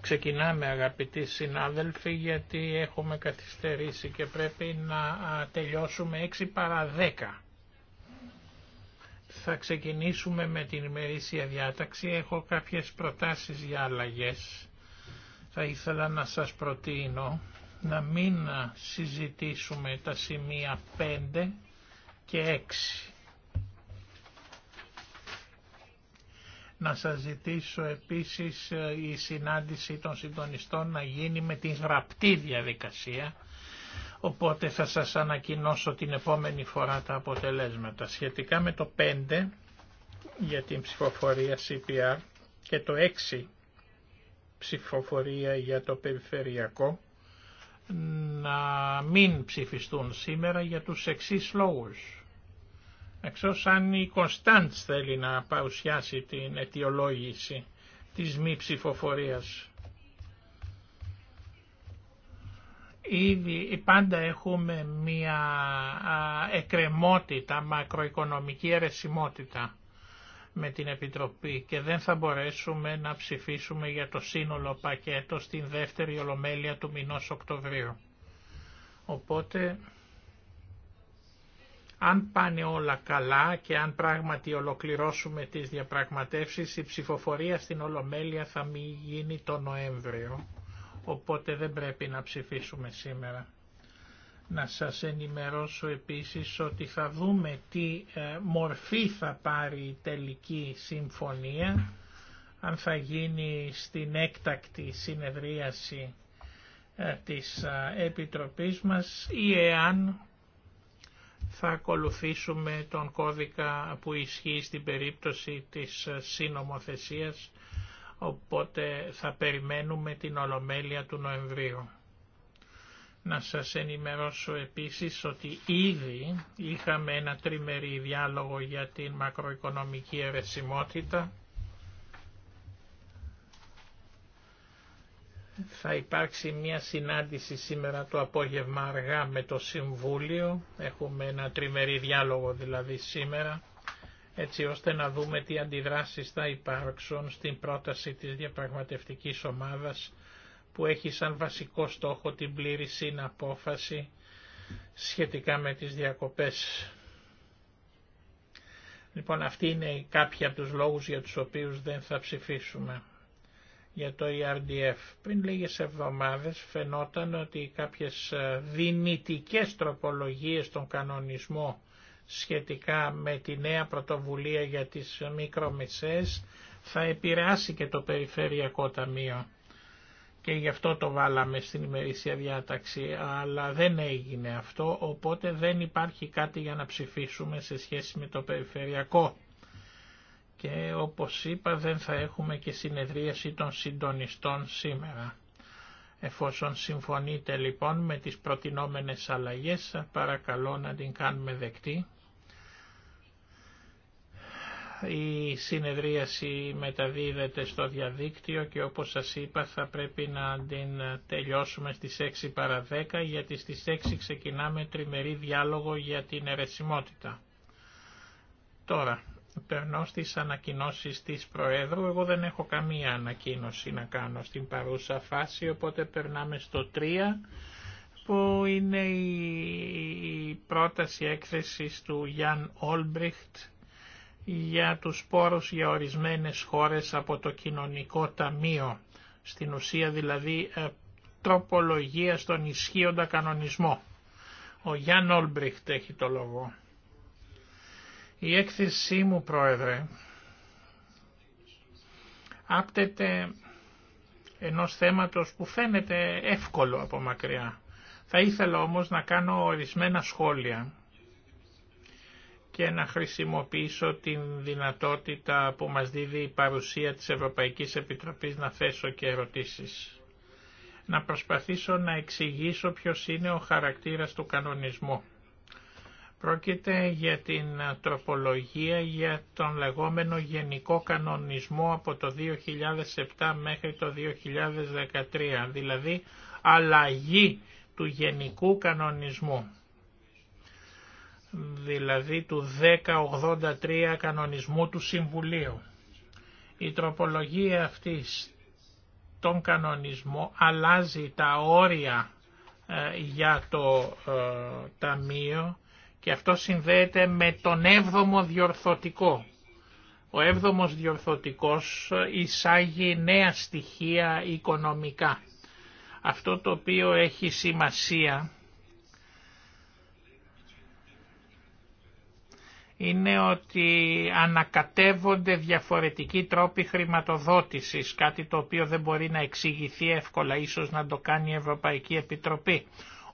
Ξεκινάμε αγαπητοί συνάδελφοι γιατί έχουμε καθυστερήσει και πρέπει να τελειώσουμε 6 παρά 10. Θα ξεκινήσουμε με την ημερήσια διάταξη. Έχω κάποιες προτάσεις για αλλαγές. Θα ήθελα να σας προτείνω να μην συζητήσουμε τα σημεία 5 και 6 Να σας ζητήσω επίσης ε, η συνάντηση των συντονιστών να γίνει με την γραπτή διαδικασία, οπότε θα σας ανακοινώσω την επόμενη φορά τα αποτελέσματα. Σχετικά με το 5 για την ψηφοφορία CPR και το 6 ψηφοφορία για το περιφερειακό, να μην ψηφιστούν σήμερα για τους εξής λόγους. Εξώς αν η Κωνσταντς θέλει να παρουσιάσει την αιτιολόγηση της μη ψηφοφορίας. Ήδη πάντα έχουμε μία εκκρεμότητα, μακροοικονομική αιρεσιμότητα με την Επιτροπή και δεν θα μπορέσουμε να ψηφίσουμε για το σύνολο πακέτο στην δεύτερη ολομέλεια του μηνός Οκτωβρίου. Οπότε αν πάνε όλα καλά και αν πράγματι ολοκληρώσουμε τις διαπραγματεύσεις, η ψηφοφορία στην Ολομέλεια θα μην γίνει το Νοέμβριο, οπότε δεν πρέπει να ψηφίσουμε σήμερα. Να σας ενημερώσω επίσης ότι θα δούμε τι ε, μορφή θα πάρει η τελική συμφωνία, αν θα γίνει στην έκτακτη συνεδρίαση ε, της ε, Επιτροπής μας ή εάν θα ακολουθήσουμε τον κώδικα που ισχύει στην περίπτωση της συνομοθεσίας, οπότε θα περιμένουμε την Ολομέλεια του Νοεμβρίου. Να σας ενημερώσω επίσης ότι ήδη είχαμε ένα τριμερή διάλογο για την μακροοικονομική ερεσιμότητα. Θα υπάρξει μια συνάντηση σήμερα το απόγευμα αργά με το Συμβούλιο. Έχουμε ένα τριμερή διάλογο δηλαδή σήμερα, έτσι ώστε να δούμε τι αντιδράσεις θα υπάρξουν στην πρόταση της διαπραγματευτικής ομάδας που έχει σαν βασικό στόχο την πλήρη συναπόφαση σχετικά με τις διακοπές. Λοιπόν, αυτοί είναι κάποιοι από τους λόγους για τους οποίους δεν θα ψηφίσουμε για το ERDF. Πριν λίγες εβδομάδες φαινόταν ότι κάποιες ε, δυνητικές τροπολογίες στον κανονισμό σχετικά με τη νέα πρωτοβουλία για τις μικρομεσές θα επηρεάσει και το Περιφερειακό Ταμείο. Και γι' αυτό το βάλαμε στην ημερήσια διάταξη, αλλά δεν έγινε αυτό, οπότε δεν υπάρχει κάτι για να ψηφίσουμε σε σχέση με το Περιφερειακό και όπως είπα δεν θα έχουμε και συνεδρίαση των συντονιστών σήμερα. Εφόσον συμφωνείτε λοιπόν με τις προτινόμενες αλλαγές, παρακαλώ να την κάνουμε δεκτή. Η συνεδρίαση μεταδίδεται στο διαδίκτυο και όπως σας είπα θα πρέπει να την τελειώσουμε στις 6 παρα 10 γιατί στις 6 ξεκινάμε τριμερή διάλογο για την αιρεσιμότητα. Τώρα, περνώ στις ανακοινώσεις της Προέδρου. Εγώ δεν έχω καμία ανακοίνωση να κάνω στην παρούσα φάση, οπότε περνάμε στο 3 που είναι η πρόταση έκθεσης του Γιάνν Όλμπριχτ για τους πόρους για ορισμένες χώρες από το κοινωνικό ταμείο. Στην ουσία δηλαδή ε, τροπολογία στον ισχύοντα κανονισμό. Ο Γιάνν Όλμπριχτ έχει το λόγο. Η έκθεσή μου, Πρόεδρε, άπτεται ενός θέματος που φαίνεται εύκολο από μακριά. Θα ήθελα όμως να κάνω ορισμένα σχόλια και να χρησιμοποιήσω την δυνατότητα που μας δίδει η παρουσία της Ευρωπαϊκής Επιτροπής να θέσω και ερωτήσεις. Να προσπαθήσω να εξηγήσω ποιος είναι ο χαρακτήρας του κανονισμού. Πρόκειται για την ε, τροπολογία για τον λεγόμενο γενικό κανονισμό από το 2007 μέχρι το 2013, δηλαδή αλλαγή του γενικού κανονισμού, δηλαδή του 1083 κανονισμού του Συμβουλίου. Η τροπολογία αυτή τον κανονισμό αλλάζει τα όρια ε, για το ε, ταμείο και αυτό συνδέεται με τον έβδομο 7ος έβδομος διορθωτικος νέα στοιχεία οικονομικά. Αυτό το οποίο έχει σημασία είναι ότι ανακατεύονται διαφορετικοί τρόποι χρηματοδότησης, κάτι το οποίο δεν μπορεί να εξηγηθεί εύκολα, ίσως να το κάνει η Ευρωπαϊκή Επιτροπή.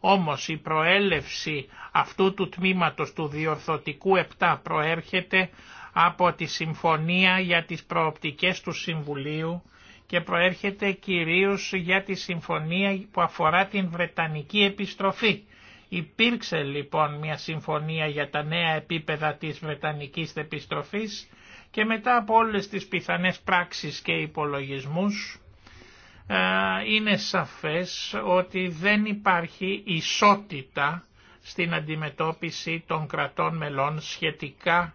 Όμως η προέλευση αυτού του τμήματος του διορθωτικού 7 προέρχεται από τη Συμφωνία για τις Προοπτικές του Συμβουλίου και προέρχεται κυρίως για τη συμφωνία που αφορά την Βρετανική επιστροφή. Υπήρξε λοιπόν μια συμφωνία για τα νέα επίπεδα της Βρετανικής επιστροφής και μετά από όλες τις πιθανές πράξεις και υπολογισμούς ε, είναι σαφές ότι δεν υπάρχει ισότητα στην αντιμετώπιση των κρατών μελών σχετικά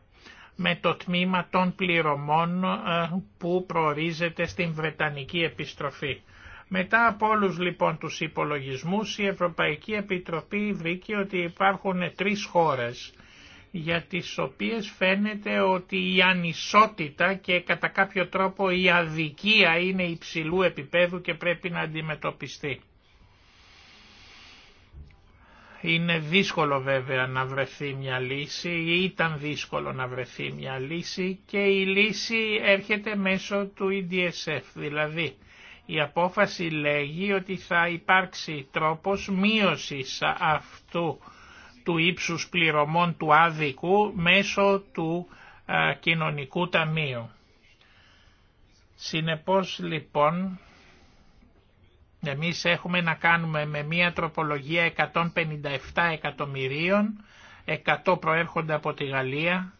με το τμήμα των πληρωμών ε, που προορίζεται στην Βρετανική επιστροφή. Μετά από όλους λοιπόν τους υπολογισμούς η Ευρωπαϊκή Επιτροπή βρήκε ότι υπάρχουν τρεις χώρες για τις οποίες φαίνεται ότι η ανισότητα και κατά κάποιο τρόπο η αδικία είναι υψηλού επίπεδου και πρέπει να αντιμετωπιστεί. Είναι δύσκολο βέβαια να βρεθεί μια λύση ή ήταν δύσκολο να βρεθεί μια λύση και η λύση έρχεται μέσω του EDSF. Δηλαδή η απόφαση λέγει ότι θα υπάρξει τρόπος μείωσης αυτού του ύψους πληρωμών του άδικου μέσω του κοινωνικού ταμείου. Συνεπώς λοιπόν εμείς έχουμε να κάνουμε με μία τροπολογία 157 εκατομμυρίων, 100 προέρχονται από τη Γαλλία,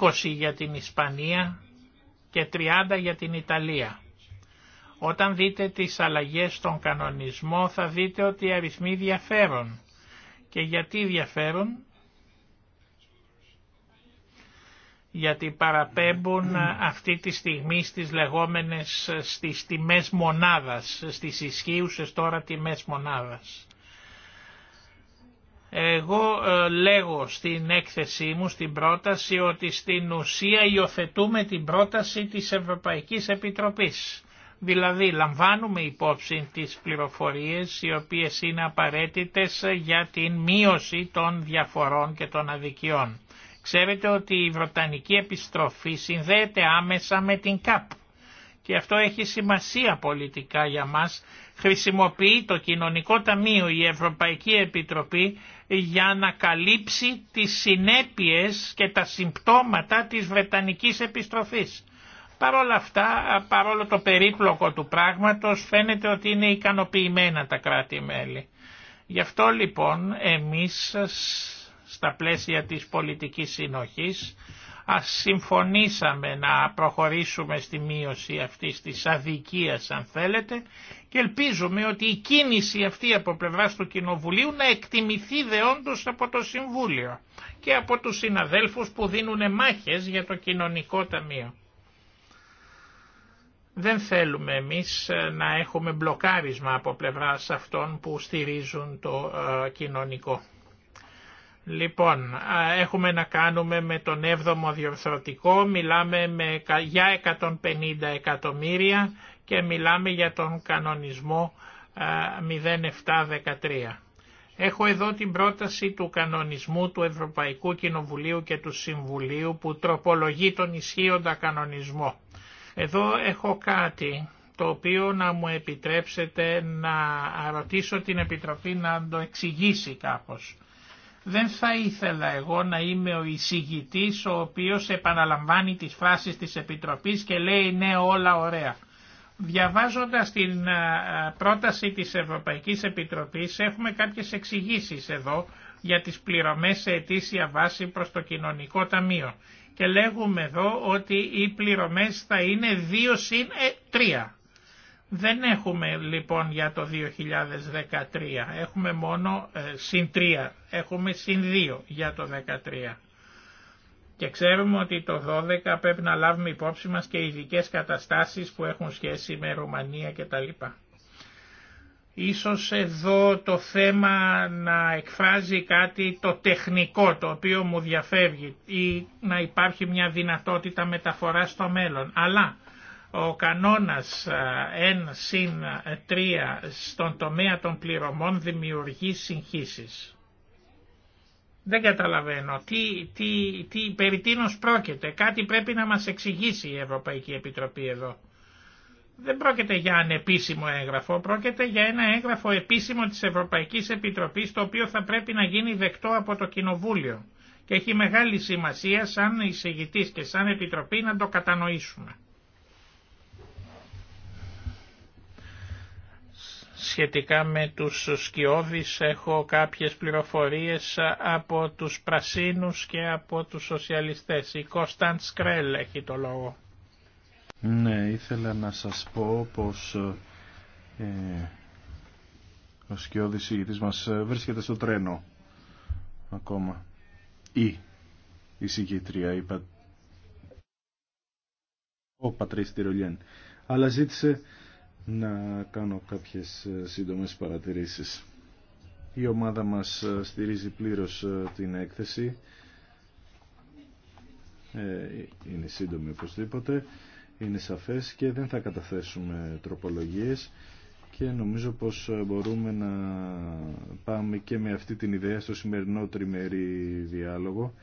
20 για την Ισπανία και 30 για την Ιταλία. Όταν δείτε τις αλλαγές στον κανονισμό θα δείτε ότι οι αριθμοί διαφέρουν. Και γιατί διαφέρουν? Γιατί παραπέμπουν αυτή τη στιγμή στις λεγόμενες στις τιμές μονάδας, στις ισχύουσες τώρα τιμές μονάδας. Εγώ ε, λέγω στην έκθεσή μου, στην πρόταση, ότι στην ουσία υιοθετούμε την πρόταση της Ευρωπαϊκής Επιτροπής. Δηλαδή λαμβάνουμε υπόψη τις πληροφορίες οι οποίες είναι απαραίτητες για την μείωση των διαφορών και των αδικιών. Ξέρετε ότι η Βρετανική επιστροφή συνδέεται άμεσα με την ΚΑΠ και αυτό έχει σημασία πολιτικά για μας. Χρησιμοποιεί το Κοινωνικό Ταμείο η Ευρωπαϊκή Επιτροπή για να καλύψει τις συνέπειες και τα συμπτώματα της Βρετανικής επιστροφής. Παρ' όλα αυτά, παρόλο το περίπλοκο του πράγματος, φαίνεται ότι είναι ικανοποιημένα τα κράτη-μέλη. Γι' αυτό λοιπόν εμείς στα πλαίσια της πολιτικής συνοχής ας συμφωνήσαμε να προχωρήσουμε στη μείωση αυτής της αδικίας αν θέλετε και ελπίζουμε ότι η κίνηση αυτή από πλευράς του Κοινοβουλίου να εκτιμηθεί δε από το Συμβούλιο και από τους συναδέλφους που δίνουν μάχες για το κοινωνικό ταμείο. Δεν θέλουμε εμείς ε, να έχουμε μπλοκάρισμα από πλευράς αυτών που στηρίζουν το ε, κοινωνικό. Λοιπόν, ε, έχουμε να κάνουμε με τον 7ο διορθωτικό, μιλάμε με, για 150 εκατομμύρια και μιλάμε για τον κανονισμό 0713. Έχω εδώ την πρόταση του κανονισμού του Ευρωπαϊκού Κοινοβουλίου και του Συμβουλίου που τροπολογεί τον ισχύοντα κανονισμό. Εδώ έχω κάτι το οποίο να μου επιτρέψετε να ρωτήσω την Επιτροπή να το εξηγήσει κάπως. Δεν θα ήθελα εγώ να είμαι ο εισηγητή ο οποίος επαναλαμβάνει τις φράσεις της Επιτροπής και λέει ναι όλα ωραία. Διαβάζοντας την ε, πρόταση της Ευρωπαϊκής Επιτροπής έχουμε κάποιες εξηγήσεις εδώ για τις πληρωμές σε αιτήσια βάση προς το κοινωνικό ταμείο και λέγουμε εδώ ότι οι πληρωμές θα είναι 2 συν 3. Ε, Δεν έχουμε λοιπόν για το 2013, έχουμε μόνο ε, συν 3, έχουμε συν 2 για το 2013. Και ξέρουμε ότι το 12 πρέπει να λάβουμε υπόψη μας και ειδικέ καταστάσεις που έχουν σχέση με Ρουμανία κτλ. Ίσως εδώ το θέμα να εκφράζει κάτι το τεχνικό το οποίο μου διαφεύγει ή να υπάρχει μια δυνατότητα μεταφοράς στο μέλλον. Αλλά ο κανόνας 1 συν 3 στον τομέα των πληρωμών δημιουργεί συγχύσεις. Δεν καταλαβαίνω. Τι, τι, τι, περί τίνος πρόκειται. Κάτι πρέπει να μας εξηγήσει η Ευρωπαϊκή Επιτροπή εδώ δεν πρόκειται για ανεπίσημο έγγραφο, πρόκειται για ένα έγγραφο επίσημο της Ευρωπαϊκής Επιτροπής το οποίο θα πρέπει να γίνει δεκτό από το Κοινοβούλιο και έχει μεγάλη σημασία σαν εισηγητής και σαν Επιτροπή να το κατανοήσουμε. Σχετικά με τους σκιώδεις έχω κάποιες πληροφορίες από τους πρασίνους και από τους σοσιαλιστές. Η Κώσταντ Σκρέλ έχει το λόγο. Ναι, ήθελα να σας πω πως ε, ο σκιώδης ηγητής μας ε, βρίσκεται στο τρένο ακόμα. Ή η συγκήτρια, η πα... ο Πατρίς Τυρολιέν. Αλλά ζήτησε να κάνω κάποιες ε, σύντομες παρατηρήσεις. Η ομάδα μας ε, στηρίζει πλήρως την έκθεση. Ε, είναι σύντομη οπωσδήποτε είναι σαφές και δεν θα καταθέσουμε τροπολογίες και νομίζω πως μπορούμε να πάμε και με αυτή την ιδέα στο σημερινό τριμερή διάλογο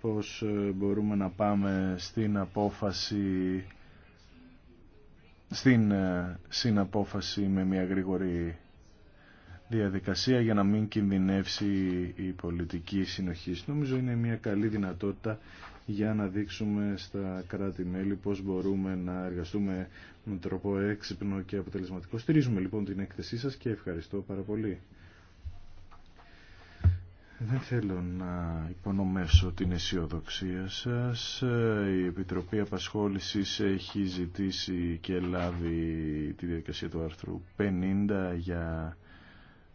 πως μπορούμε να πάμε στην απόφαση στην ε, συναπόφαση με μια γρήγορη διαδικασία για να μην κινδυνεύσει η πολιτική συνοχή. Νομίζω είναι μια καλή δυνατότητα για να δείξουμε στα κράτη-μέλη πώς μπορούμε να εργαστούμε με τρόπο έξυπνο και αποτελεσματικό. Στηρίζουμε λοιπόν την έκθεσή σας και ευχαριστώ πάρα πολύ. Δεν θέλω να υπονομεύσω την αισιοδοξία σας. Η Επιτροπή Απασχόλησης έχει ζητήσει και λάβει τη διαδικασία του άρθρου 50 για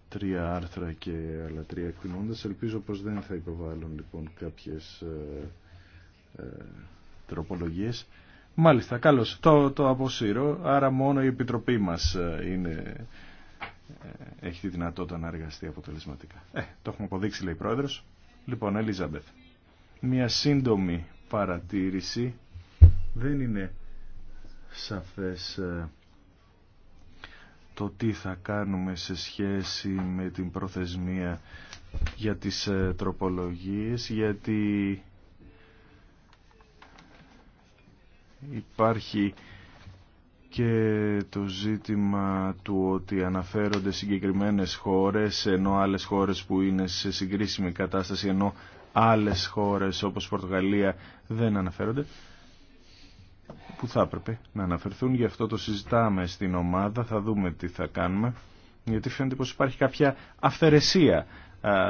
τρία άρθρα και άλλα τρία εκτιμώντας. Ελπίζω πως δεν θα υποβάλλουν λοιπόν κάποιες ε, ε, τροπολογίες. Μάλιστα, καλώς. Το, το αποσύρω, άρα μόνο η Επιτροπή μας ε, είναι, ε, έχει τη δυνατότητα να εργαστεί αποτελεσματικά. Ε, το έχουμε αποδείξει, λέει η Πρόεδρος. Λοιπόν, Ελίζαμπεθ, μια σύντομη παρατήρηση. Δεν είναι σαφές το τι θα κάνουμε σε σχέση με την προθεσμία για τις τροπολογίες, γιατί υπάρχει και το ζήτημα του ότι αναφέρονται συγκεκριμένες χώρες ενώ άλλες χώρες που είναι σε συγκρίσιμη κατάσταση ενώ άλλες χώρες όπως Πορτογαλία δεν αναφέρονται που θα έπρεπε να αναφερθούν γι' αυτό το συζητάμε στην ομάδα θα δούμε τι θα κάνουμε γιατί φαίνεται πως υπάρχει κάποια αυθαιρεσία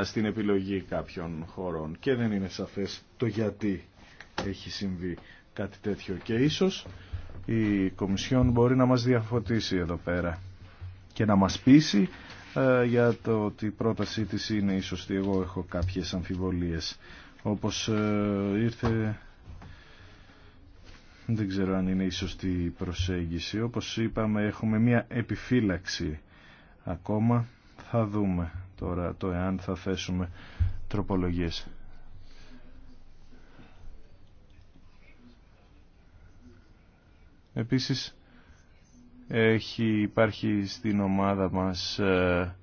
στην επιλογή κάποιων χωρών και δεν είναι σαφές το γιατί έχει συμβεί κάτι τέτοιο και ίσως η Κομισιόν μπορεί να μας διαφωτίσει εδώ πέρα και να μας πείσει ε, για το ότι η πρότασή της είναι η σωστή. Εγώ έχω κάποιες αμφιβολίες. Όπως ε, ήρθε δεν ξέρω αν είναι η σωστή προσέγγιση. Όπως είπαμε έχουμε μια επιφύλαξη ακόμα. Θα δούμε τώρα το εάν θα θέσουμε τροπολογίες. Επίσης έχει, υπάρχει στην ομάδα μας ε,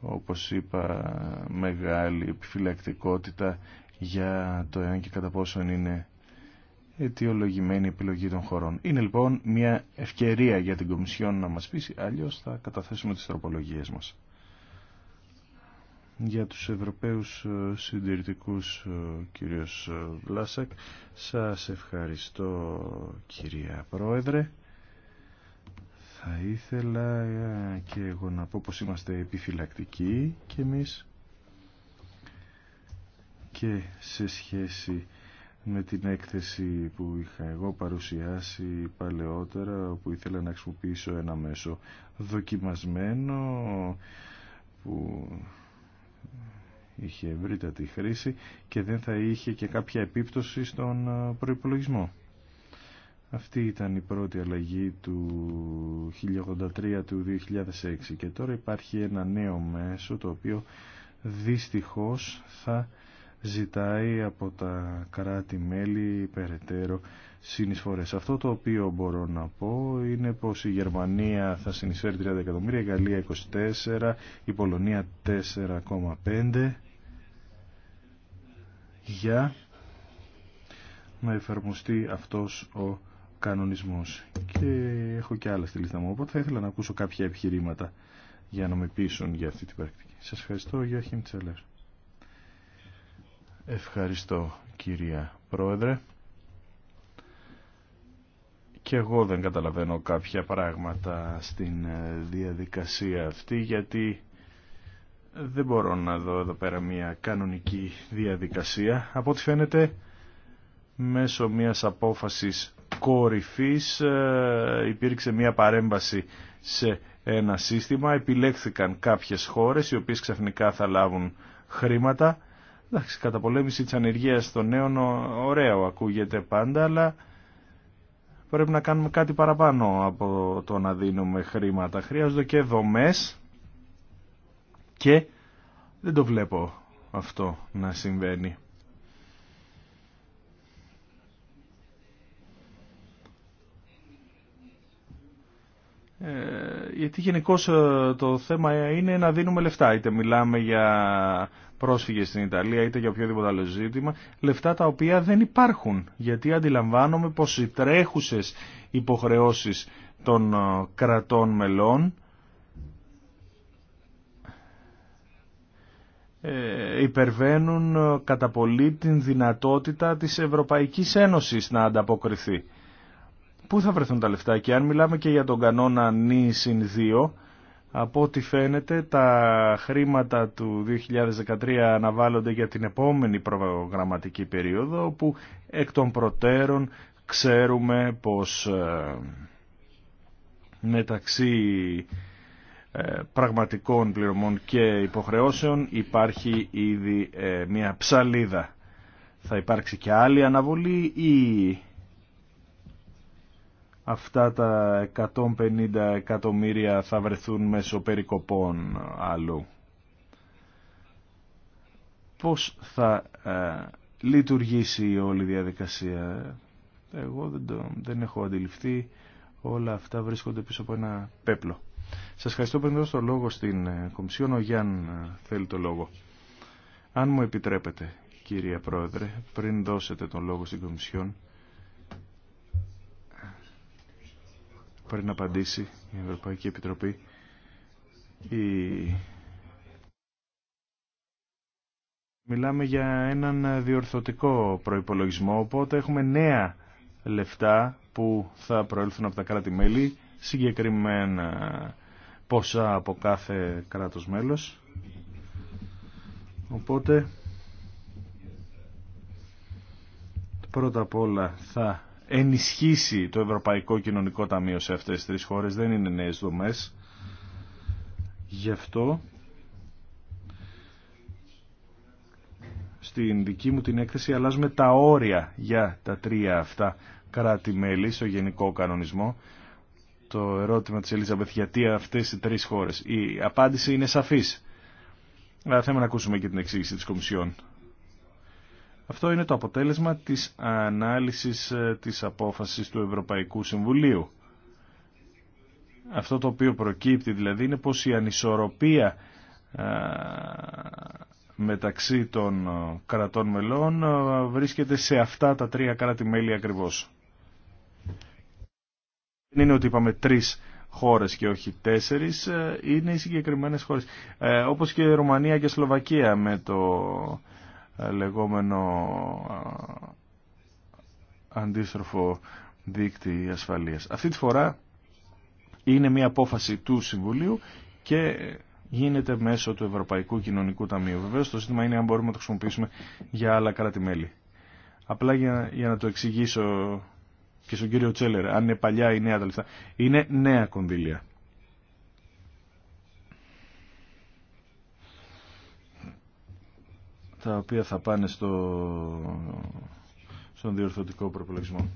όπως είπα μεγάλη επιφυλακτικότητα για το εάν και κατά πόσον είναι αιτιολογημένη η επιλογή των χωρών. Είναι λοιπόν μια ευκαιρία για την Κομισιόν να μας πείσει, αλλιώς θα καταθέσουμε τις τροπολογίες μας για τους Ευρωπαίους ε, συντηρητικούς ε, κύριος ε, Βλάσακ. Σας ευχαριστώ κυρία Πρόεδρε. Θα ήθελα και εγώ να πω πως είμαστε επιφυλακτικοί και εμείς και σε σχέση με την έκθεση που είχα εγώ παρουσιάσει παλαιότερα που ήθελα να χρησιμοποιήσω ένα μέσο δοκιμασμένο που είχε τη χρήση και δεν θα είχε και κάποια επίπτωση στον ε, προϋπολογισμό. Αυτή ήταν η πρώτη αλλαγή του 1083 του 2006 και τώρα υπάρχει ένα νέο μέσο το οποίο δυστυχώς θα ζητάει από τα κράτη-μέλη περαιτέρω συνεισφορές. Αυτό το οποίο μπορώ να πω είναι πως η Γερμανία θα συνεισφέρει 30 εκατομμύρια, η Γαλλία 24, η Πολωνία 4,5 για να εφαρμοστεί αυτός ο κανονισμός. Και έχω και άλλα στη λίστα μου, οπότε θα ήθελα να ακούσω κάποια επιχειρήματα για να με πείσουν για αυτή την πρακτική. Σας ευχαριστώ, Γιώχιμ Τσελέρ. Ευχαριστώ, κυρία Πρόεδρε. Και εγώ δεν καταλαβαίνω κάποια πράγματα στην ε, διαδικασία αυτή, γιατί δεν μπορώ να δω εδώ πέρα μια κανονική διαδικασία. Από ό,τι φαίνεται, μέσω μιας απόφασης κορυφής ε, υπήρξε μια παρέμβαση σε ένα σύστημα. Επιλέχθηκαν κάποιες χώρες οι οποίες ξαφνικά θα λάβουν χρήματα. Εντάξει, καταπολέμηση της ανεργίας των νέων ωραίο ακούγεται πάντα, αλλά πρέπει να κάνουμε κάτι παραπάνω από το να δίνουμε χρήματα. Χρειάζονται και δομές και δεν το βλέπω αυτό να συμβαίνει. Ε, γιατί γενικώ ε, το θέμα είναι να δίνουμε λεφτά. Είτε μιλάμε για πρόσφυγες στην Ιταλία, είτε για οποιοδήποτε άλλο ζήτημα. Λεφτά τα οποία δεν υπάρχουν. Γιατί αντιλαμβάνομαι πως οι τρέχουσες υποχρεώσεις των ε, κρατών μελών Ε, υπερβαίνουν ε, κατά πολύ την δυνατότητα της Ευρωπαϊκής Ένωσης να ανταποκριθεί. Πού θα βρεθούν τα λεφτά και αν μιλάμε και για τον κανόνα νη συν 2, από ό,τι φαίνεται τα χρήματα του 2013 αναβάλλονται για την επόμενη προγραμματική περίοδο όπου εκ των προτέρων ξέρουμε πως ε, μεταξύ ε, πραγματικών πληρωμών και υποχρεώσεων υπάρχει ήδη ε, μια ψαλίδα. Θα υπάρξει και άλλη αναβολή ή αυτά τα 150 εκατομμύρια θα βρεθούν μέσω περικοπών αλλού. Πώς θα ε, λειτουργήσει η όλη διαδικασία. Εγώ δεν, δεν έχω αντιληφθεί. Όλα αυτά βρίσκονται πίσω από ένα πέπλο. Σας ευχαριστώ που δώσω το λόγο στην ε, Κομισιόν. Ο Γιάν ε, θέλει το λόγο. Αν μου επιτρέπετε, κύριε Πρόεδρε, πριν δώσετε τον λόγο στην Κομισιόν, πριν απαντήσει η Ευρωπαϊκή Επιτροπή, η... Μιλάμε για έναν διορθωτικό προϋπολογισμό, οπότε έχουμε νέα λεφτά που θα προέλθουν από τα κράτη-μέλη συγκεκριμένα ποσά από κάθε κράτος μέλος. Οπότε πρώτα απ' όλα θα ενισχύσει το Ευρωπαϊκό Κοινωνικό Ταμείο σε αυτές τις τρεις χώρες. Δεν είναι νέες δομές. Γι' αυτό στην δική μου την έκθεση αλλάζουμε τα όρια για τα τρία αυτά κράτη-μέλη στο γενικό κανονισμό το ερώτημα της Ελίζαμπεθ γιατί αυτές οι τρεις χώρες. Η απάντηση είναι σαφής. Αλλά θέλουμε να ακούσουμε και την εξήγηση της Κομισιόν. Αυτό είναι το αποτέλεσμα της ανάλυσης ε, της απόφασης του Ευρωπαϊκού Συμβουλίου. Αυτό το οποίο προκύπτει δηλαδή είναι πως η ανισορροπία μεταξύ των ε, κρατών μελών ε, βρίσκεται σε αυτά τα τρία κράτη-μέλη ακριβώς δεν είναι ότι είπαμε τρεις χώρες και όχι τέσσερις, ε, είναι οι συγκεκριμένε χώρες. Ε, όπως και η Ρουμανία και Σλοβακία με το ε, λεγόμενο ε, αντίστροφο δίκτυο ασφαλείας. Αυτή τη φορά είναι μια απόφαση του Συμβουλίου και γίνεται μέσω του Ευρωπαϊκού Κοινωνικού Ταμείου. Βεβαίω το σύστημα είναι αν μπορούμε να το χρησιμοποιήσουμε για άλλα κράτη-μέλη. Απλά για, για να το εξηγήσω και στον κύριο Τσέλερ, αν είναι παλιά ή νέα τα Είναι νέα κονδύλια. Τα οποία θα πάνε στο... στον διορθωτικό προπολογισμό.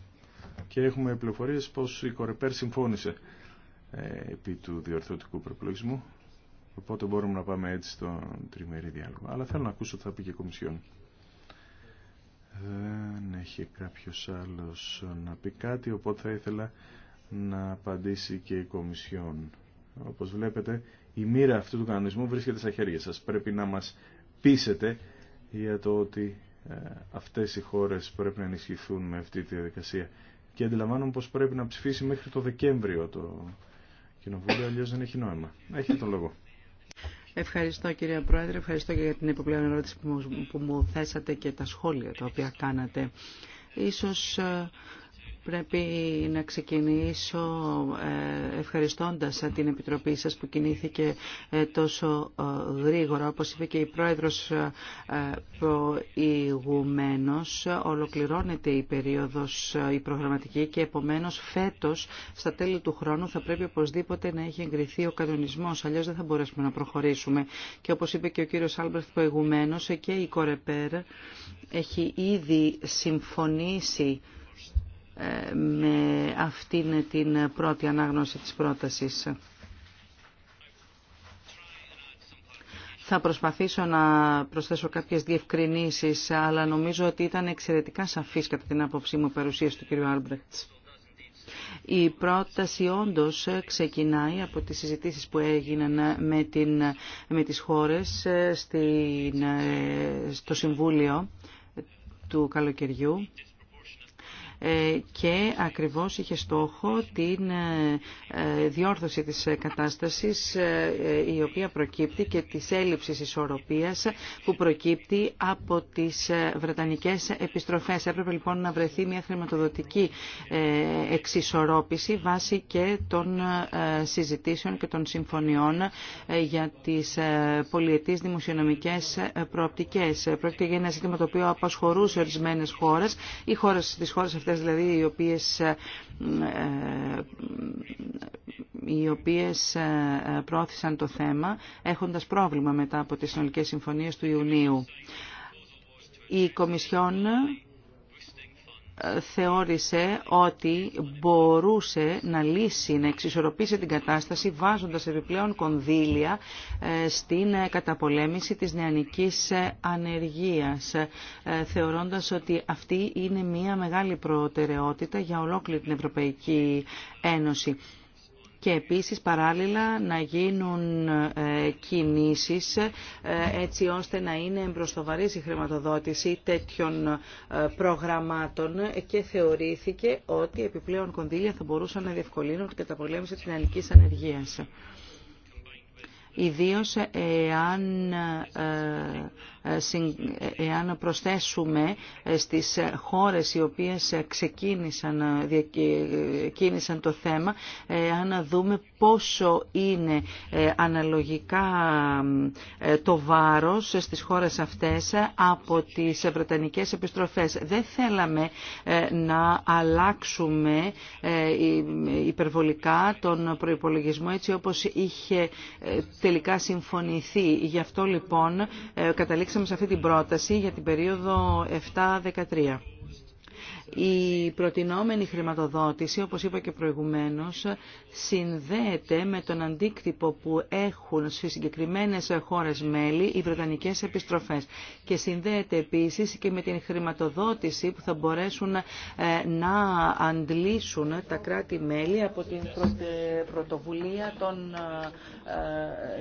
Και έχουμε πληροφορίες πως η Κορεπέρ συμφώνησε ε, επί του διορθωτικού προπολογισμού. Οπότε μπορούμε να πάμε έτσι στον τριμερή διάλογο. Αλλά θέλω να ακούσω τι θα πει και η Κομισιόν. Δεν έχει κάποιος άλλος να πει κάτι, οπότε θα ήθελα να απαντήσει και η Κομισιόν. Όπως βλέπετε, η μοίρα αυτού του κανονισμού βρίσκεται στα χέρια σας. Πρέπει να μας πείσετε για το ότι ε, αυτές οι χώρες πρέπει να ενισχυθούν με αυτή τη διαδικασία. Και αντιλαμβάνομαι πως πρέπει να ψηφίσει μέχρι το Δεκέμβριο το Κοινοβούλιο, αλλιώς δεν έχει νόημα. Έχετε τον λόγο. Ευχαριστώ κυρία Πρόεδρε, ευχαριστώ και για την επιπλέον ερώτηση που μου θέσατε και τα σχόλια τα οποία κάνατε. Ίσως ε, Πρέπει να ξεκινήσω ε, ευχαριστώντας την Επιτροπή σας που κινήθηκε ε, τόσο ε, γρήγορα. Όπως είπε και η Πρόεδρος προηγουμένως, ολοκληρώνεται η περίοδος η προγραμματική και επομένως φέτος στα τέλη του χρόνου θα πρέπει οπωσδήποτε να έχει εγκριθεί ο κανονισμός, αλλιώς δεν θα μπορέσουμε να προχωρήσουμε. Και όπως είπε και ο κύριος Άλμπρεθ προηγουμένως και η Κορεπέρ έχει ήδη συμφωνήσει ε, με αυτήν την πρώτη ανάγνωση της πρότασης. Θα προσπαθήσω να προσθέσω κάποιες διευκρινήσεις, αλλά νομίζω ότι ήταν εξαιρετικά σαφής κατά την άποψή μου παρουσίαση του κ. Άλμπρεχτς. Η πρόταση όντως ξεκινάει από τις συζητήσεις που έγιναν με, την, με τις χώρες ε, ε, στο Συμβούλιο του καλοκαιριού ε, και ακριβώς είχε στόχο την ε, ε, διόρθωση της κατάστασης η οποία προκύπτει και της έλλειψης ισορροπίας που προκύπτει από τις βρετανικές επιστροφές. Έπρεπε λοιπόν να βρεθεί μια χρηματοδοτική εξισορρόπηση βάσει και των συζητήσεων και των συμφωνιών για τις πολιετής δημοσιονομικές προοπτικές. Πρόκειται για ένα ζήτημα το οποίο απασχολούσε ορισμένες χώρες. Οι χώρες, χώρες αυτές δηλαδή οι οποίες, ε, ε, οι οποίες ε, το θέμα έχοντας πρόβλημα μετά από τις συνολικές συμφωνίες του Ιουνίου. Η Κομισιόν θεώρησε ότι μπορούσε να λύσει, να εξισορροπήσει την κατάσταση βάζοντας επιπλέον κονδύλια ε, στην ε, καταπολέμηση της νεανικής ε, ανεργίας, θεωρώντας ότι αυτή είναι μια μεγάλη προτεραιότητα για ολόκληρη την Ευρωπαϊκή Ένωση και επίσης παράλληλα να γίνουν ε, κινήσεις ε, έτσι ώστε να είναι εμπροστοβαρής η χρηματοδότηση τέτοιων ε, προγραμμάτων και θεωρήθηκε ότι επιπλέον κονδύλια θα μπορούσαν να διευκολύνουν την καταπολέμηση της ελληνικής ανεργίας. Ιδίως εάν εάν προσθέσουμε ε, στις χώρες οι οποίες ξεκίνησαν ε, ε, το θέμα, εάν δούμε πόσο είναι αναλογικά το βάρος στις χώρες αυτές από τις βρετανικές επιστροφές. Δεν θέλαμε να αλλάξουμε υπερβολικά τον προϋπολογισμό έτσι όπως είχε τελικά συμφωνηθεί. Γι' αυτό λοιπόν καταλήξαμε καταλήξαμε σε αυτή την πρόταση για την περίοδο 7-13. Η προτινόμενη χρηματοδότηση, όπως είπα και προηγουμένως, συνδέεται με τον αντίκτυπο που έχουν στις συγκεκριμένες χώρες μέλη οι βρετανικές επιστροφές και συνδέεται επίσης και με την χρηματοδότηση που θα μπορέσουν ε, να αντλήσουν τα κράτη-μέλη από την ε, πρωτοβουλία των,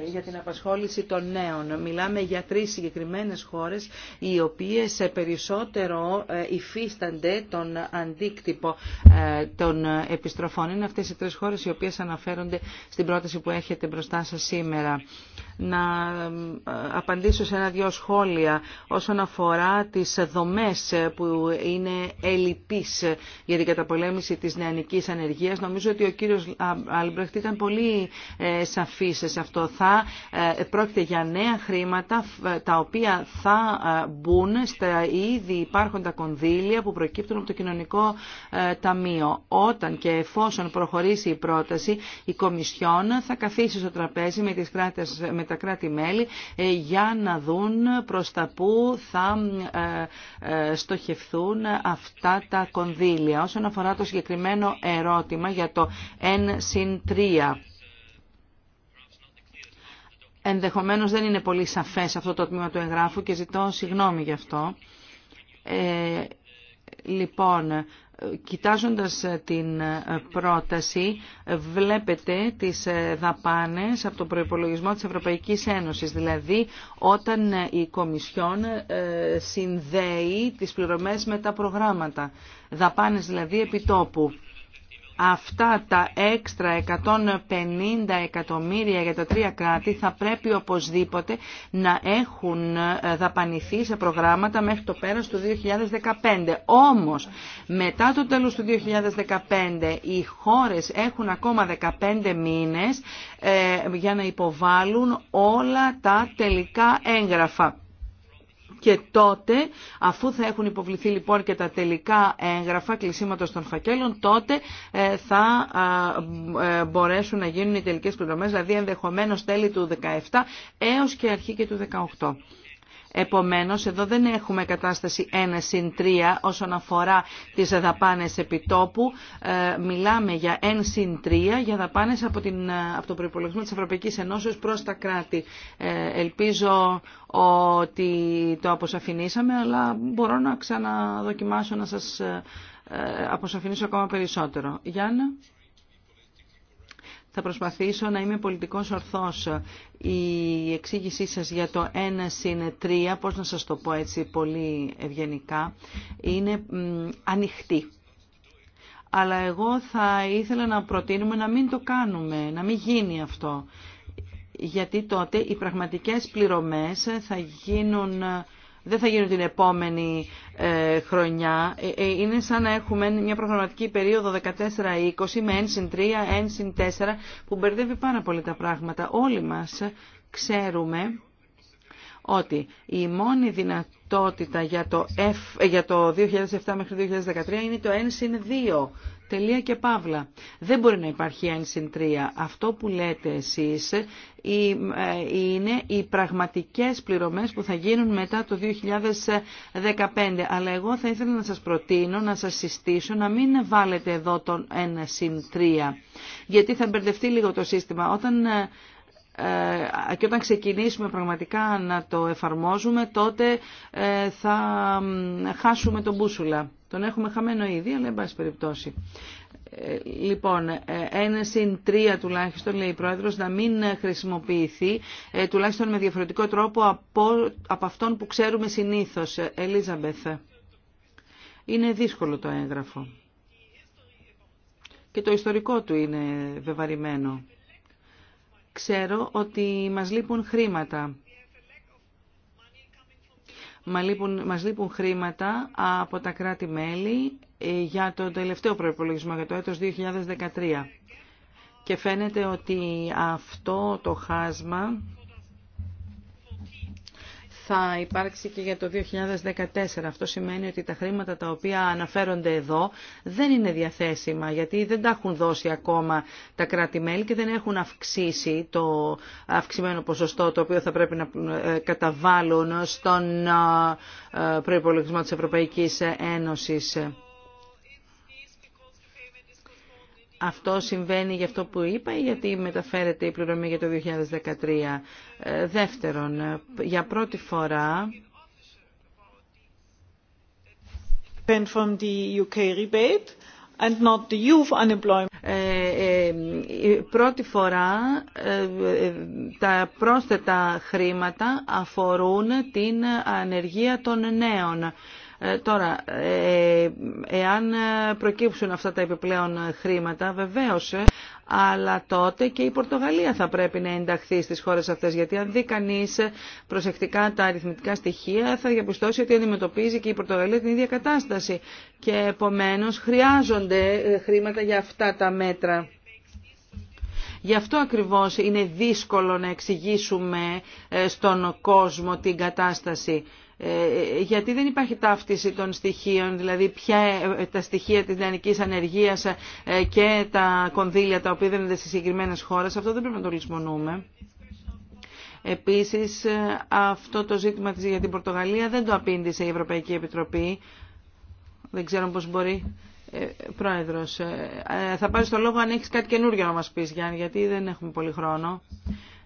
ε, για την απασχόληση των νέων. Μιλάμε για τρεις συγκεκριμένες χώρες οι οποίες περισσότερο υφίστανται τον αντίκτυπο ε, των επιστροφών. Είναι αυτές οι τρεις χώρες οι οποίες αναφέρονται στην πρόταση που έχετε μπροστά σας σήμερα να απαντήσω σε ένα-δυο σχόλια όσον αφορά τις δομές που είναι ελλειπείς για την καταπολέμηση της νεανικής ανεργίας. Νομίζω ότι ο κύριος Άλμπρεχτ ήταν πολύ ε, σαφής σε αυτό. Θα ε, πρόκειται για νέα χρήματα ε, τα οποία θα μπουν στα ήδη υπάρχοντα κονδύλια που προκύπτουν από το κοινωνικό ταμείο. Όταν και εφόσον προχωρήσει η πρόταση, η Κομισιόν θα καθίσει στο τραπέζι με τις κράτες με τα κράτη-μέλη ε, για να δουν προς τα πού θα ε, ε, στοχευθούν αυτά τα κονδύλια. Όσον αφορά το συγκεκριμένο ερώτημα για το 1 3 Ενδεχομένως δεν είναι πολύ σαφές αυτό το τμήμα του εγγράφου και ζητώ συγγνώμη γι' αυτό. λοιπόν, κοιτάζοντας ε, την ε, πρόταση βλέπετε τις ε, δαπάνες από τον προϋπολογισμό της Ευρωπαϊκής Ένωσης, δηλαδή όταν η Κομισιόν συνδέει τις πληρωμές με τα προγράμματα, δαπάνες δηλαδή επιτόπου αυτά τα έξτρα 150 εκατομμύρια για τα τρία κράτη θα πρέπει οπωσδήποτε να έχουν ε, δαπανηθεί σε προγράμματα μέχρι το πέρας του 2015. Όμως, μετά το τέλος του 2015, οι χώρες έχουν ακόμα 15 μήνες ε, για να υποβάλουν όλα τα τελικά έγγραφα και τότε, αφού θα έχουν υποβληθεί λοιπόν και τα τελικά έγγραφα κλεισίματος των φακέλων, τότε ε, θα ε, μπορέσουν να γίνουν οι τελικές πληρωμές, δηλαδή ενδεχομένω τέλη του 2017 έως και αρχή και του 2018. Επομένως, εδώ δεν έχουμε κατάσταση 1 συν 3 όσον αφορά τις δαπάνες επιτόπου. Ε, μιλάμε για 1 συν 3 για δαπάνες από, την, ε, από το προϋπολογισμό της Ευρωπαϊκής Ενώσεως προς τα κράτη. Ε, ελπίζω ότι το αποσαφηνίσαμε, αλλά μπορώ να ξαναδοκιμάσω να σας αποσαφηνίσω ακόμα περισσότερο. Γιάννα. Θα προσπαθήσω να είμαι πολιτικός ορθός. Η εξήγησή σας για το 1 συν 3, πώς να σας το πω έτσι πολύ ευγενικά, είναι ανοιχτή. Αλλά εγώ θα ήθελα να προτείνουμε να μην το κάνουμε, να μην γίνει αυτό. Γιατί τότε οι πραγματικές πληρωμές θα γίνουν δεν θα γίνουν την επόμενη ε, χρονιά. Ε, ε, είναι σαν να έχουμε μια προγραμματική περίοδο 14-20 με 1-3, 1-4 που μπερδεύει πάρα πολύ τα πράγματα. Όλοι μας ξέρουμε ότι η μόνη δυνατότητα για το, F, για το 2007 μέχρι 2013 είναι το 1 2 Τελεία και παύλα. Δεν μπορεί να υπάρχει ένσυν 3. Αυτό που λέτε εσείς ε, είναι οι πραγματικές πληρωμές που θα γίνουν μετά το 2015. Αλλά εγώ θα ήθελα να σας προτείνω, να σας συστήσω να μην βάλετε εδώ τον 1 συντρια, 3. Γιατί θα μπερδευτεί λίγο το σύστημα. Όταν ε, ε, και όταν ξεκινήσουμε πραγματικά να το εφαρμόζουμε τότε ε, θα χάσουμε τον μπούσουλα. Τον έχουμε χαμένο ήδη, αλλά εν πάση περιπτώσει. Ε, λοιπόν, ένα συν τρία τουλάχιστον, λέει η Πρόεδρος, να μην χρησιμοποιηθεί, τουλάχιστον με διαφορετικό τρόπο από, από αυτόν που ξέρουμε συνήθως. Ελίζαμπεθ, είναι δύσκολο το έγγραφο. Και το ιστορικό του είναι βεβαρημένο ξέρω ότι μας λείπουν χρήματα. Μα λείπουν, μας λείπουν χρήματα από τα κράτη-μέλη ε, για το τελευταίο προϋπολογισμό για το έτος 2013. Και φαίνεται ότι αυτό το χάσμα θα υπάρξει και για το 2014. Αυτό σημαίνει ότι τα χρήματα τα οποία αναφέρονται εδώ δεν είναι διαθέσιμα γιατί δεν τα έχουν δώσει ακόμα τα κράτη-μέλη και δεν έχουν αυξήσει το αυξημένο ποσοστό το οποίο θα πρέπει να ε, καταβάλουν στον ε, ε, προϋπολογισμό της Ευρωπαϊκής Ένωσης. Αυτό συμβαίνει για αυτό που είπα ή γιατί μεταφέρεται η πληρωμή για το 2013. Ε, δεύτερον, για πρώτη φορά... From the UK rebate and not the youth unemployment. Ε, ε, πρώτη φορά τα πρόσθετα χρήματα αφορούν την ανεργία των νέων. Ε, τώρα, ε, εάν προκύψουν αυτά τα επιπλέον χρήματα, βεβαίως, ε, αλλά τότε και η Πορτογαλία θα πρέπει να ενταχθεί στις χώρες αυτές, γιατί αν δει κανεί προσεκτικά τα αριθμητικά στοιχεία, θα διαπιστώσει ότι αντιμετωπίζει και η Πορτογαλία την ίδια κατάσταση. Και επομένως χρειάζονται χρήματα για αυτά τα μέτρα. Γι' αυτό ακριβώς είναι δύσκολο να εξηγήσουμε στον κόσμο την κατάσταση. Ε, γιατί δεν υπάρχει ταύτιση των στοιχείων, δηλαδή ποια ε, τα στοιχεία της δυναμικής ανεργίας ε, και τα κονδύλια τα οποία δίνονται στις συγκεκριμένες χώρες. Αυτό δεν πρέπει να το λησμονούμε. Επίσης, αυτό το ζήτημα της για την Πορτογαλία δεν το απήντησε η Ευρωπαϊκή Επιτροπή. Δεν ξέρω πώς μπορεί. Ε, πρόεδρος, θα πάρεις το λόγο αν έχεις κάτι καινούργιο να μας πεις, Γιάννη, γιατί δεν έχουμε πολύ χρόνο.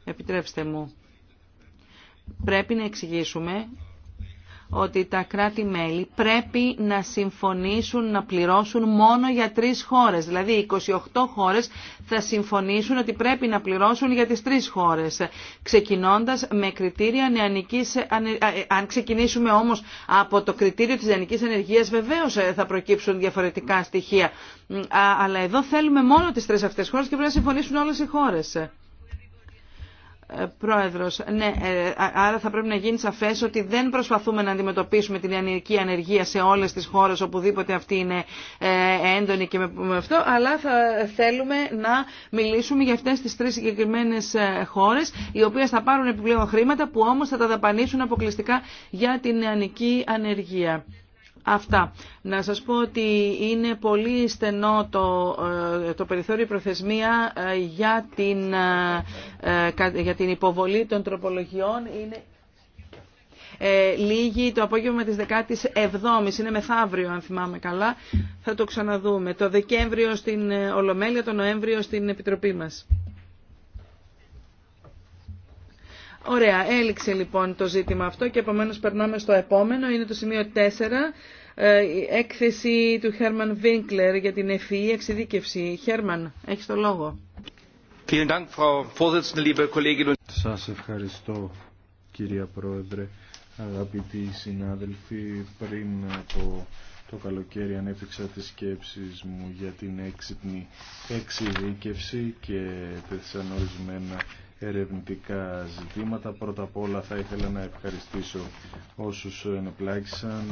Επιτρέψτε μου. Πρέπει να εξηγήσουμε ότι τα κράτη-μέλη πρέπει να συμφωνήσουν να πληρώσουν μόνο για τρεις χώρες. Δηλαδή 28 χώρες θα συμφωνήσουν ότι πρέπει να πληρώσουν για τις τρεις χώρες. Ξεκινώντας με κριτήρια νεανικής... Ε, αν ξεκινήσουμε όμως από το κριτήριο της νεανικής ενεργείας βεβαίως ε, θα προκύψουν διαφορετικά στοιχεία. Αλλά εδώ θέλουμε μόνο τις τρεις αυτές χώρες και πρέπει να συμφωνήσουν όλες οι χώρες. Πρόεδρος, ναι, ε, άρα θα πρέπει να γίνει σαφές ότι δεν προσπαθούμε να αντιμετωπίσουμε την νεανική ανεργία σε όλες τις χώρες οπουδήποτε αυτή είναι ε, έντονη και με αυτό, αλλά θα θέλουμε να μιλήσουμε για αυτές τις τρεις συγκεκριμένε ε, χώρες, οι οποίες θα πάρουν επιπλέον χρήματα που όμως θα τα δαπανίσουν αποκλειστικά για την νεανική ανεργία. Αυτά. Να σας πω ότι είναι πολύ στενό το, ε, το περιθώριο προθεσμία ε, για την, ε, για την υποβολή των τροπολογιών. Είναι ε, λίγη το απόγευμα της 17ης, είναι μεθαύριο αν θυμάμαι καλά, θα το ξαναδούμε. Το Δεκέμβριο στην Ολομέλεια, το Νοέμβριο στην Επιτροπή μας. Ωραία, έληξε λοιπόν το ζήτημα αυτό και επομένως περνάμε στο επόμενο, είναι το σημείο 4, ε, έκθεση του Χέρμαν Βίνκλερ για την ευφυή εξειδίκευση. Χέρμαν, έχεις το λόγο. Σας ευχαριστώ κυρία Πρόεδρε, αγαπητοί συνάδελφοι, πριν από το καλοκαίρι ανέπτυξα τις σκέψεις μου για την έξυπνη εξειδίκευση και τις ορισμένα ερευνητικά ζητήματα. Πρώτα απ' όλα θα ήθελα να ευχαριστήσω όσους ενεπλάγησαν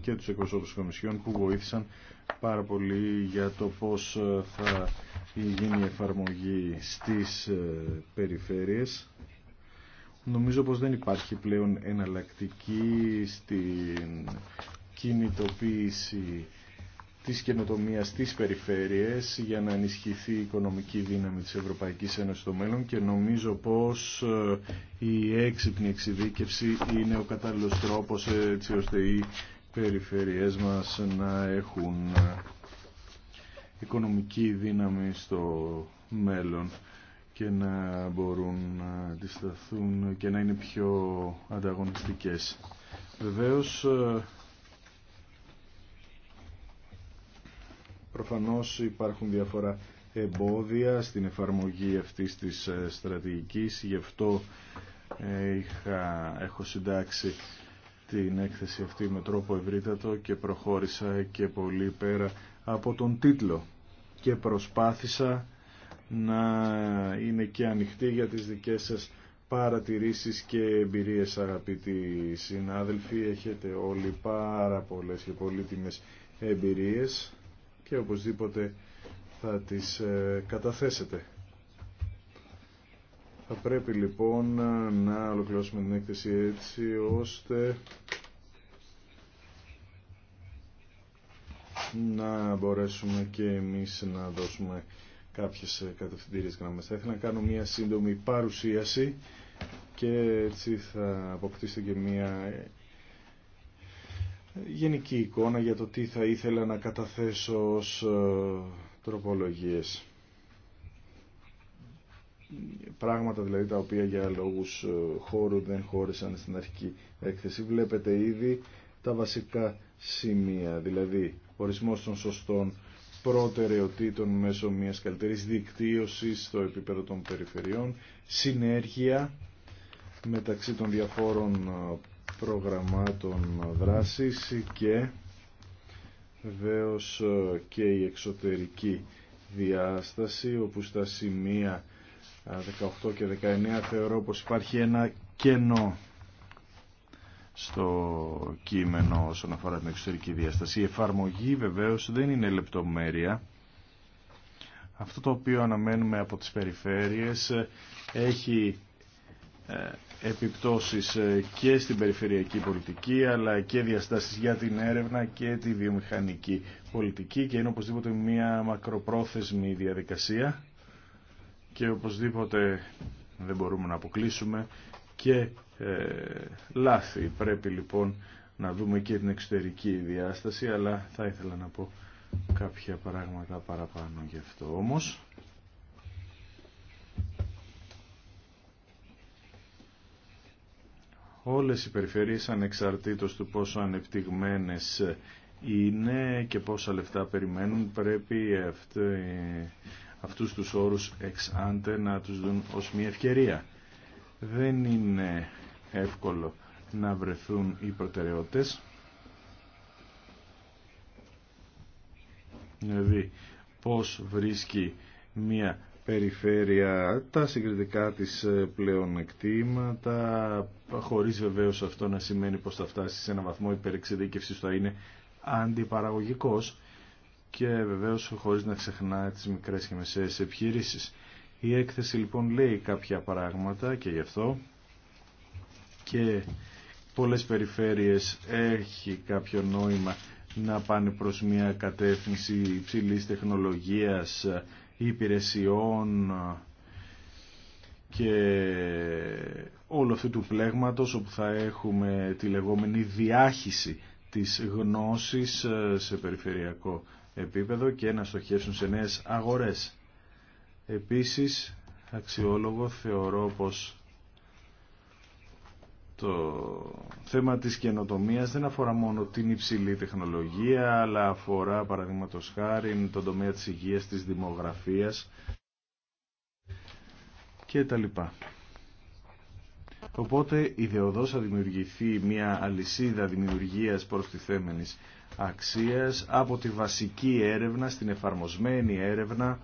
και τους εκπροσώπους Κομισιόν που βοήθησαν πάρα πολύ για το πώς θα γίνει η εφαρμογή στις ε, περιφέρειες. Νομίζω πως δεν υπάρχει πλέον εναλλακτική στην κινητοποίηση της καινοτομία στις περιφέρειες για να ενισχυθεί η οικονομική δύναμη της Ευρωπαϊκής Ένωσης στο μέλλον και νομίζω πως ε, η έξυπνη εξειδίκευση είναι ο κατάλληλος τρόπος ε, έτσι ώστε οι περιφέρειές μας να έχουν ε, οικονομική δύναμη στο μέλλον και να μπορούν να αντισταθούν και να είναι πιο ανταγωνιστικές. Βεβαίως Προφανώς υπάρχουν διάφορα εμπόδια στην εφαρμογή αυτής της ε, στρατηγικής, γι' αυτό ε, είχα, έχω συντάξει την έκθεση αυτή με τρόπο ευρύτατο και προχώρησα και πολύ πέρα από τον τίτλο και προσπάθησα να είναι και ανοιχτή για τις δικές σας παρατηρήσεις και εμπειρίες αγαπητοί συνάδελφοι έχετε όλοι πάρα πολλές και πολύτιμες εμπειρίες και οπωσδήποτε θα τις ε, καταθέσετε. Θα πρέπει λοιπόν ε, να ολοκληρώσουμε την έκθεση έτσι ώστε να μπορέσουμε και εμείς να δώσουμε κάποιες ε, κατευθυντήριες γραμμές. Θα ήθελα να κάνω μια σύντομη παρουσίαση και έτσι θα αποκτήσετε και μια γενική εικόνα για το τι θα ήθελα να καταθέσω ως ε, τροπολογίες. Πράγματα δηλαδή τα οποία για λόγους ε, χώρου δεν χώρισαν στην αρχική έκθεση. Βλέπετε ήδη τα βασικά σημεία, δηλαδή ορισμός των σωστών προτεραιοτήτων μέσω μιας καλύτερης δικτύωσης στο επίπεδο των περιφερειών, συνέργεια μεταξύ των διαφόρων ε, προγραμμάτων δράσης και βεβαίω ε, και η εξωτερική διάσταση όπου στα σημεία 18 ε, και 19 θεωρώ πως υπάρχει ένα κενό στο κείμενο όσον αφορά την εξωτερική διάσταση. Η εφαρμογή βεβαίως δεν είναι λεπτομέρεια. Αυτό το οποίο αναμένουμε από τις περιφέρειες ε, έχει επιπτώσεις ε, και στην περιφερειακή πολιτική αλλά και διαστάσεις για την έρευνα και τη βιομηχανική πολιτική και είναι οπωσδήποτε μια μακροπρόθεσμη διαδικασία και οπωσδήποτε δεν μπορούμε να αποκλείσουμε και ε, λάθη. Πρέπει λοιπόν να δούμε και την εξωτερική διάσταση αλλά θα ήθελα να πω κάποια πράγματα παραπάνω γι' αυτό όμως. όλες οι περιφερειές ανεξαρτήτως του πόσο ανεπτυγμένες είναι και πόσα λεφτά περιμένουν πρέπει αυτοί, αυτούς τους όρους εξ άντε να τους δουν ως μια ευκαιρία. Δεν είναι εύκολο να βρεθούν οι προτεραιότητες. Δηλαδή πώς βρίσκει μια περιφέρεια τα συγκριτικά της ε, πλεονεκτήματα χωρίς βεβαίως αυτό να σημαίνει πως θα φτάσει σε ένα βαθμό υπερεξειδίκευσης θα είναι αντιπαραγωγικός και βεβαίως χωρίς να ξεχνά τις μικρές και μεσαίες επιχειρήσεις. Η έκθεση λοιπόν λέει κάποια πράγματα και γι' αυτό και πολλές περιφέρειες έχει κάποιο νόημα να πάνε προς μια κατεύθυνση υψηλής τεχνολογίας υπηρεσιών και όλο αυτού του πλέγματος όπου θα έχουμε τη λεγόμενη διάχυση της γνώσης σε περιφερειακό επίπεδο και να στοχεύσουν σε νέες αγορές. Επίσης, αξιόλογο θεωρώ πως το θέμα της καινοτομίας δεν αφορά μόνο την υψηλή τεχνολογία, αλλά αφορά παραδείγματο χάρη τον τομέα της υγείας, της δημογραφίας και τα λοιπά. Οπότε ιδεοδός θα δημιουργηθεί μια αλυσίδα δημιουργίας προστιθέμενης αξίας από τη βασική έρευνα στην εφαρμοσμένη έρευνα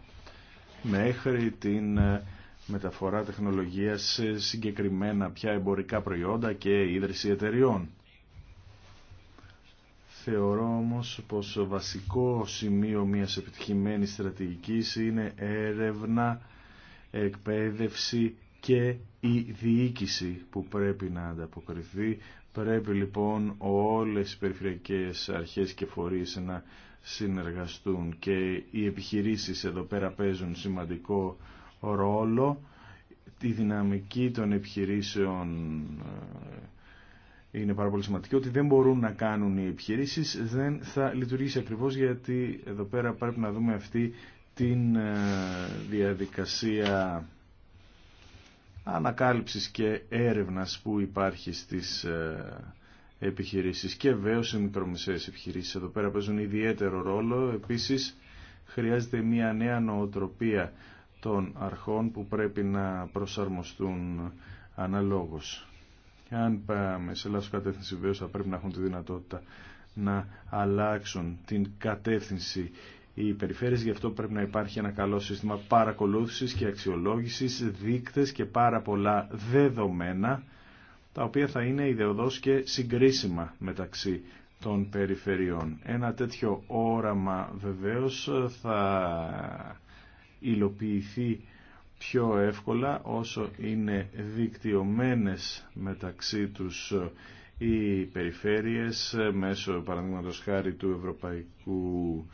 μέχρι την ε, μεταφορά τεχνολογίας σε συγκεκριμένα πια εμπορικά προϊόντα και ίδρυση εταιριών. Θεωρώ όμως πως βασικό σημείο μιας επιτυχημένης στρατηγικής είναι έρευνα, εκπαίδευση και η διοίκηση που πρέπει να ανταποκριθεί. Πρέπει λοιπόν όλες οι περιφερειακές αρχές και φορείς να συνεργαστούν και οι επιχειρήσεις εδώ πέρα παίζουν σημαντικό ρόλο, τη δυναμική των επιχειρήσεων ε, είναι πάρα πολύ σημαντική, ότι δεν μπορούν να κάνουν οι επιχειρήσεις, δεν θα λειτουργήσει ακριβώς γιατί εδώ πέρα πρέπει να δούμε αυτή την ε, διαδικασία ανακάλυψης και έρευνας που υπάρχει στις ε, επιχειρήσεις και βέβαια οι μικρομεσαίες επιχειρήσεις εδώ πέρα παίζουν ιδιαίτερο ρόλο. Επίσης χρειάζεται μια νέα νοοτροπία των αρχών που πρέπει να προσαρμοστούν αναλόγως. Αν πάμε σε λάθος κατεύθυνση βεβαίως θα πρέπει να έχουν τη δυνατότητα να αλλάξουν την κατεύθυνση οι περιφέρειες, γι' αυτό πρέπει να υπάρχει ένα καλό σύστημα παρακολούθησης και αξιολόγησης, δείκτες και πάρα πολλά δεδομένα, τα οποία θα είναι ιδεοδός και συγκρίσιμα μεταξύ των περιφερειών. Ένα τέτοιο όραμα βεβαίως θα υλοποιηθεί πιο εύκολα όσο είναι δικτυωμένες μεταξύ τους οι περιφέρειες μέσω παραδείγματος χάρη του Ευρωπαϊκού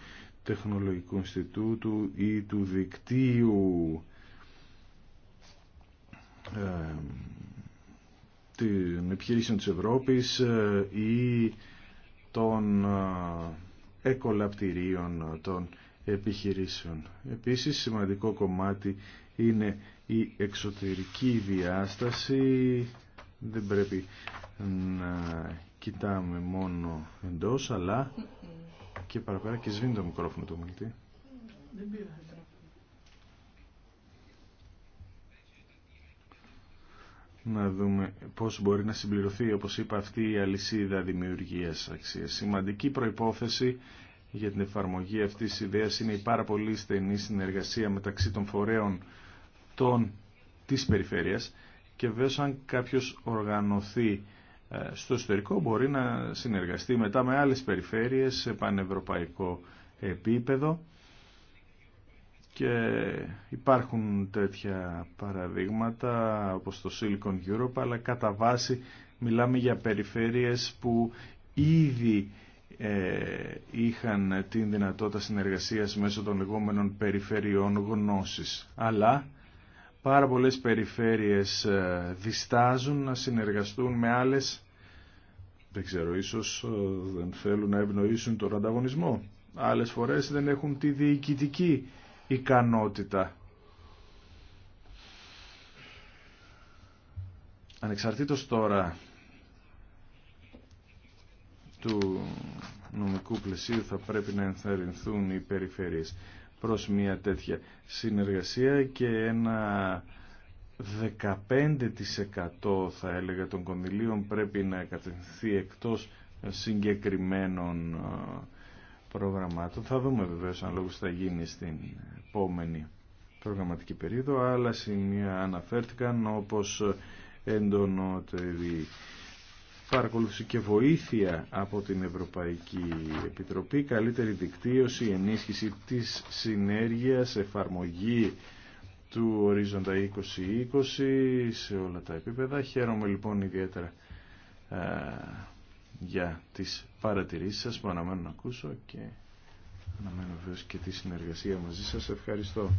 Τεχνολογικού Ινστιτούτου ή του δικτύου ε, των επιχειρήσεων της Ευρώπης ε, ή των ε, εκολαπτηρίων των επιχειρήσεων. Επίσης σημαντικό κομμάτι είναι η εξωτερική διάσταση. Δεν πρέπει να κοιτάμε μόνο εντός αλλά και παραπέρα και σβήνει το μικρόφωνο του μιλτή. να δούμε πώς μπορεί να συμπληρωθεί, όπως είπα, αυτή η αλυσίδα δημιουργίας αξίας. Σημαντική προϋπόθεση για την εφαρμογή αυτής της ιδέας είναι η πάρα πολύ στενή συνεργασία μεταξύ των φορέων των, της περιφέρειας και βέβαια αν κάποιος οργανωθεί ε, στο εσωτερικό μπορεί να συνεργαστεί μετά με άλλες περιφέρειες σε πανευρωπαϊκό επίπεδο και υπάρχουν τέτοια παραδείγματα όπως το Silicon Europe αλλά κατά βάση μιλάμε για περιφέρειες που ήδη ε, είχαν την δυνατότητα συνεργασίας μέσω των λεγόμενων περιφερειών γνώσης. Αλλά πάρα πολλές περιφέρειες ε, διστάζουν να συνεργαστούν με άλλες, δεν ξέρω, ίσως ε, δεν θέλουν να ευνοήσουν τον ανταγωνισμό. Άλλες φορές δεν έχουν τη διοικητική ικανότητα. Ανεξαρτήτως τώρα του νομικού πλαισίου θα πρέπει να ενθαρρυνθούν οι περιφέρειες προς μια τέτοια συνεργασία και ένα 15% θα έλεγα των κονδυλίων πρέπει να κατευθυνθεί εκτός συγκεκριμένων προγραμμάτων. Θα δούμε βεβαίως αν λόγος θα γίνει στην επόμενη προγραμματική περίοδο. Άλλα σημεία αναφέρθηκαν όπως εντονότερη παρακολούθηση και βοήθεια από την Ευρωπαϊκή Επιτροπή, καλύτερη δικτύωση, ενίσχυση της συνέργειας, εφαρμογή του ορίζοντα 2020 σε όλα τα επίπεδα. Χαίρομαι λοιπόν ιδιαίτερα για τις παρατηρήσεις σας που αναμένω να ακούσω και αναμένω βέβαια και τη συνεργασία μαζί σας. Ευχαριστώ.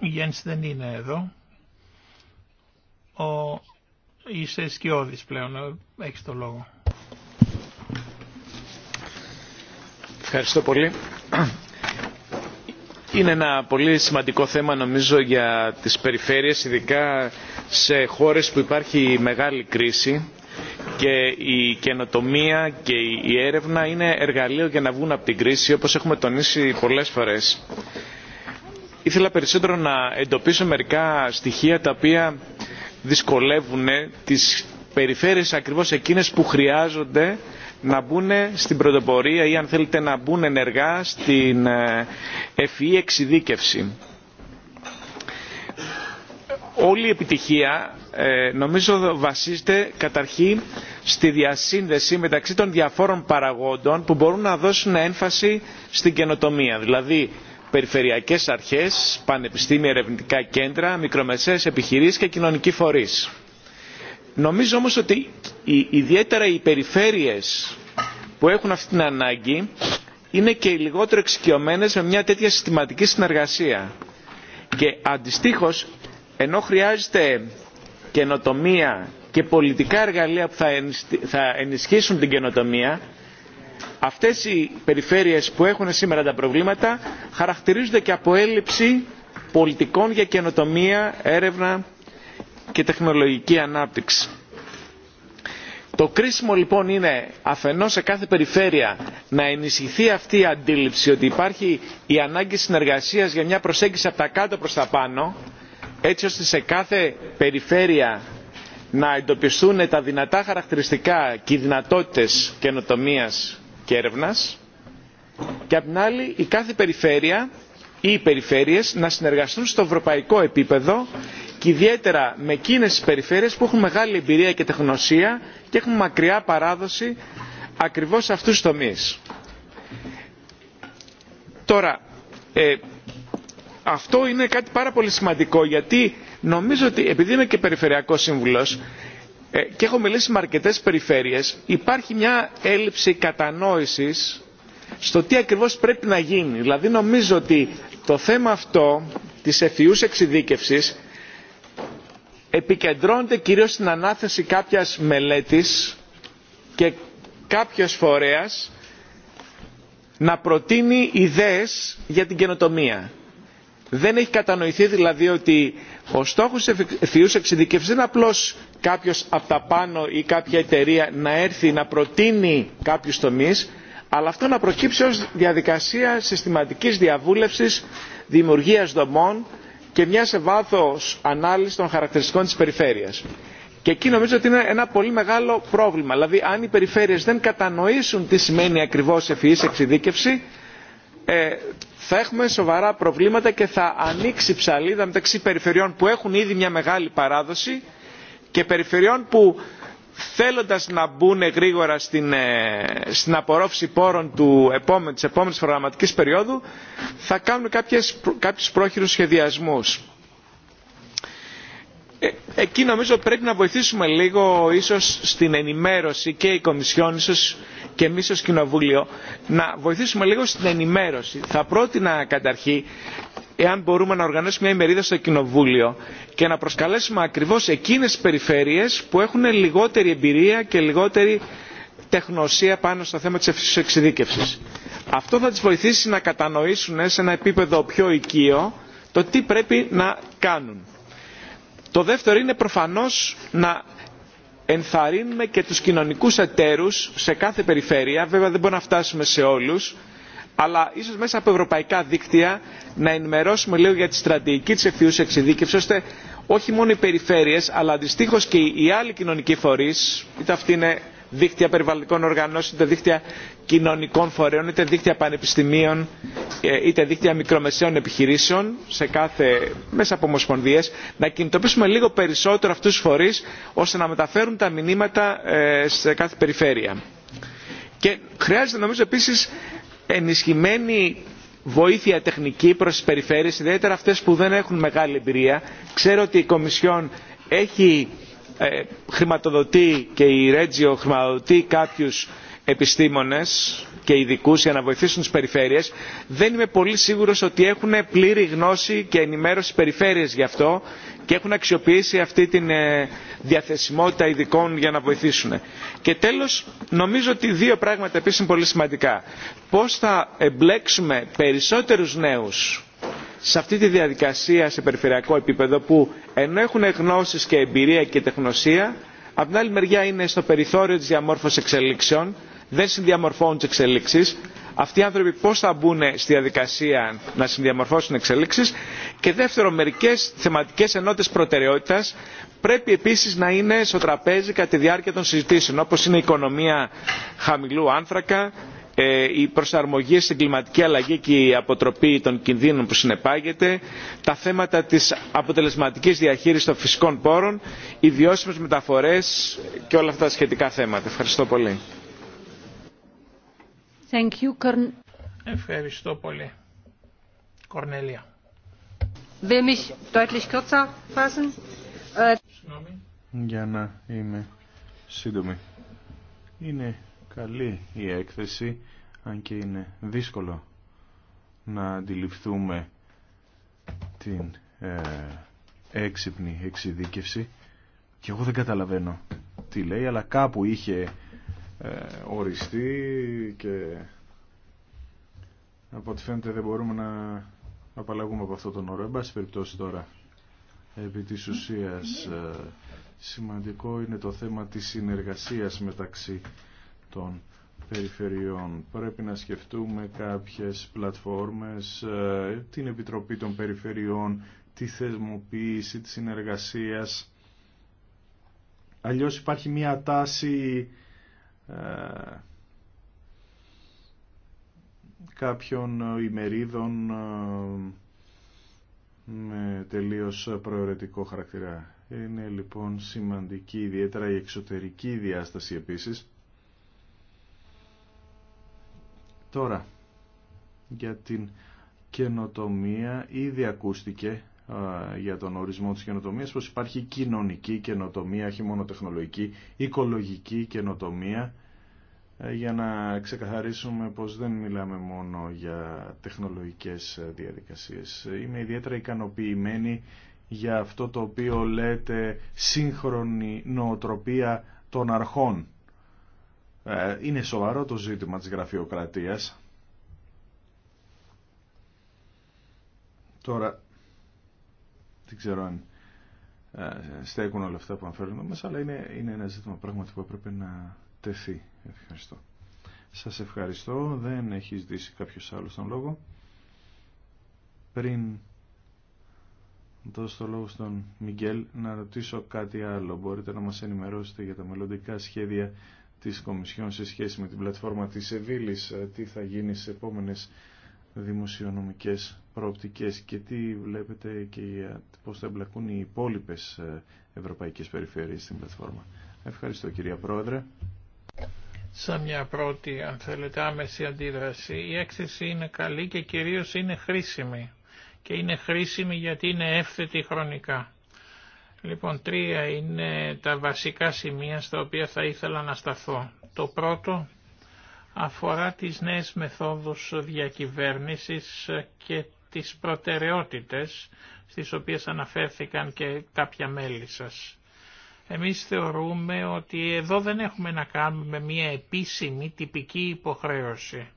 Ο Γιάννης δεν είναι εδώ. Ο Είσαι σκιώδης πλέον, έχεις το λόγο. Ευχαριστώ πολύ. Είναι ένα πολύ σημαντικό θέμα νομίζω για τις περιφέρειες, ειδικά σε χώρες που υπάρχει μεγάλη κρίση και η καινοτομία και η έρευνα είναι εργαλείο για να βγουν από την κρίση, όπως έχουμε τονίσει πολλές φορές. Ήθελα περισσότερο να εντοπίσω μερικά στοιχεία τα οποία δυσκολεύουν τις περιφέρειες ακριβώς εκείνες που χρειάζονται να μπουν στην πρωτοπορία ή αν θέλετε να μπουν ενεργά στην ε, ευφυή εξειδίκευση. Όλη η επιτυχία ε, νομίζω βασίζεται καταρχήν στη διασύνδεση μεταξύ των διαφόρων παραγόντων που μπορούν να δώσουν έμφαση στην καινοτομία. Δηλαδή περιφερειακές αρχές, πανεπιστήμια, ερευνητικά κέντρα, μικρομεσαίες επιχειρήσεις και κοινωνικοί φορείς. Νομίζω όμως ότι ιδιαίτερα οι περιφέρειες που έχουν αυτή την ανάγκη είναι και οι λιγότερο εξοικειωμένες με μια τέτοια συστηματική συνεργασία. Και αντιστοίχως, ενώ χρειάζεται καινοτομία και πολιτικά εργαλεία που θα ενισχύσουν την καινοτομία, αυτές οι περιφέρειες που έχουν σήμερα τα προβλήματα χαρακτηρίζονται και από έλλειψη πολιτικών για καινοτομία, έρευνα και τεχνολογική ανάπτυξη. Το κρίσιμο λοιπόν είναι αφενός σε κάθε περιφέρεια να ενισχυθεί αυτή η αντίληψη ότι υπάρχει η ανάγκη συνεργασίας για μια προσέγγιση από τα κάτω προς τα πάνω έτσι ώστε σε κάθε περιφέρεια να εντοπιστούν τα δυνατά χαρακτηριστικά και οι δυνατότητες καινοτομίας και και απ' την άλλη η κάθε περιφέρεια ή οι περιφέρειες να συνεργαστούν στο ευρωπαϊκό επίπεδο και ιδιαίτερα με εκείνες τις περιφέρειες που έχουν μεγάλη εμπειρία και τεχνοσία και έχουν μακριά παράδοση ακριβώς σε αυτούς τους τομείς. Τώρα, ε, αυτό είναι κάτι πάρα πολύ σημαντικό γιατί νομίζω ότι επειδή είμαι και περιφερειακός σύμβουλος ε, και έχω μιλήσει με αρκετέ περιφέρειες υπάρχει μια έλλειψη κατανόησης στο τι ακριβώς πρέπει να γίνει. Δηλαδή νομίζω ότι το θέμα αυτό της ευφυού εξειδίκευση επικεντρώνεται κυρίως στην ανάθεση κάποιας μελέτης και κάποιος φορέας να προτείνει ιδέες για την καινοτομία. Δεν έχει κατανοηθεί δηλαδή ότι ο στόχος της ευθυούς εξειδίκευσης είναι απλώς κάποιος από τα πάνω ή κάποια εταιρεία να έρθει να προτείνει κάποιους τομείς αλλά αυτό να προκύψει ως διαδικασία συστηματικής διαβούλευσης, δημιουργίας δομών και μια σε βάθος ανάλυση των χαρακτηριστικών της περιφέρειας. Και εκεί νομίζω ότι είναι ένα πολύ μεγάλο πρόβλημα. Δηλαδή αν οι περιφέρειες δεν κατανοήσουν τι σημαίνει ακριβώς ευφυής εξειδίκευση ε, θα έχουμε σοβαρά προβλήματα και θα ανοίξει ψαλίδα μεταξύ περιφερειών που έχουν ήδη μια μεγάλη παράδοση και περιφερειών που θέλοντας να μπουν γρήγορα στην, ε, στην απορρόφηση πόρων του επόμενη της επόμενης προγραμματικής περίοδου θα κάνουν κάποιες, κάποιους πρόχειρους σχεδιασμούς. Ε, εκεί νομίζω πρέπει να βοηθήσουμε λίγο ίσως στην ενημέρωση και η Κομισιόν ίσως και εμείς ως Κοινοβούλιο να βοηθήσουμε λίγο στην ενημέρωση. Θα πρότεινα καταρχή εάν μπορούμε να οργανώσουμε μια ημερίδα στο κοινοβούλιο και να προσκαλέσουμε ακριβώς εκείνες τις περιφέρειες που έχουν λιγότερη εμπειρία και λιγότερη τεχνοσία πάνω στο θέμα της εξειδίκευσης. Αυτό θα τις βοηθήσει να κατανοήσουν σε ένα επίπεδο πιο οικείο το τι πρέπει να κάνουν. Το δεύτερο είναι προφανώς να ενθαρρύνουμε και τους κοινωνικούς εταίρους σε κάθε περιφέρεια, βέβαια δεν μπορούμε να φτάσουμε σε όλους, αλλά ίσως μέσα από ευρωπαϊκά δίκτυα να ενημερώσουμε λίγο για τη στρατηγική της ευθύους εξειδίκευσης ώστε όχι μόνο οι περιφέρειες αλλά αντιστοίχω και οι άλλοι κοινωνικοί φορείς είτε αυτοί είναι δίκτυα περιβαλλοντικών οργανώσεων είτε δίκτυα κοινωνικών φορέων είτε δίκτυα πανεπιστημίων ε, είτε δίκτυα μικρομεσαίων επιχειρήσεων σε κάθε, μέσα από ομοσπονδίες να κινητοποιήσουμε λίγο περισσότερο αυτούς του φορείς ώστε να μεταφέρουν τα μηνύματα ε, σε κάθε περιφέρεια. Και χρειάζεται νομίζω επίσης ενισχυμένη βοήθεια τεχνική προς τις περιφέρειες, ιδιαίτερα αυτές που δεν έχουν μεγάλη εμπειρία. Ξέρω ότι η Κομισιόν έχει ε, χρηματοδοτεί και η Ρέτζιο χρηματοδοτεί κάποιους επιστήμονες και ειδικού για να βοηθήσουν τις περιφέρειες. Δεν είμαι πολύ σίγουρος ότι έχουν πλήρη γνώση και ενημέρωση περιφέρειες γι' αυτό και έχουν αξιοποιήσει αυτή τη ε, διαθεσιμότητα ειδικών για να βοηθήσουν. Και τέλος, νομίζω ότι δύο πράγματα επίσης είναι πολύ σημαντικά. Πώς θα εμπλέξουμε περισσότερους νέους σε αυτή τη διαδικασία σε περιφερειακό επίπεδο που ενώ έχουν γνώσεις και εμπειρία και τεχνοσία, από την άλλη μεριά είναι στο περιθώριο της διαμόρφωσης εξελίξεων, δεν συνδιαμορφώνουν τι εξελίξει, αυτοί οι άνθρωποι πώ θα μπουν στη διαδικασία να συνδιαμορφώσουν εξελίξει και δεύτερο, μερικέ θεματικέ ενότητε προτεραιότητα πρέπει επίση να είναι στο τραπέζι κατά τη διάρκεια των συζητήσεων, όπω είναι η οικονομία χαμηλού άνθρακα, η ε, προσαρμογή στην κλιματική αλλαγή και η αποτροπή των κινδύνων που συνεπάγεται, τα θέματα τη αποτελεσματική διαχείριση των φυσικών πόρων, οι βιώσιμε μεταφορέ και όλα αυτά τα σχετικά θέματα. Ευχαριστώ πολύ. Thank you. Ευχαριστώ πολύ. Κορνέλια. Äh, Για να είμαι σύντομη. Είναι καλή η έκθεση, αν και είναι δύσκολο να αντιληφθούμε την ε, έξυπνη εξειδίκευση. Και εγώ δεν καταλαβαίνω τι λέει, αλλά κάπου είχε ε, οριστεί και από ό,τι φαίνεται δεν μπορούμε να απαλλαγούμε από αυτό τον όρο. Εν πάση περιπτώσει τώρα, επί της ουσίας, ε, σημαντικό είναι το θέμα της συνεργασίας μεταξύ των περιφερειών. Πρέπει να σκεφτούμε κάποιες πλατφόρμες, ε, την Επιτροπή των Περιφερειών, τη θεσμοποίηση της συνεργασίας. Αλλιώς υπάρχει μια τάση ε, κάποιων ε, ημερίδων ε, με τελείως προαιρετικό χαρακτήρα. Είναι λοιπόν σημαντική ιδιαίτερα η εξωτερική διάσταση επίσης. Τώρα, για την καινοτομία ήδη ακούστηκε για τον ορισμό της καινοτομία πως υπάρχει κοινωνική καινοτομία, όχι μόνο τεχνολογική, οικολογική καινοτομία ε, για να ξεκαθαρίσουμε πως δεν μιλάμε μόνο για τεχνολογικές ε, διαδικασίες. Είμαι ιδιαίτερα ικανοποιημένη για αυτό το οποίο λέτε σύγχρονη νοοτροπία των αρχών. Ε, είναι σοβαρό το ζήτημα της γραφειοκρατίας. Τώρα, δεν ξέρω αν ε, στέκουν όλα αυτά που αναφέρουν μας, αλλά είναι, είναι ένα ζήτημα πράγματι που έπρεπε να τεθεί. Ευχαριστώ. Σας ευχαριστώ. Δεν έχει ζητήσει κάποιος άλλος τον λόγο. Πριν δώσω το λόγο στον Μιγγέλ να ρωτήσω κάτι άλλο. Μπορείτε να μας ενημερώσετε για τα μελλοντικά σχέδια της Κομισιόν σε σχέση με την πλατφόρμα της Σεβίλης, ε, Τι θα γίνει στις επόμενες δημοσιονομικές προοπτικές και τι βλέπετε και πώς θα εμπλακούν οι υπόλοιπες ε, ευρωπαϊκές περιφέρειες στην πλατφόρμα. Ευχαριστώ κυρία Πρόεδρε. Σαν μια πρώτη, αν θέλετε, άμεση αντίδραση, η έκθεση είναι καλή και κυρίως είναι χρήσιμη. Και είναι χρήσιμη γιατί είναι εύθετη χρονικά. Λοιπόν, τρία είναι τα βασικά σημεία στα οποία θα ήθελα να σταθώ. Το πρώτο αφορά τις νέες μεθόδους διακυβέρνησης και τις προτεραιότητες στις οποίες αναφέρθηκαν και κάποια μέλη σας. Εμείς θεωρούμε ότι εδώ δεν έχουμε να κάνουμε μια επίσημη τυπική υποχρέωση.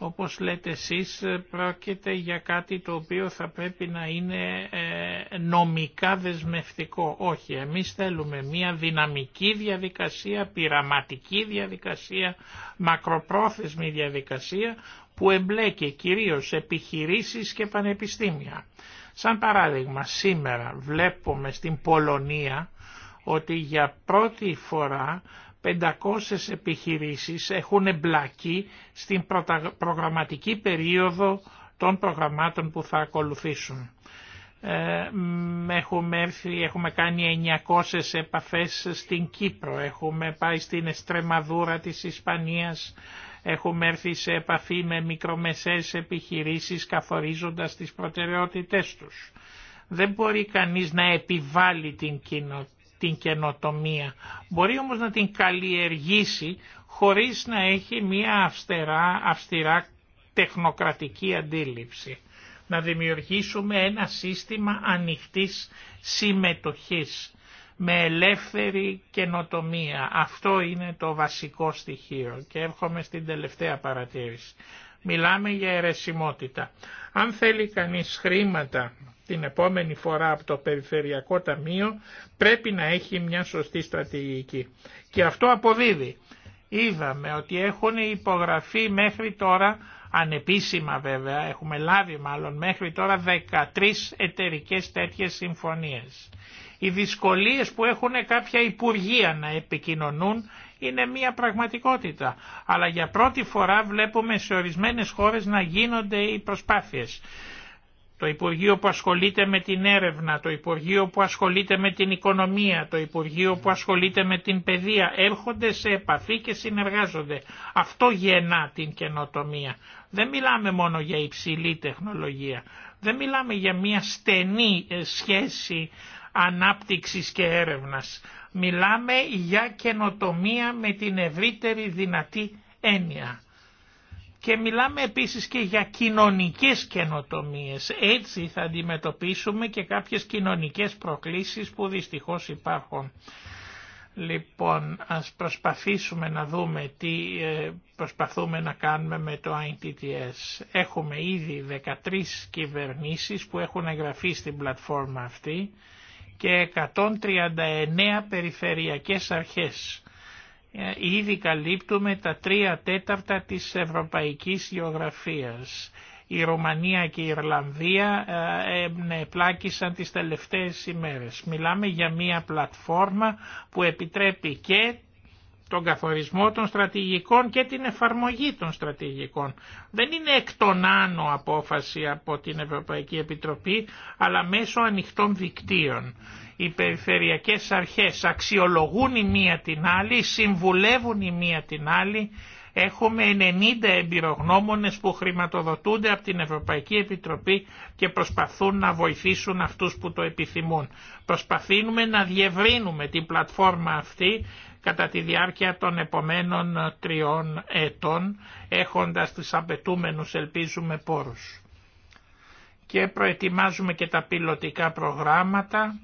Όπως λέτε εσείς πρόκειται για κάτι το οποίο θα πρέπει να είναι ε, νομικά δεσμευτικό. Όχι, εμείς θέλουμε μια δυναμική διαδικασία, πειραματική διαδικασία, μακροπρόθεσμη διαδικασία που εμπλέκει κυρίως επιχειρήσεις και πανεπιστήμια. Σαν παράδειγμα, σήμερα βλέπουμε στην Πολωνία ότι για πρώτη φορά 500 επιχειρήσεις έχουν εμπλακεί στην προγραμματική περίοδο των προγραμμάτων που θα ακολουθήσουν. Ε, έχουμε, έρθει, έχουμε κάνει 900 επαφές στην Κύπρο, έχουμε πάει στην Εστρεμαδούρα της Ισπανίας, έχουμε έρθει σε επαφή με μικρομεσαίες επιχειρήσεις καθορίζοντας τις προτεραιότητές τους. Δεν μπορεί κανείς να επιβάλλει την, κοινότητα την καινοτομία. Μπορεί όμως να την καλλιεργήσει χωρίς να έχει μια αυστερά τεχνοκρατική αντίληψη. Να δημιουργήσουμε ένα σύστημα ανοιχτής συμμετοχής με ελεύθερη καινοτομία. Αυτό είναι το βασικό στοιχείο και έρχομαι στην τελευταία παρατήρηση. Μιλάμε για αιρεσιμότητα. Αν θέλει κανείς χρήματα την επόμενη φορά από το Περιφερειακό Ταμείο πρέπει να έχει μια σωστή στρατηγική. Και αυτό αποδίδει. Είδαμε ότι έχουν υπογραφεί μέχρι τώρα, ανεπίσημα βέβαια, έχουμε λάβει μάλλον μέχρι τώρα 13 εταιρικές τέτοιες συμφωνίες. Οι δυσκολίες που έχουν κάποια υπουργεία να επικοινωνούν είναι μια πραγματικότητα. Αλλά για πρώτη φορά βλέπουμε σε ορισμένες χώρες να γίνονται οι προσπάθειες το Υπουργείο που ασχολείται με την έρευνα, το Υπουργείο που ασχολείται με την οικονομία, το Υπουργείο που ασχολείται με την παιδεία έρχονται σε επαφή και συνεργάζονται. Αυτό γεννά την καινοτομία. Δεν μιλάμε μόνο για υψηλή τεχνολογία. Δεν μιλάμε για μια στενή ε, σχέση ανάπτυξης και έρευνας. Μιλάμε για καινοτομία με την ευρύτερη δυνατή έννοια. Και μιλάμε επίσης και για κοινωνικές καινοτομίες. Έτσι θα αντιμετωπίσουμε και κάποιες κοινωνικές προκλήσεις που δυστυχώς υπάρχουν. Λοιπόν, ας προσπαθήσουμε να δούμε τι ε, προσπαθούμε να κάνουμε με το ITTS. Έχουμε ήδη 13 κυβερνήσεις που έχουν εγγραφεί στην πλατφόρμα αυτή και 139 περιφερειακές αρχές. Ε, ήδη καλύπτουμε τα τρία τέταρτα της ευρωπαϊκής γεωγραφίας. Η Ρουμανία και η Ιρλανδία ε, πλάκησαν τις τελευταίες ημέρες. Μιλάμε για μία πλατφόρμα που επιτρέπει και τον καθορισμό των στρατηγικών και την εφαρμογή των στρατηγικών. Δεν είναι εκ των άνω απόφαση από την Ευρωπαϊκή Επιτροπή, αλλά μέσω ανοιχτών δικτύων. Οι περιφερειακές αρχές αξιολογούν η μία την άλλη, συμβουλεύουν η μία την άλλη. Έχουμε 90 εμπειρογνώμονες που χρηματοδοτούνται από την Ευρωπαϊκή Επιτροπή και προσπαθούν να βοηθήσουν αυτούς που το επιθυμούν. Προσπαθούμε να διευρύνουμε την πλατφόρμα αυτή κατά τη διάρκεια των επομένων ε, τριών ετών, έχοντας τις απαιτούμενους ελπίζουμε πόρους. Και προετοιμάζουμε και τα πιλωτικά προγράμματα,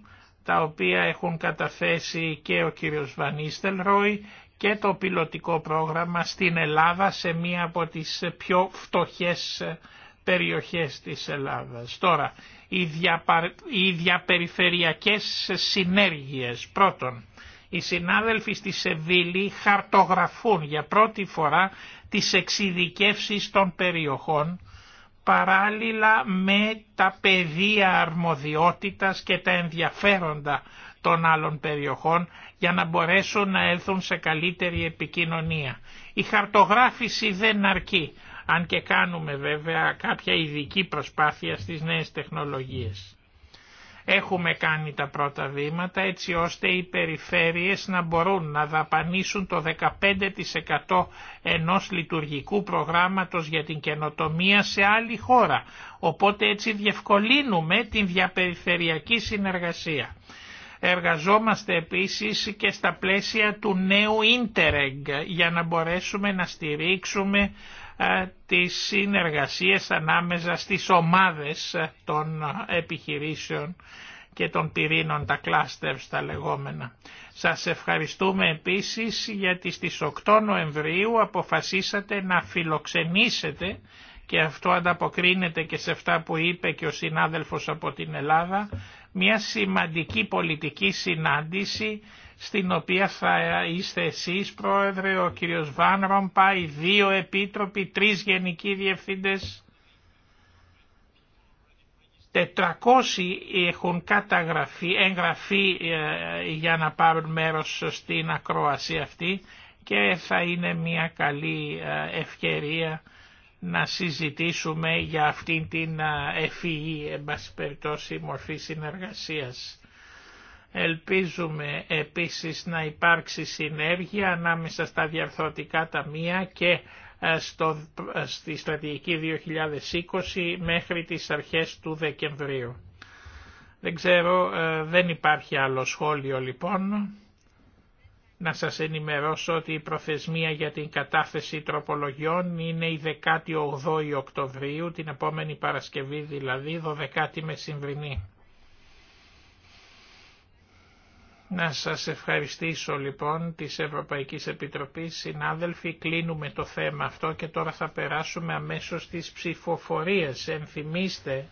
τα οποία έχουν καταθέσει και ο κύριος Βανίστελ Ρόι και το πιλωτικό πρόγραμμα στην Ελλάδα σε μία από τις πιο φτωχές ε, περιοχές της Ελλάδας. Τώρα, οι, διαπα... οι διαπεριφερειακές συνέργειες. Πρώτον, οι συνάδελφοι στη Σεβίλη χαρτογραφούν για πρώτη φορά τις εξειδικεύσεις των περιοχών παράλληλα με τα πεδία αρμοδιότητας και τα ενδιαφέροντα των άλλων περιοχών για να μπορέσουν να έλθουν σε καλύτερη επικοινωνία. Η χαρτογράφηση δεν αρκεί, αν και κάνουμε βέβαια κάποια ειδική προσπάθεια στις νέες τεχνολογίες. Έχουμε κάνει τα πρώτα βήματα έτσι ώστε οι περιφέρειες να μπορούν να δαπανίσουν το 15% ενός λειτουργικού προγράμματος για την καινοτομία σε άλλη χώρα. Οπότε έτσι διευκολύνουμε την διαπεριφερειακή συνεργασία. Εργαζόμαστε επίσης και στα πλαίσια του νέου Interreg για να μπορέσουμε να στηρίξουμε ε, τις συνεργασίες ανάμεσα στις ομάδες ε, των επιχειρήσεων και των πυρήνων, τα clusters τα λεγόμενα. Σας ευχαριστούμε επίσης γιατί στις 8 Νοεμβρίου αποφασίσατε να φιλοξενήσετε και αυτό ανταποκρίνεται και σε αυτά που είπε και ο συνάδελφος από την Ελλάδα, μια σημαντική πολιτική συνάντηση στην οποία θα είστε εσείς πρόεδρε, ο κύριος Βαν οι δύο επίτροποι, τρεις γενικοί διευθυντές. 400 έχουν καταγραφεί, εγγραφεί ε, για να πάρουν μέρος στην ακρόαση αυτή και θα είναι μια καλή ε, ευκαιρία να συζητήσουμε για αυτήν την ε, ευφυή, εν πάση περιπτώσει, μορφή συνεργασίας. Ελπίζουμε επίσης να υπάρξει συνέργεια ανάμεσα στα διαρθρωτικά ταμεία και ε, στο, ε, στη στρατηγική 2020 μέχρι τις αρχές του Δεκεμβρίου. Δεν ξέρω, ε, δεν υπάρχει άλλο σχόλιο λοιπόν. Να σας ενημερώσω ότι η προθεσμία για την κατάθεση τροπολογιών είναι η 18η Οκτωβρίου, την επόμενη Παρασκευή δηλαδή, 12η μεσημβρινή. Να σας ευχαριστήσω λοιπόν της Ευρωπαϊκής Επιτροπής. Συνάδελφοι, κλείνουμε το θέμα αυτό και τώρα θα περάσουμε αμέσως στις ψηφοφορίες. Ενθυμίστε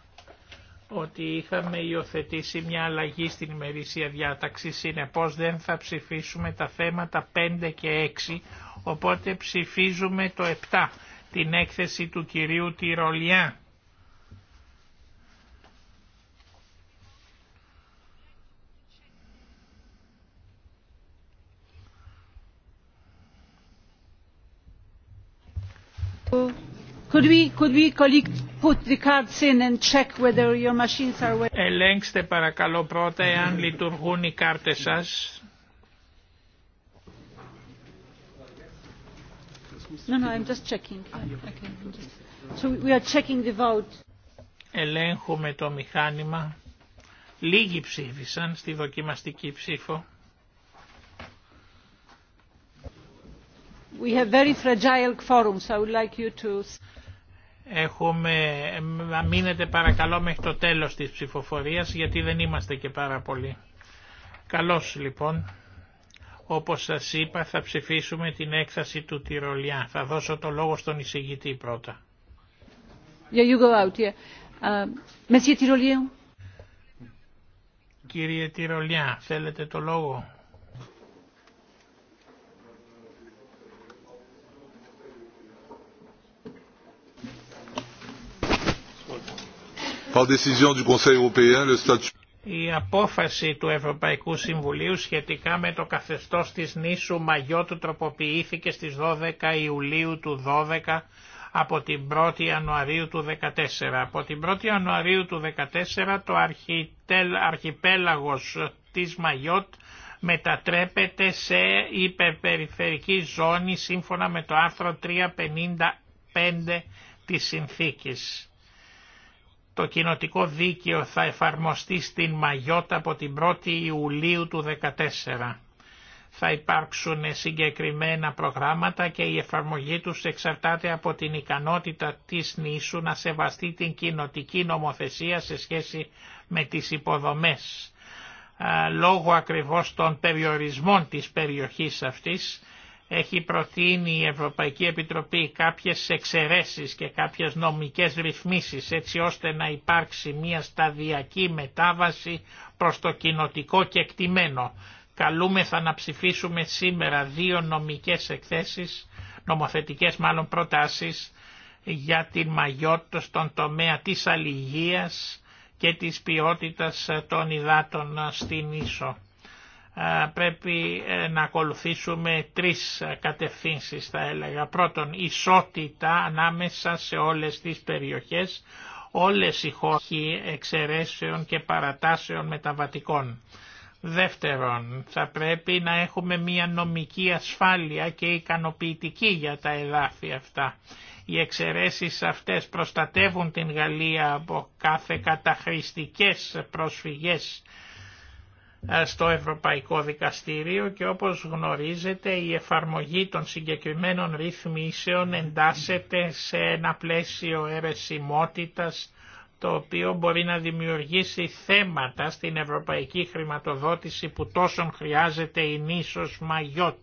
ότι είχαμε υιοθετήσει μια αλλαγή στην ημερήσια διάταξη, συνεπώς δεν θα ψηφίσουμε τα θέματα 5 και 6, οπότε ψηφίζουμε το 7, την έκθεση του κυρίου Τυρολιά Ελέγξτε παρακαλώ πρώτα εάν λειτουργούν οι κάρτες σας. Ελέγχουμε το μηχάνημα. Λίγοι ψήφισαν στη δοκιμαστική ψήφο. We have μείνετε παρακαλώ μέχρι το τέλος της ψηφοφορίας γιατί δεν είμαστε και πάρα πολύ. Καλώς λοιπόν, όπως σας είπα θα ψηφίσουμε την έκθεση του Τυρολιά. Θα δώσω το λόγο στον εισηγητή πρώτα. Yeah, you go out, uh, Monsieur Κύριε Τυρολιά, θέλετε το λόγο. Η απόφαση του Ευρωπαϊκού Συμβουλίου σχετικά με το καθεστώς της νήσου Μαγιώτου τροποποιήθηκε στις 12 Ιουλίου του 12 από την 1η Ιανουαρίου του 14. Από την 1η Ιανουαρίου του 14 το αρχιτελ, αρχιπέλαγος της Μαγιώτ μετατρέπεται σε υπερπεριφερική ζώνη σύμφωνα με το άρθρο 355 της συνθήκης το κοινοτικό δίκαιο θα εφαρμοστεί στην Μαγιώτα από την 1η Ιουλίου του 2014. Θα υπάρξουν συγκεκριμένα προγράμματα και η εφαρμογή τους εξαρτάται από την ικανότητα της νήσου να σεβαστεί την κοινοτική νομοθεσία σε σχέση με τις υποδομές. Λόγω ακριβώς των περιορισμών της περιοχής αυτής έχει προτείνει η Ευρωπαϊκή Επιτροπή κάποιες εξαιρέσεις και κάποιες νομικές ρυθμίσεις έτσι ώστε να υπάρξει μια σταδιακή μετάβαση προς το κοινοτικό κεκτημένο. Καλούμεθα να ψηφίσουμε σήμερα δύο νομικές εκθέσεις, νομοθετικές μάλλον προτάσεις, για την μαγιότητα στον τομέα της αλληγίας και της ποιότητας των υδάτων στην Ίσο πρέπει ε, να ακολουθήσουμε τρεις ε, κατευθύνσεις θα έλεγα. Πρώτον, ισότητα ανάμεσα σε όλες τις περιοχές, όλες οι χώροι εξαιρέσεων και παρατάσεων μεταβατικών. Δεύτερον, θα πρέπει να έχουμε μια νομική ασφάλεια και ικανοποιητική για τα εδάφη αυτά. Οι εξαιρέσεις αυτές προστατεύουν την Γαλλία από κάθε καταχρηστικές προσφυγές ε, στο Ευρωπαϊκό Δικαστήριο και όπως γνωρίζετε η εφαρμογή των συγκεκριμένων ρυθμίσεων εντάσσεται σε ένα πλαίσιο αιρεσιμότητας το οποίο μπορεί να δημιουργήσει θέματα στην ευρωπαϊκή χρηματοδότηση που τόσον χρειάζεται η νήσος Μαγιότ.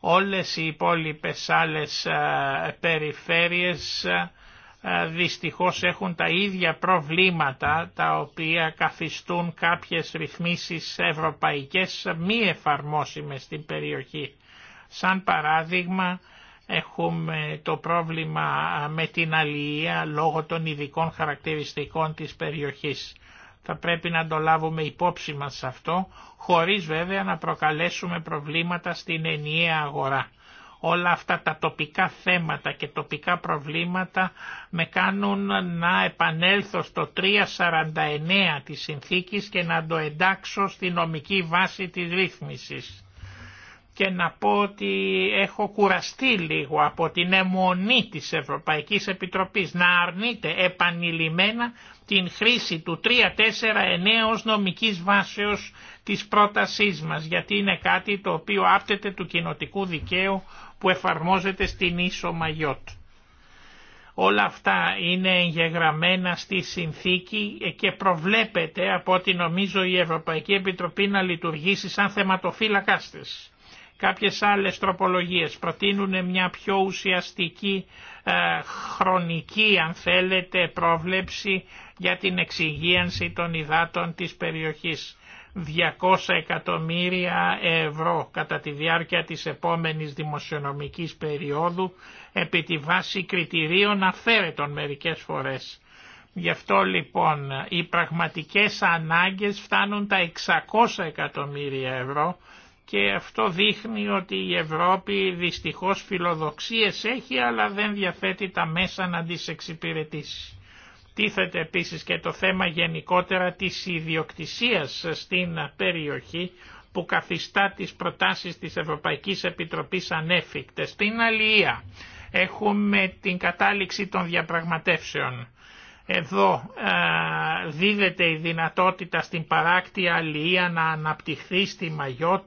Όλες οι υπόλοιπες άλλες ε, περιφέρειες ε, ε, δυστυχώς έχουν τα ίδια προβλήματα τα οποία καθιστούν κάποιες ρυθμίσεις ευρωπαϊκές μη εφαρμόσιμες στην περιοχή. Σαν παράδειγμα έχουμε το πρόβλημα με την αλληλεία λόγω των ειδικών χαρακτηριστικών της περιοχής. Θα πρέπει να το λάβουμε υπόψη μας αυτό, χωρίς βέβαια να προκαλέσουμε προβλήματα στην ενιαία αγορά όλα αυτά τα τοπικά θέματα και τοπικά προβλήματα με κάνουν να επανέλθω στο 349 της συνθήκης και να το εντάξω στη νομική βάση της ρύθμισης. Και να πω ότι έχω κουραστεί λίγο από την αιμονή της Ευρωπαϊκής Επιτροπής να αρνείται επανειλημμένα την χρήση του 349 ως νομικής βάσεως της πρότασής μας, γιατί είναι κάτι το οποίο άπτεται του κοινοτικού δικαίου που εφαρμόζεται στην Ίσο Μαγιότ. Όλα αυτά είναι εγγεγραμμένα στη συνθήκη και προβλέπεται από ό,τι νομίζω η Ευρωπαϊκή Επιτροπή να λειτουργήσει σαν θεματοφύλακάς της. Κάποιες άλλες τροπολογίες προτείνουν μια πιο ουσιαστική ε, χρονική αν θέλετε πρόβλεψη για την εξυγίανση των υδάτων της περιοχής. 200 εκατομμύρια ευρώ κατά τη διάρκεια της επόμενης δημοσιονομικής περίοδου επί τη βάση κριτηρίων αφαίρετων μερικές φορές. Γι' αυτό λοιπόν οι πραγματικές ανάγκες φτάνουν τα 600 εκατομμύρια ευρώ και αυτό δείχνει ότι η Ευρώπη δυστυχώς φιλοδοξίες έχει αλλά δεν διαθέτει τα μέσα να τις εξυπηρετήσει τίθεται επίσης και το θέμα γενικότερα της ιδιοκτησίας στην περιοχή που καθιστά τις προτάσεις της Ευρωπαϊκής Επιτροπής ανέφικτες. Στην Αλία έχουμε την κατάληξη των διαπραγματεύσεων. Εδώ δίδεται η δυνατότητα στην παράκτη Αλία να αναπτυχθεί στη Μαγιότ,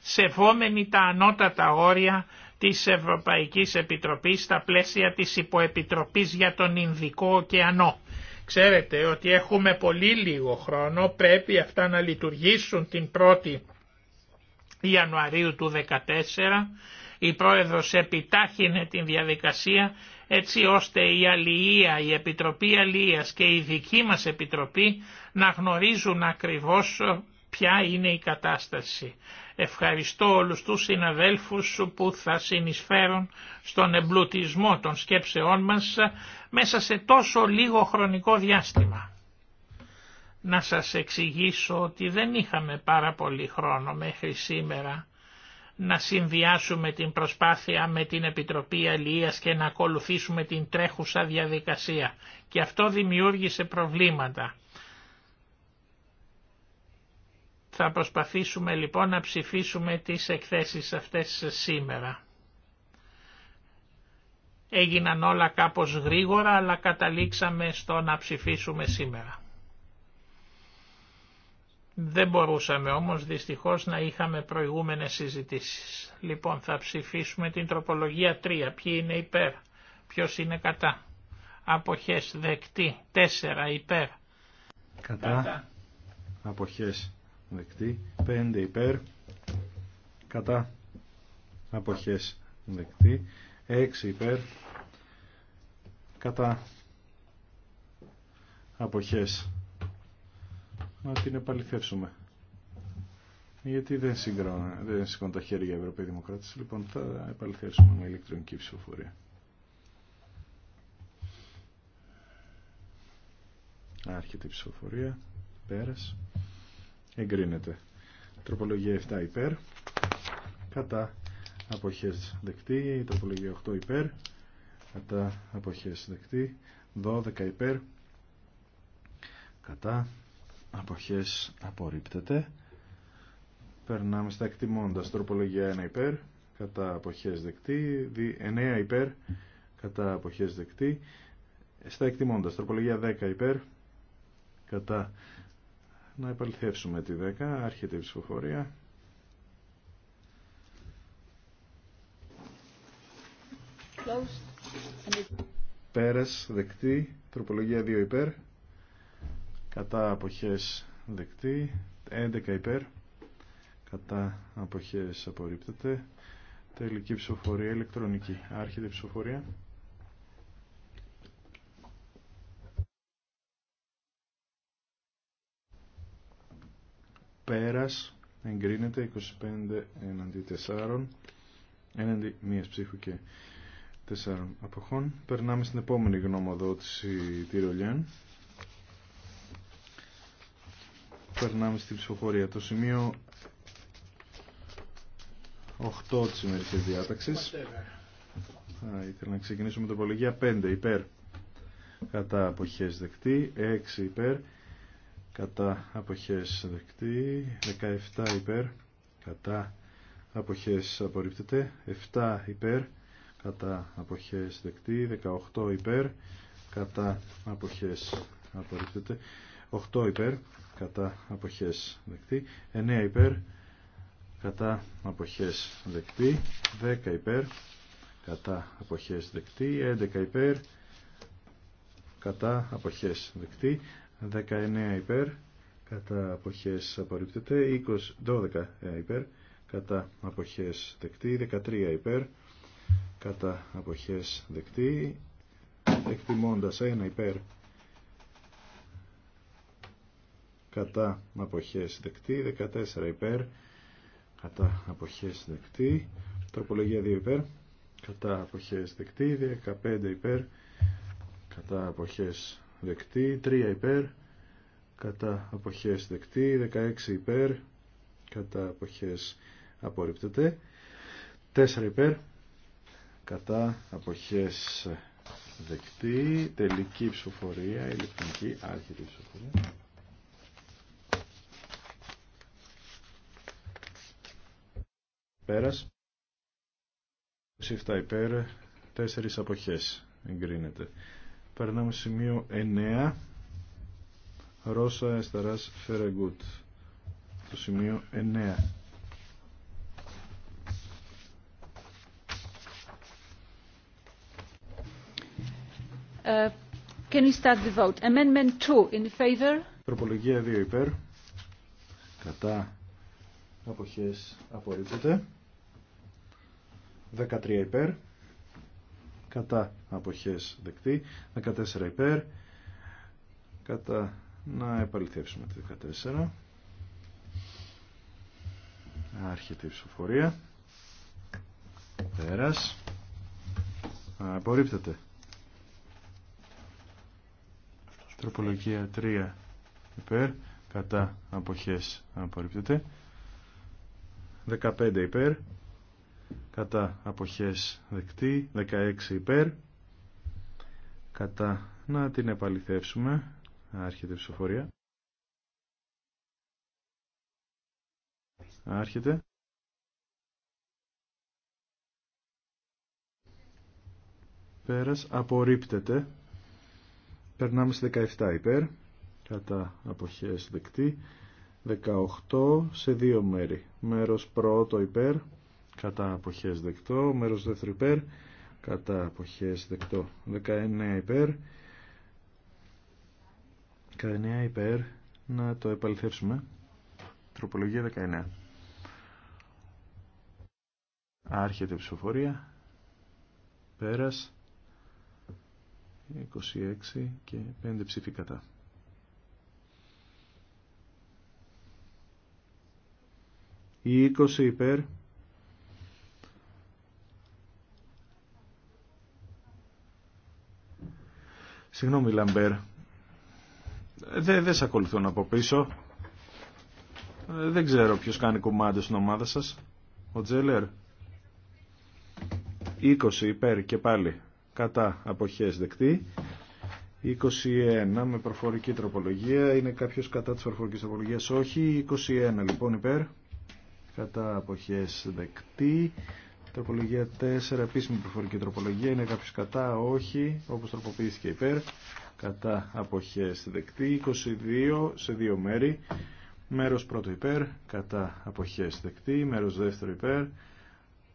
σεβόμενη τα ανώτατα όρια της Ευρωπαϊκής Επιτροπής στα πλαίσια της Υποεπιτροπής για τον Ινδικό Ωκεανό. Ξέρετε ότι έχουμε πολύ λίγο χρόνο, πρέπει αυτά να λειτουργήσουν την 1η Ιανουαρίου του 2014. Η Πρόεδρος επιτάχυνε την διαδικασία έτσι ώστε η Αλληλεία, η Επιτροπή Αλληλείας και η δική μας Επιτροπή να γνωρίζουν ακριβώς ποια είναι η κατάσταση. Ευχαριστώ όλους τους συναδέλφους που θα συνεισφέρουν στον εμπλουτισμό των σκέψεών μας μέσα σε τόσο λίγο χρονικό διάστημα. Να σας εξηγήσω ότι δεν είχαμε πάρα πολύ χρόνο μέχρι σήμερα να συνδυάσουμε την προσπάθεια με την Επιτροπή Αλληλείας και να ακολουθήσουμε την τρέχουσα διαδικασία. Και αυτό δημιούργησε προβλήματα. Θα προσπαθήσουμε λοιπόν να ψηφίσουμε τις εκθέσεις αυτές σήμερα. Έγιναν όλα κάπως γρήγορα, αλλά καταλήξαμε στο να ψηφίσουμε σήμερα. Δεν μπορούσαμε όμως δυστυχώς να είχαμε προηγούμενες συζητήσεις. Λοιπόν θα ψηφίσουμε την τροπολογία 3. Ποιοι είναι υπέρ, ποιος είναι κατά. Αποχές δεκτή, 4 υπέρ. Κατά, κατά. αποχές δεκτή 5 υπέρ κατά αποχές δεκτή 6 υπέρ κατά αποχές να την επαληθεύσουμε γιατί δεν, σηκώνω δεν τα χέρια οι Ευρωπαϊκή Δημοκράτηση. λοιπόν θα επαληθεύσουμε με ηλεκτρονική ψηφοφορία άρχεται η ψηφοφορία πέρας εγκρίνεται. Τροπολογία 7 υπέρ, κατά αποχές δεκτή, τροπολογία 8 υπέρ, κατά αποχές δεκτή, 12 υπέρ, κατά αποχές απορρίπτεται. Περνάμε στα εκτιμώντα. Τροπολογία 1 υπέρ, κατά αποχές δεκτή, 9 υπέρ, κατά αποχές δεκτή. Στα εκτιμώντα. Τροπολογία 10 υπέρ, κατά να επαληθεύσουμε τη 10. Άρχεται η ψηφοφορία. Πέρας δεκτή. Τροπολογία 2 υπέρ. Κατά αποχές δεκτή. 11 υπέρ. Κατά αποχές απορρίπτεται. Τελική ψηφοφορία ηλεκτρονική. Άρχεται η ψηφοφορία. πέρας εγκρίνεται 25 έναντι 4 έναντι μίας ψήφου και 4 αποχών περνάμε στην επόμενη γνωμοδότηση Τυρολιάν περνάμε στην ψηφοφορία το σημείο 8 της ημερικής διάταξης θα ήθελα να ξεκινήσουμε το 5 υπέρ κατά αποχές δεκτή 6 υπέρ κατά αποχές δεκτή 17 υπέρ κατά αποχές απορρίπτεται 7 υπέρ κατά αποχές δεκτή 18 υπέρ κατά αποχές απορρίπτεται 8 υπέρ κατά αποχές δεκτή 9 υπέρ κατά αποχές δεκτή 10 υπέρ κατά αποχές δεκτή 11 υπέρ κατά αποχές δεκτή 19 υπέρ κατά αποχές απορρίπτεται 20, 12 ε, υπέρ κατά αποχές δεκτή 13 υπέρ κατά αποχές δεκτή εκτιμώντας 1 υπέρ κατά αποχές δεκτή 14 υπέρ κατά αποχές δεκτή τροπολογία 2 υπέρ κατά αποχές δεκτή 15 υπέρ κατά αποχές δεκτή, 3 υπέρ, κατά αποχές δεκτή, 16 υπέρ, κατά αποχές απορρίπτεται, 4 υπέρ, κατά αποχές δεκτή, τελική ψηφοφορία, ηλεκτρονική Άρχη ψηφοφορία. Πέρας. 27 υπέρ, 4 αποχές εγκρίνεται. Περνάμε σημείο 9. Ρώσα Εσταράς Φερεγκούτ. Το σημείο 9. Uh, ε, can start the vote? Amendment 2 in favor. 2 υπέρ. Κατά. Αποχές απορρίπτεται. 13 υπέρ κατά αποχές δεκτή, 14 υπέρ, κατά να επαληθεύσουμε το 14, άρχεται η ψηφοφορία, πέρας, απορρίπτεται. Τροπολογία 3 υπέρ, κατά αποχές απορρίπτεται. 15 υπέρ, κατά αποχές δεκτή 16 υπέρ κατά να την επαληθεύσουμε άρχεται η ψηφοφορία άρχεται πέρας απορρίπτεται περνάμε σε 17 υπέρ κατά αποχές δεκτή 18 σε δύο μέρη μέρος πρώτο υπέρ κατά αποχές δεκτό, μέρος δεύτερο υπέρ, κατά αποχές δεκτό, 19 υπέρ, 19 υπέρ, να το επαληθεύσουμε, τροπολογία 19. Άρχεται η ψηφοφορία, πέρας, 26 και 5 ψήφοι κατά. Η 20 υπέρ, Συγγνώμη Λαμπέρ. Δεν δε σε ακολουθούν από πίσω. Ε, δεν ξέρω ποιος κάνει κομμάτι στην ομάδα σας. Ο Τζέλερ. 20 υπέρ και πάλι. Κατά αποχές δεκτή. 21 με προφορική τροπολογία. Είναι κάποιος κατά της προφορικής τροπολογίας. Όχι. 21 λοιπόν υπέρ. Κατά αποχές δεκτή. Τροπολογία 4, επίσημη προφορική τροπολογία. Είναι κάποιο κατά, όχι, όπως τροποποιήθηκε υπέρ. Κατά αποχέ, δεκτή. 22 σε δύο μέρη. Μέρος πρώτο υπέρ, κατά αποχέ, δεκτή. Μέρος δεύτερο υπέρ,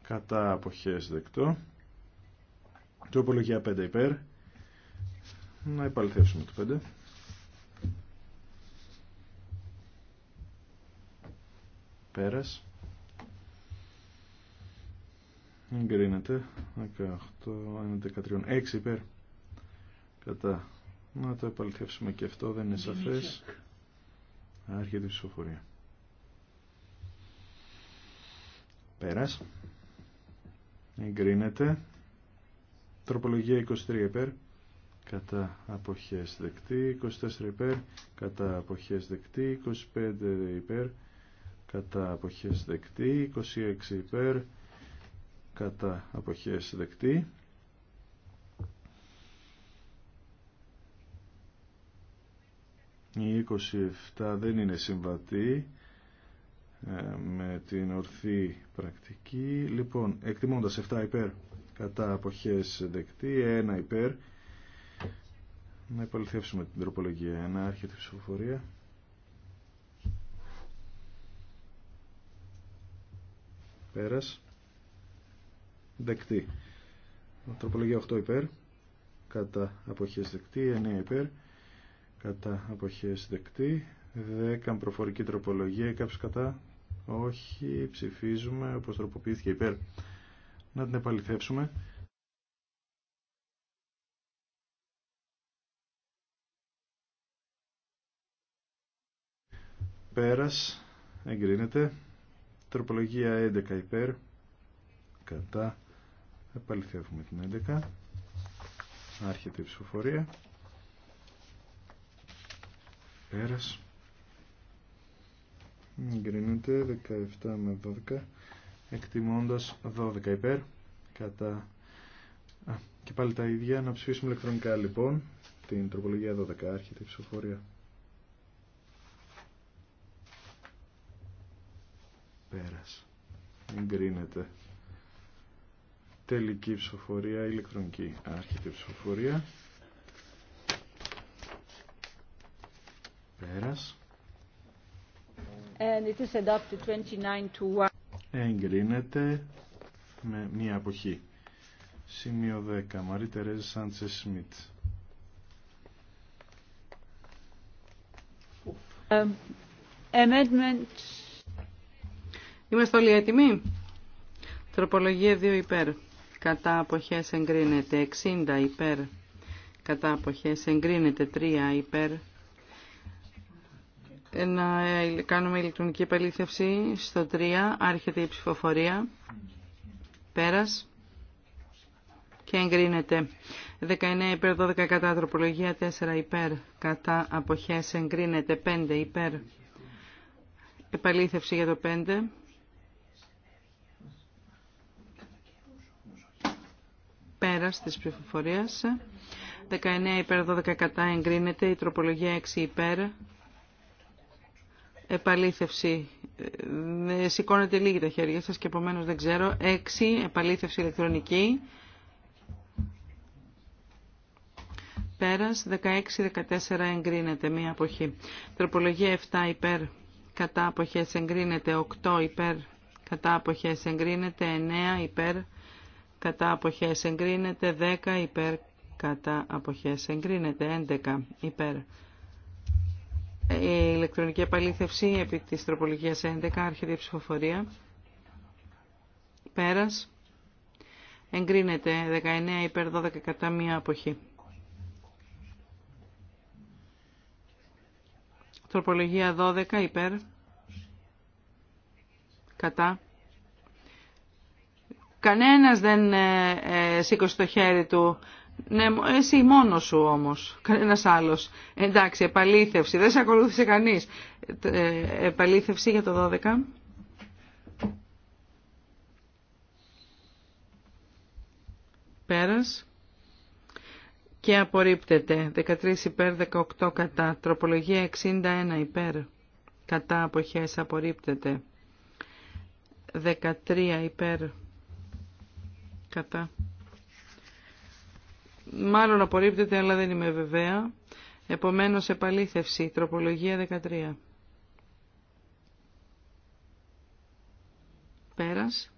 κατά αποχέ, δεκτό. Τροπολογία 5 υπέρ. Να επαληθεύσουμε το 5. Πέρας. Εγκρίνεται. 18, 13, 6 υπέρ. Κατά. Να το επαληθεύσουμε και αυτό, δεν είναι σαφές. Άρχεται η ψηφοφορία. Πέρας. Εγκρίνεται. Τροπολογία 23 υπέρ. Κατά αποχές δεκτή. 24 υπέρ. Κατά αποχές δεκτή. 25 υπέρ. Κατά αποχές δεκτή. 26 υπέρ κατά αποχές δεκτή. Η 27 δεν είναι συμβατή ε, με την ορθή πρακτική. Λοιπόν, εκτιμώντας 7 υπέρ κατά αποχές δεκτή, 1 υπέρ. Να υπολυθεύσουμε την τροπολογία 1, άρχεται η ψηφοφορία. Πέρας δεκτή. Τροπολογία 8 υπέρ, κατά αποχές δεκτή, 9 υπέρ, κατά αποχές δεκτή, 10 προφορική τροπολογία, κάποιος κατά, όχι, ψηφίζουμε, όπως τροποποιήθηκε υπέρ. Να την επαληθεύσουμε. Πέρας, εγκρίνεται. Τροπολογία 11 υπέρ, κατά Επαληθεύουμε την 11. Άρχεται η ψηφοφορία. Πέρας. Εγκρίνεται 17 με 12. Εκτιμώντας 12 υπέρ. Κατά... Α, και πάλι τα ίδια. Να ψηφίσουμε ηλεκτρονικά λοιπόν. Την τροπολογία 12. Άρχεται η ψηφοφορία. Πέρας. Εγκρίνεται τελική ψηφοφορία, ηλεκτρονική άρχιτη ψηφοφορία. Πέρας. And it is adopted 29 to 1. Εγκρίνεται με μία αποχή. Σημείο 10. Μαρή Τερέζη Σάντσε Σμιτ. Um, amendment. Είμαστε όλοι έτοιμοι. Τροπολογία 2 υπέρ κατά αποχές εγκρίνεται 60 υπέρ κατά αποχές εγκρίνεται 3 υπέρ να ε, κάνουμε ηλεκτρονική επαλήθευση στο 3 άρχεται η ψηφοφορία πέρας και εγκρίνεται 19 υπέρ 12 κατά τροπολογία 4 υπέρ κατά αποχές εγκρίνεται 5 υπέρ επαλήθευση για το 5 πέρας τη ψηφοφορία. 19 υπέρ 12 κατά εγκρίνεται, η τροπολογία 6 υπέρ. Επαλήθευση. Ε, ε, σηκώνετε λίγη τα χέρια σας και επομένως δεν ξέρω. 6. Επαλήθευση ηλεκτρονική. Πέρας. 16-14 εγκρίνεται. Μία αποχή. Τροπολογία 7 υπέρ. Κατά αποχές εγκρίνεται. 8 υπέρ. Κατά αποχές εγκρίνεται. 9 υπέρ κατά αποχές εγκρίνεται 10 υπέρ κατά αποχές εγκρίνεται 11 υπέρ ε, η ηλεκτρονική επαλήθευση επί της τροπολογίας 11 άρχεται η ψηφοφορία πέρας εγκρίνεται 19 υπέρ 12 κατά μία αποχή τροπολογία 12 υπέρ κατά Κανένας δεν ε, ε, σήκωσε το χέρι του. Ναι, ε, εσύ μόνο σου όμως, κανένας άλλος. Εντάξει, επαλήθευση, δεν σε ακολούθησε κανείς. επαλήθευση για το 12. Πέρας. Και απορρίπτεται. 13 υπέρ, 18 κατά. Τροπολογία 61 υπέρ. Κατά αποχές απορρίπτεται. 13 υπέρ Κατά. Μάλλον απορρίπτεται, αλλά δεν είμαι βεβαία. Επομένως, επαλήθευση. Τροπολογία 13. Πέρας.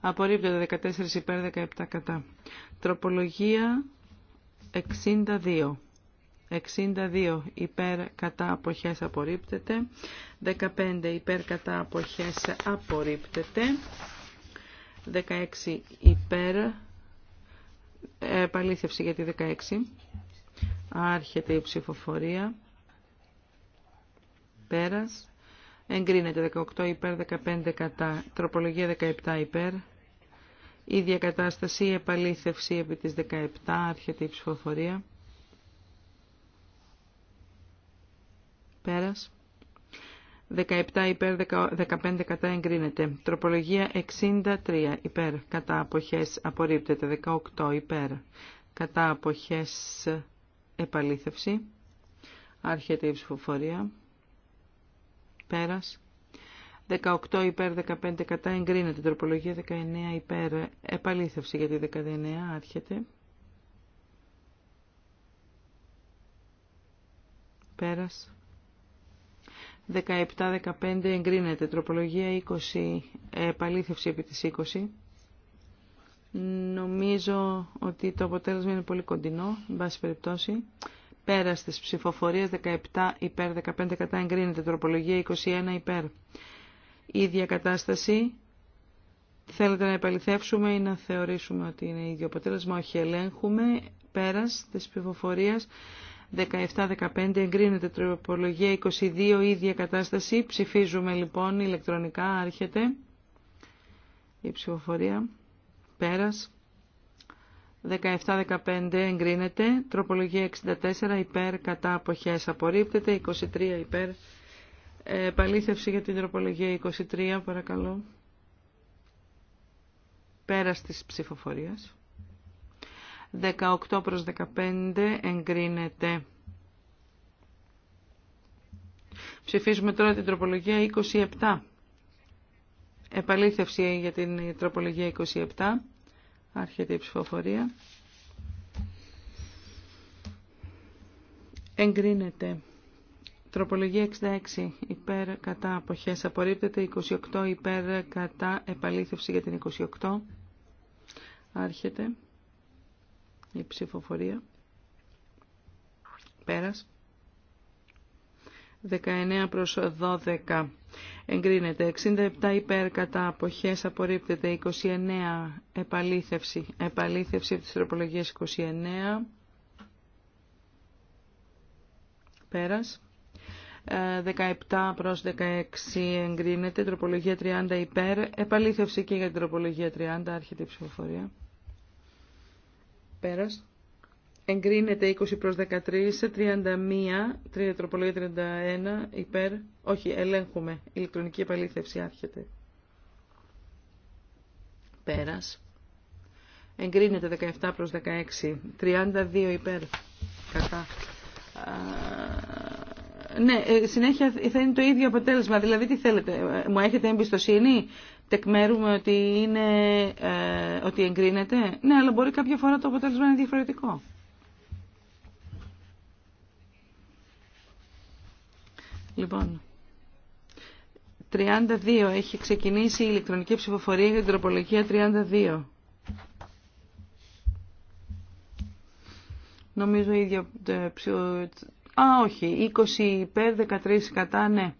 Απορρίπτεται 14 υπέρ 17 κατά. Τροπολογία 62. 62 υπέρ κατά αποχές απορρίπτεται. 15 υπέρ κατά αποχές απορρίπτεται. 16 υπέρ. Ε, επαλήθευση για τη 16. Άρχεται η ψηφοφορία. Πέρας. Εγκρίνεται 18 υπέρ, 15 κατά. Τροπολογία 17 υπέρ. Ίδια κατάσταση, επαλήθευση επί της 17, άρχεται η ψηφοφορία. Πέρας. 17 υπέρ 15 κατά εγκρίνεται. Τροπολογία 63 υπέρ κατά αποχές απορρίπτεται. 18 υπέρ κατά αποχές επαλήθευση. Άρχεται η ψηφοφορία. Πέρας. 18 υπέρ 15 κατά εγκρίνεται. Τροπολογία 19 υπέρ επαλήθευση για 19 άρχεται. Πέρας. 17-15 εγκρίνεται. Τροπολογία 20, επαλήθευση επί της 20. Νομίζω ότι το αποτέλεσμα είναι πολύ κοντινό, εν πάση περιπτώσει. Πέρα στις ψηφοφορίες 17 υπέρ, 15 κατά εγκρίνεται. Τροπολογία 21 υπέρ. Ίδια κατάσταση. Θέλετε να επαληθεύσουμε ή να θεωρήσουμε ότι είναι ίδιο αποτέλεσμα. Όχι, ελέγχουμε. Πέρας της ψηφοφορίας 17-15 εγκρίνεται τροπολογία 22 ίδια κατάσταση. Ψηφίζουμε λοιπόν ηλεκτρονικά. Άρχεται η ψηφοφορία. Πέρας. 17-15 εγκρίνεται. Τροπολογία 64 υπέρ κατά αποχές απορρίπτεται. 23 υπέρ. Ε, για την τροπολογία 23 παρακαλώ. Πέρας της ψηφοφορίας. 18 προς 15 εγκρίνεται. Ψηφίζουμε τώρα την τροπολογία 27. Επαλήθευση για την τροπολογία 27. Άρχεται η ψηφοφορία. Εγκρίνεται. Τροπολογία 66 υπέρ κατά αποχές απορρίπτεται, 28 υπέρ κατά επαλήθευση για την 28 άρχεται η ψηφοφορία. Πέρας. 19 προς 12 εγκρίνεται. 67 υπέρ κατά αποχές απορρίπτεται. 29 επαλήθευση. Επαλήθευση της τροπολογίες 29. Πέρας. 17 ε, προς 16 εγκρίνεται. Τροπολογία 30 υπέρ. Επαλήθευση και για την τροπολογία 30. Άρχεται η ψηφοφορία. Πέρας. Εγκρίνεται 20 προς 13, 31, Τρία τροπολογία 31, υπέρ, όχι, ελέγχουμε, Η ηλεκτρονική επαλήθευση άρχεται. Πέρας. Εγκρίνεται 17 προς 16, 32 υπέρ, κατά. Ναι, ε, συνέχεια θα είναι το ίδιο αποτέλεσμα. Δηλαδή, τι θέλετε, ε, μου έχετε εμπιστοσύνη, τεκμέρουμε ότι, είναι, ε, ότι εγκρίνεται. Ναι, αλλά μπορεί κάποια φορά το αποτέλεσμα είναι διαφορετικό. Λοιπόν, 32 έχει ξεκινήσει η ηλεκτρονική ψηφοφορία για την τροπολογία 32. Νομίζω η ίδια... Ε, Α, όχι, 20 υπέρ, 13 κατά, ναι.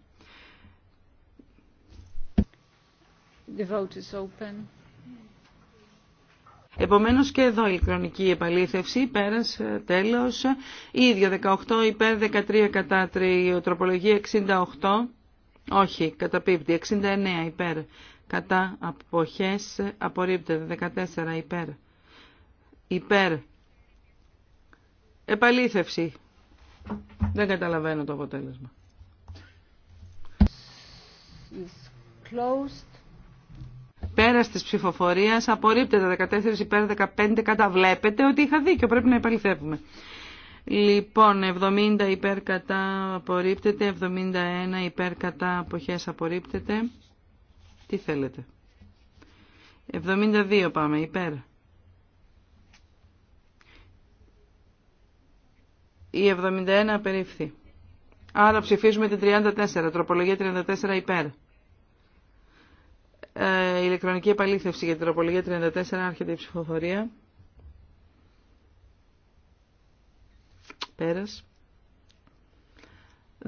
Επομένω και εδώ η ηλεκτρονική επαλήθευση, πέρασε τέλος, ίδιο 18 υπέρ 13 κατά 3, τροπολογία 68, όχι, καταπίπτει, 69 υπέρ, κατά αποχές, απορρίπτεται, 14 υπέρ, υπέρ, επαλήθευση, δεν καταλαβαίνω το αποτέλεσμα. closed. Πέρα τη ψηφοφορία απορρίπτεται 14 υπέρ 15 κατά. Βλέπετε ότι είχα δίκιο, πρέπει να επαληθεύουμε. Λοιπόν, 70 υπέρ κατά απορρίπτεται, 71 υπέρ κατά αποχές απορρίπτεται. Τι θέλετε. 72 πάμε, υπέρ. Η 71 απερίφθη. Άρα ψηφίζουμε την 34, τροπολογία 34 υπέρ. Ε, ηλεκτρονική επαλήθευση για την τροπολογία 34 άρχεται η ψηφοφορία. Πέρας.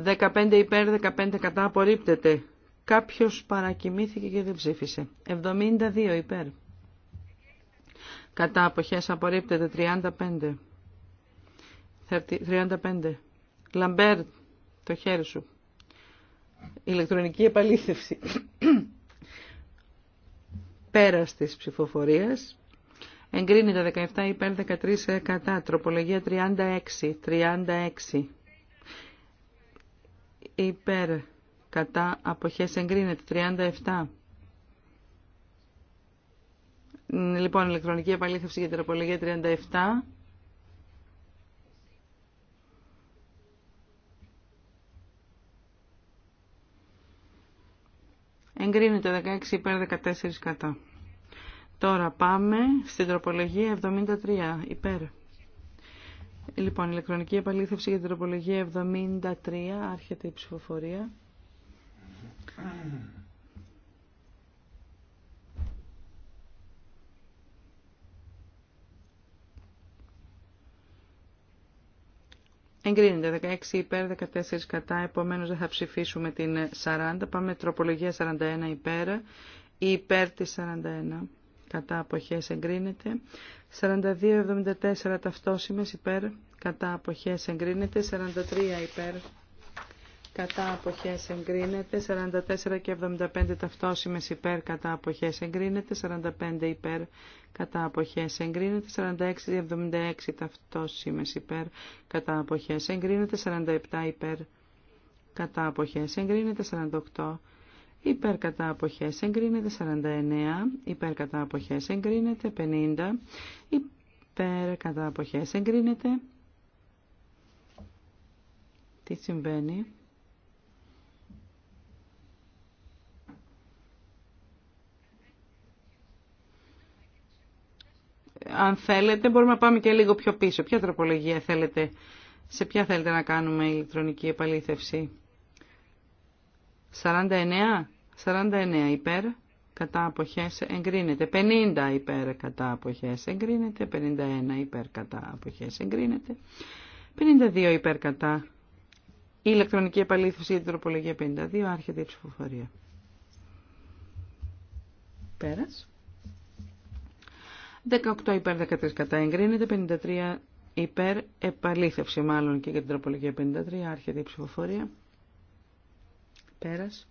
15 υπέρ, 15 κατά απορρίπτεται. Κάποιος παρακοιμήθηκε και δεν ψήφισε. 72 υπέρ. Κατά αποχές απορρίπτεται 35. 35. Λαμπέρ, το χέρι σου. Ηλεκτρονική επαλήθευση πέρας της ψηφοφορίας. Εγκρίνει τα 17 υπέρ 13 ε, κατά. Τροπολογία 36. 36. Υπέρ κατά αποχές εγκρίνεται. 37. Λοιπόν, ηλεκτρονική επαλήθευση για τροπολογία 37. Εγκρίνεται 16 υπέρ 14 κατά. Τώρα πάμε στην τροπολογία 73 υπέρ. Λοιπόν, ηλεκτρονική επαλήθευση για την τροπολογία 73, άρχεται η ψηφοφορία. Εγκρίνεται 16 υπέρ, 14 κατά, επομένως δεν θα ψηφίσουμε την 40. Πάμε τροπολογία 41 υπέρ, υπέρ της 41. Κατά αποχές εγκρίνεται. 42-74 ταυτόσημες υπέρ. Κατά αποχές εγκρίνεται. 43 υπέρ κατά αποχές εγκρίνεται, 44 και 75 ταυτόσημες υπέρ κατά αποχές εγκρίνεται, 45 υπέρ κατά αποχές εγκρίνεται, 46 και 76 ταυτόσημες υπέρ κατά αποχές εγκρίνεται, 47 υπέρ κατά αποχές εγκρίνεται, 48 Υπέρ κατά αποχές εγκρίνεται 49, υπέρ κατά αποχές εγκρίνεται 50, υπέρ κατά αποχές εγκρίνεται. Τι συμβαίνει. αν θέλετε, μπορούμε να πάμε και λίγο πιο πίσω. Ποια τροπολογία θέλετε, σε ποια θέλετε να κάνουμε ηλεκτρονική επαλήθευση. 49, 49 υπέρ, κατά αποχές εγκρίνεται. 50 υπέρ, κατά αποχές εγκρίνεται. 51 υπέρ, κατά αποχές εγκρίνεται. 52 υπέρ, κατά η ηλεκτρονική επαλήθευση για την τροπολογία 52, άρχεται η ψηφοφορία. Πέρας. 18 υπέρ 13 κατά εγκρίνεται, 53 υπέρ επαλήθευση μάλλον και για την τροπολογία 53, άρχεται η ψηφοφορία. Πέρας.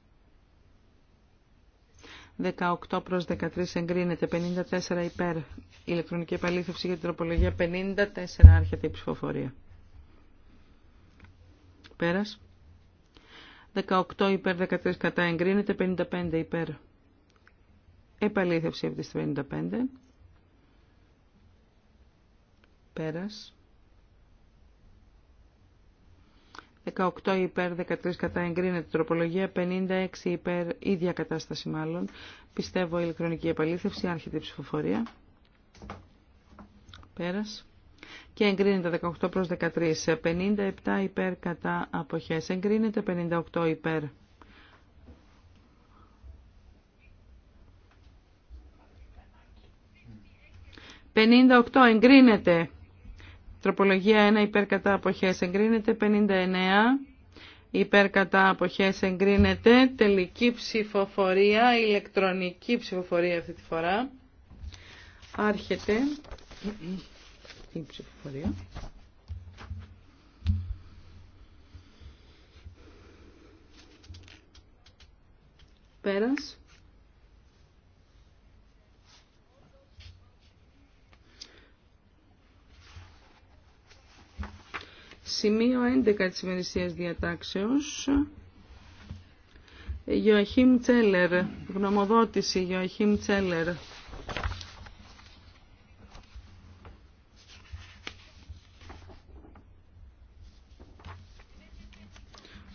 18 προς 13 εγκρίνεται, 54 υπέρ ηλεκτρονική επαλήθευση για την τροπολογία 54, άρχεται η ψηφοφορία. Πέρας. 18 υπέρ 13 κατά εγκρίνεται, 55 υπέρ επαλήθευση από τις 55 Πέρας. 18 υπέρ, 13 κατά εγκρίνεται τροπολογία, 56 υπέρ, ίδια κατάσταση μάλλον. Πιστεύω ηλεκτρονική επαλήθευση, άρχεται η ψηφοφορία. Πέρας. Και εγκρίνεται 18 προς 13, 57 υπέρ κατά αποχές. Εγκρίνεται 58 υπέρ. «58 εγκρίνεται». Τροπολογία 1 υπέρ κατά αποχές εγκρίνεται. 59 υπέρ κατά αποχές εγκρίνεται. Τελική ψηφοφορία, ηλεκτρονική ψηφοφορία αυτή τη φορά. Άρχεται η ψηφοφορία. Πέρας. Σημείο 11 της ημερησίας διατάξεως. Ιωαχήμ Τσέλερ, γνωμοδότηση Ιωαχήμ Τσέλερ.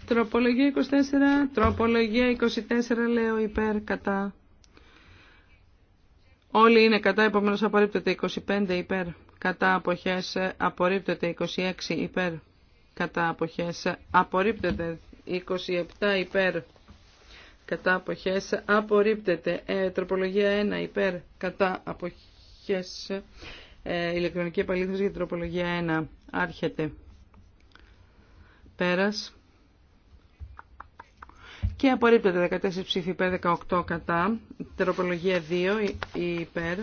Τροπολογία 24, τροπολογία 24 λέω υπέρ κατά. Όλοι είναι κατά, επομένως απορρίπτεται 25 υπέρ κατά αποχές ε, απορρίπτεται 26 υπέρ κατά αποχές ε, απορρίπτεται 27 υπέρ κατά αποχές ε, απορρίπτεται ε, τροπολογία 1 υπέρ κατά αποχές ηλεκτρονική επαλήθευση για τροπολογία 1 άρχεται πέρας και απορρίπτεται 14 ψήφι υπέρ 18 κατά τροπολογία 2 υπέρ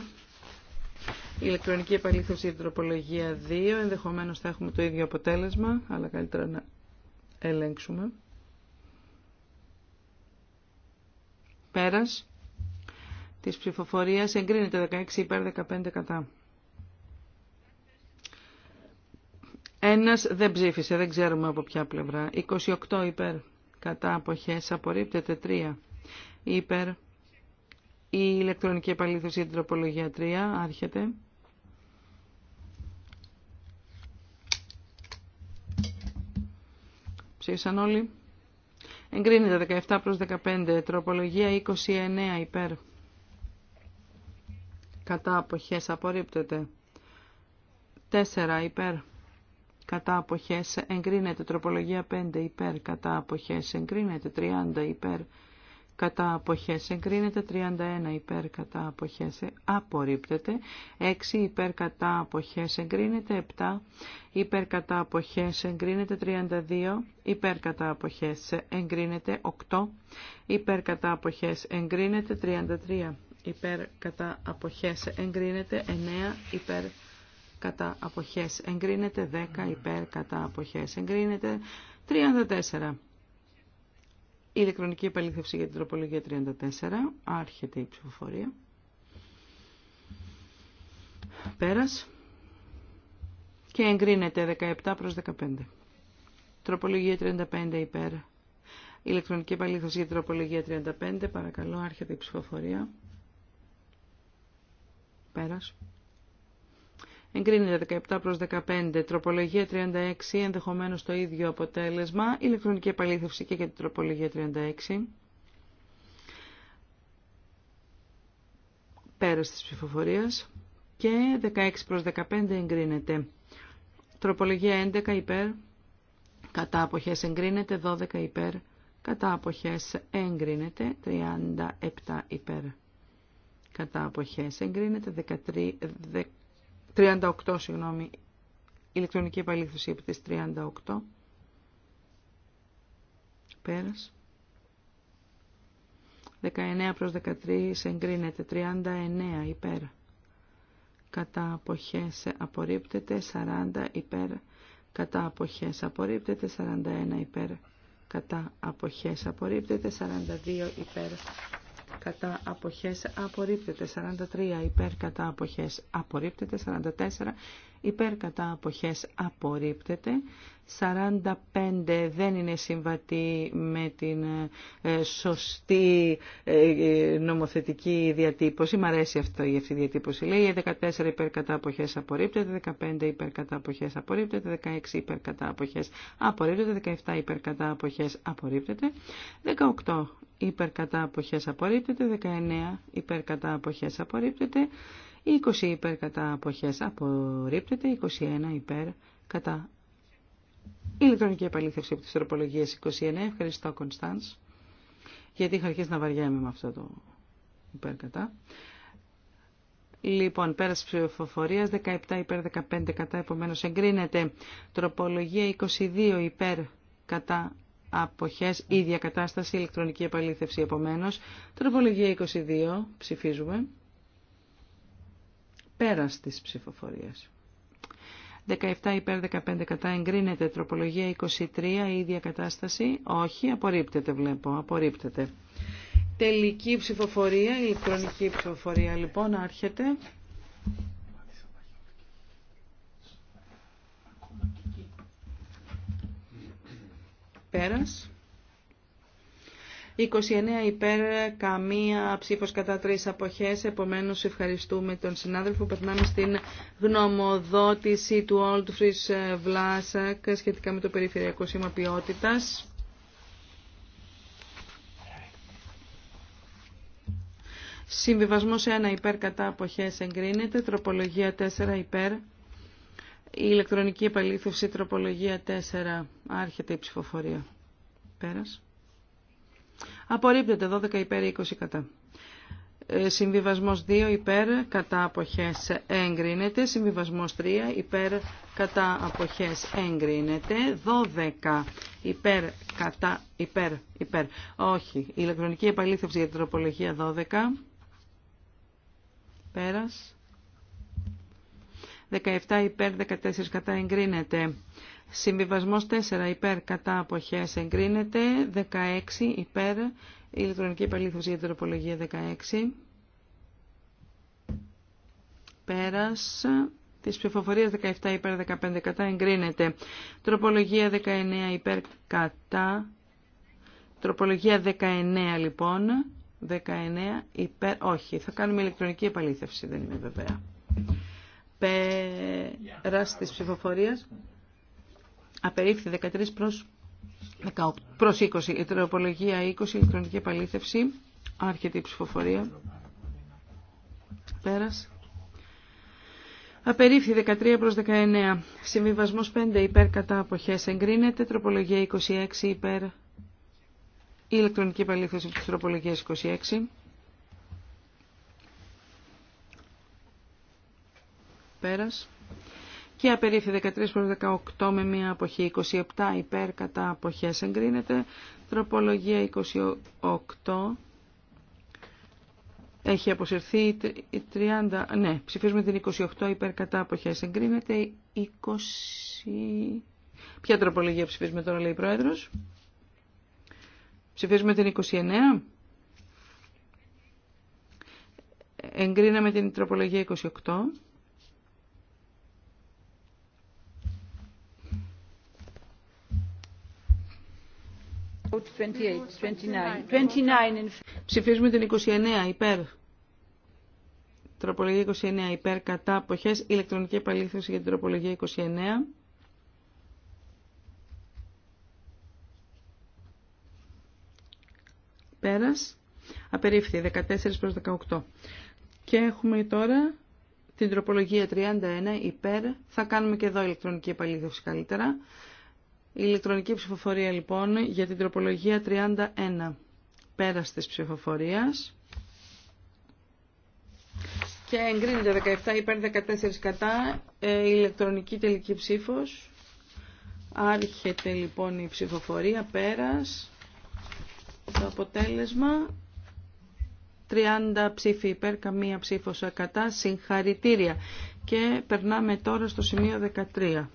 Ηλεκτρονική επαλήθευση η τροπολογία 2. Ενδεχομένως θα έχουμε το ίδιο αποτέλεσμα, αλλά καλύτερα να ελέγξουμε. Πέρας της ψηφοφορίας εγκρίνεται 16 υπέρ 15 κατά. Ένας δεν ψήφισε, δεν ξέρουμε από ποια πλευρά. 28 υπέρ κατά αποχές απορρίπτεται 3 υπέρ η ηλεκτρονική επαλήθευση για την τροπολογία 3 άρχεται. Ψήφισαν όλοι. Εγκρίνεται 17 προς 15. Τροπολογία 29 υπέρ. Κατά αποχές απορρίπτεται. 4 υπέρ. Κατά αποχές εγκρίνεται. Τροπολογία 5 υπέρ. Κατά αποχές εγκρίνεται. 30 υπέρ κατά αποχές εγκρίνεται 31 υπέρ κατά αποχές ε, απορρίπτεται 6 υπέρ κατά αποχές εγκρίνεται 7 υπέρ κατά αποχές εγκρίνεται 32 υπέρ κατά αποχές εγκρίνεται 8 υπέρ κατά αποχές εγκρίνεται 33 υπέρ κατά αποχές εγκρίνεται 9 υπέρ κατά αποχές εγκρίνεται 10 υπέρ κατά αποχές εγκρίνεται 34 η ηλεκτρονική επαλήθευση για την τροπολογία 34. Άρχεται η ψηφοφορία. Πέρας. Και εγκρίνεται 17 προς 15. Τροπολογία 35 υπέρ. Ηλεκτρονική επαλήθευση για την τροπολογία 35. Παρακαλώ, άρχεται η ψηφοφορία. Πέρας. Εγκρίνεται 17 προς 15. Τροπολογία 36, ενδεχομένως το ίδιο αποτέλεσμα. Ηλεκτρονική επαλήθευση και για την τροπολογία 36. Πέρας της ψηφοφορίας. Και 16 προς 15 εγκρίνεται. Τροπολογία 11 υπέρ. Κατά αποχές εγκρίνεται. 12 υπέρ. Κατά αποχές εγκρίνεται. 37 υπέρ. Κατά αποχές εγκρίνεται. 13, 38, συγγνώμη, ηλεκτρονική επαλήθωση επί της 38. Πέρας. 19 προς 13 εγκρίνεται, 39 υπέρ. Κατά αποχές απορρίπτεται, 40 υπέρ. Κατά αποχές απορρίπτεται, 41 υπέρ. Κατά αποχές απορρίπτεται, 42 υπέρ κατά αποχές απορρίπτεται 43 υπέρ κατά αποχές απορρίπτεται 44 υπέρ αποχές απορρίπτεται. 45 δεν είναι συμβατή με την ε, σωστή ε, νομοθετική διατύπωση. Μ' αρέσει αυτό, η αυτή η διατύπωση. Λέει 14 υπέρ αποχές απορρίπτεται, 15 υπέρ αποχές απορρίπτεται, 16 υπέρ αποχές απορρίπτεται, 17 υπέρ αποχές απορρίπτεται, 18 υπερκατά αποχές απορρίπτεται, 19 υπερκατά αποχές απορρίπτεται, 20 υπέρ κατά αποχές απορρίπτεται, 21 υπέρ κατά ηλεκτρονική επαλήθευση από τις τροπολογίες 29. Ευχαριστώ Κωνσταντς, γιατί είχα αρχίσει να βαριέμαι με αυτό το υπέρ κατά. Λοιπόν, πέρας ψηφοφορίας 17 υπέρ 15 κατά, επομένως εγκρίνεται τροπολογία 22 υπέρ κατά αποχές, ίδια κατάσταση, ηλεκτρονική επαλήθευση επομένως. Τροπολογία 22, ψηφίζουμε. Πέρας της ψηφοφορίας. 17 υπέρ 15 κατά εγκρίνεται. Τροπολογία 23, η ίδια κατάσταση. Όχι, απορρίπτεται βλέπω, απορρίπτεται. Τελική ψηφοφορία, ηλεκτρονική ψηφοφορία λοιπόν, άρχεται. Πέρας. 29 υπέρ, καμία ψήφος κατά τρεις αποχές. Επομένω ευχαριστούμε τον συνάδελφο. Περνάμε στην γνωμοδότηση του Fris Βλάσακ σχετικά με το περιφερειακό σήμα ποιότητας. Συμβιβασμό 1 υπέρ κατά αποχές εγκρίνεται. Τροπολογία 4 υπέρ. Η ηλεκτρονική επαλήθευση τροπολογία 4. Άρχεται η ψηφοφορία. Πέρας. Απορρίπτεται 12 υπέρ 20 κατά. Ε, συμβιβασμός 2 υπέρ κατά αποχές εγκρίνεται. Συμβιβασμός 3 υπέρ κατά αποχές εγκρίνεται. 12 υπέρ κατά υπέρ υπέρ. Όχι. Η ηλεκτρονική επαλήθευση για την τροπολογία 12. Πέρας. 17 υπέρ 14 κατά εγκρίνεται. Συμβιβασμός 4 υπέρ κατά αποχές εγκρίνεται. 16 υπέρ ηλεκτρονική επαλήθευση για την τροπολογία 16. Πέρας της ψηφοφορίας 17 υπέρ 15 κατά εγκρίνεται. Τροπολογία 19 υπέρ κατά. Τροπολογία 19 λοιπόν. 19 υπέρ. Όχι, θα κάνουμε ηλεκτρονική επαλήθευση, δεν είμαι βεβαία. Πέρας της ψηφοφορίας. Απερίφθη 13 προς, 20. Η 20, ηλεκτρονική επαλήθευση. Άρχεται η ψηφοφορία. Πέρας. Απερίφθη 13 προς 19. Συμβιβασμός 5 υπέρ κατά αποχές εγκρίνεται. Τροπολογία 26 υπέρ η ηλεκτρονική επαλήθευση της τροπολογίας 26. Πέρας και απερίφθη 13 προς 18 με μία αποχή 27 υπέρ κατά αποχές εγκρίνεται τροπολογία 28 έχει αποσυρθεί 30, ναι, ψηφίζουμε την 28 υπέρ κατά αποχές εγκρίνεται 20 Ποια τροπολογία ψηφίζουμε τώρα λέει η Πρόεδρος Ψηφίζουμε την 29 Εγκρίναμε την τροπολογία 28 Ψηφίζουμε την 29 υπέρ. Τροπολογία 29 υπέρ κατά αποχές. Ηλεκτρονική επαλήθευση για την τροπολογία 29. Πέρας. Απερίφθη 14 προς 18. Και έχουμε τώρα την τροπολογία 31 υπέρ. Θα κάνουμε και εδώ ηλεκτρονική επαλήθευση καλύτερα. Η ηλεκτρονική ψηφοφορία λοιπόν για την τροπολογία 31. Πέρας της ψηφοφορίας. Και εγκρίνεται 17 υπέρ 14 κατά ε, ηλεκτρονική τελική ψήφος. Άρχεται λοιπόν η ψηφοφορία πέρας. Το αποτέλεσμα 30 ψήφοι υπέρ, καμία ψήφος κατά, συγχαρητήρια. Και περνάμε τώρα στο σημείο 13.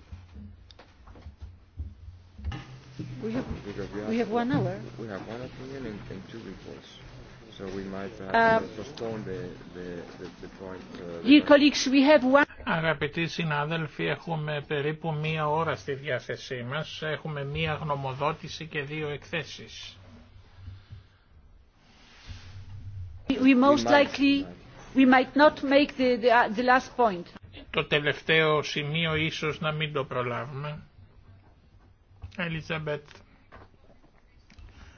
Αγαπητοί συνάδελφοι, έχουμε περίπου μία ώρα στη διάθεσή μας. Έχουμε μία γνωμοδότηση και δύο εκθέσεις. We most likely we might not make the, uh, the, last point. Το τελευταίο σημείο ίσως να μην το προλάβουμε. Ελίζαμπετ,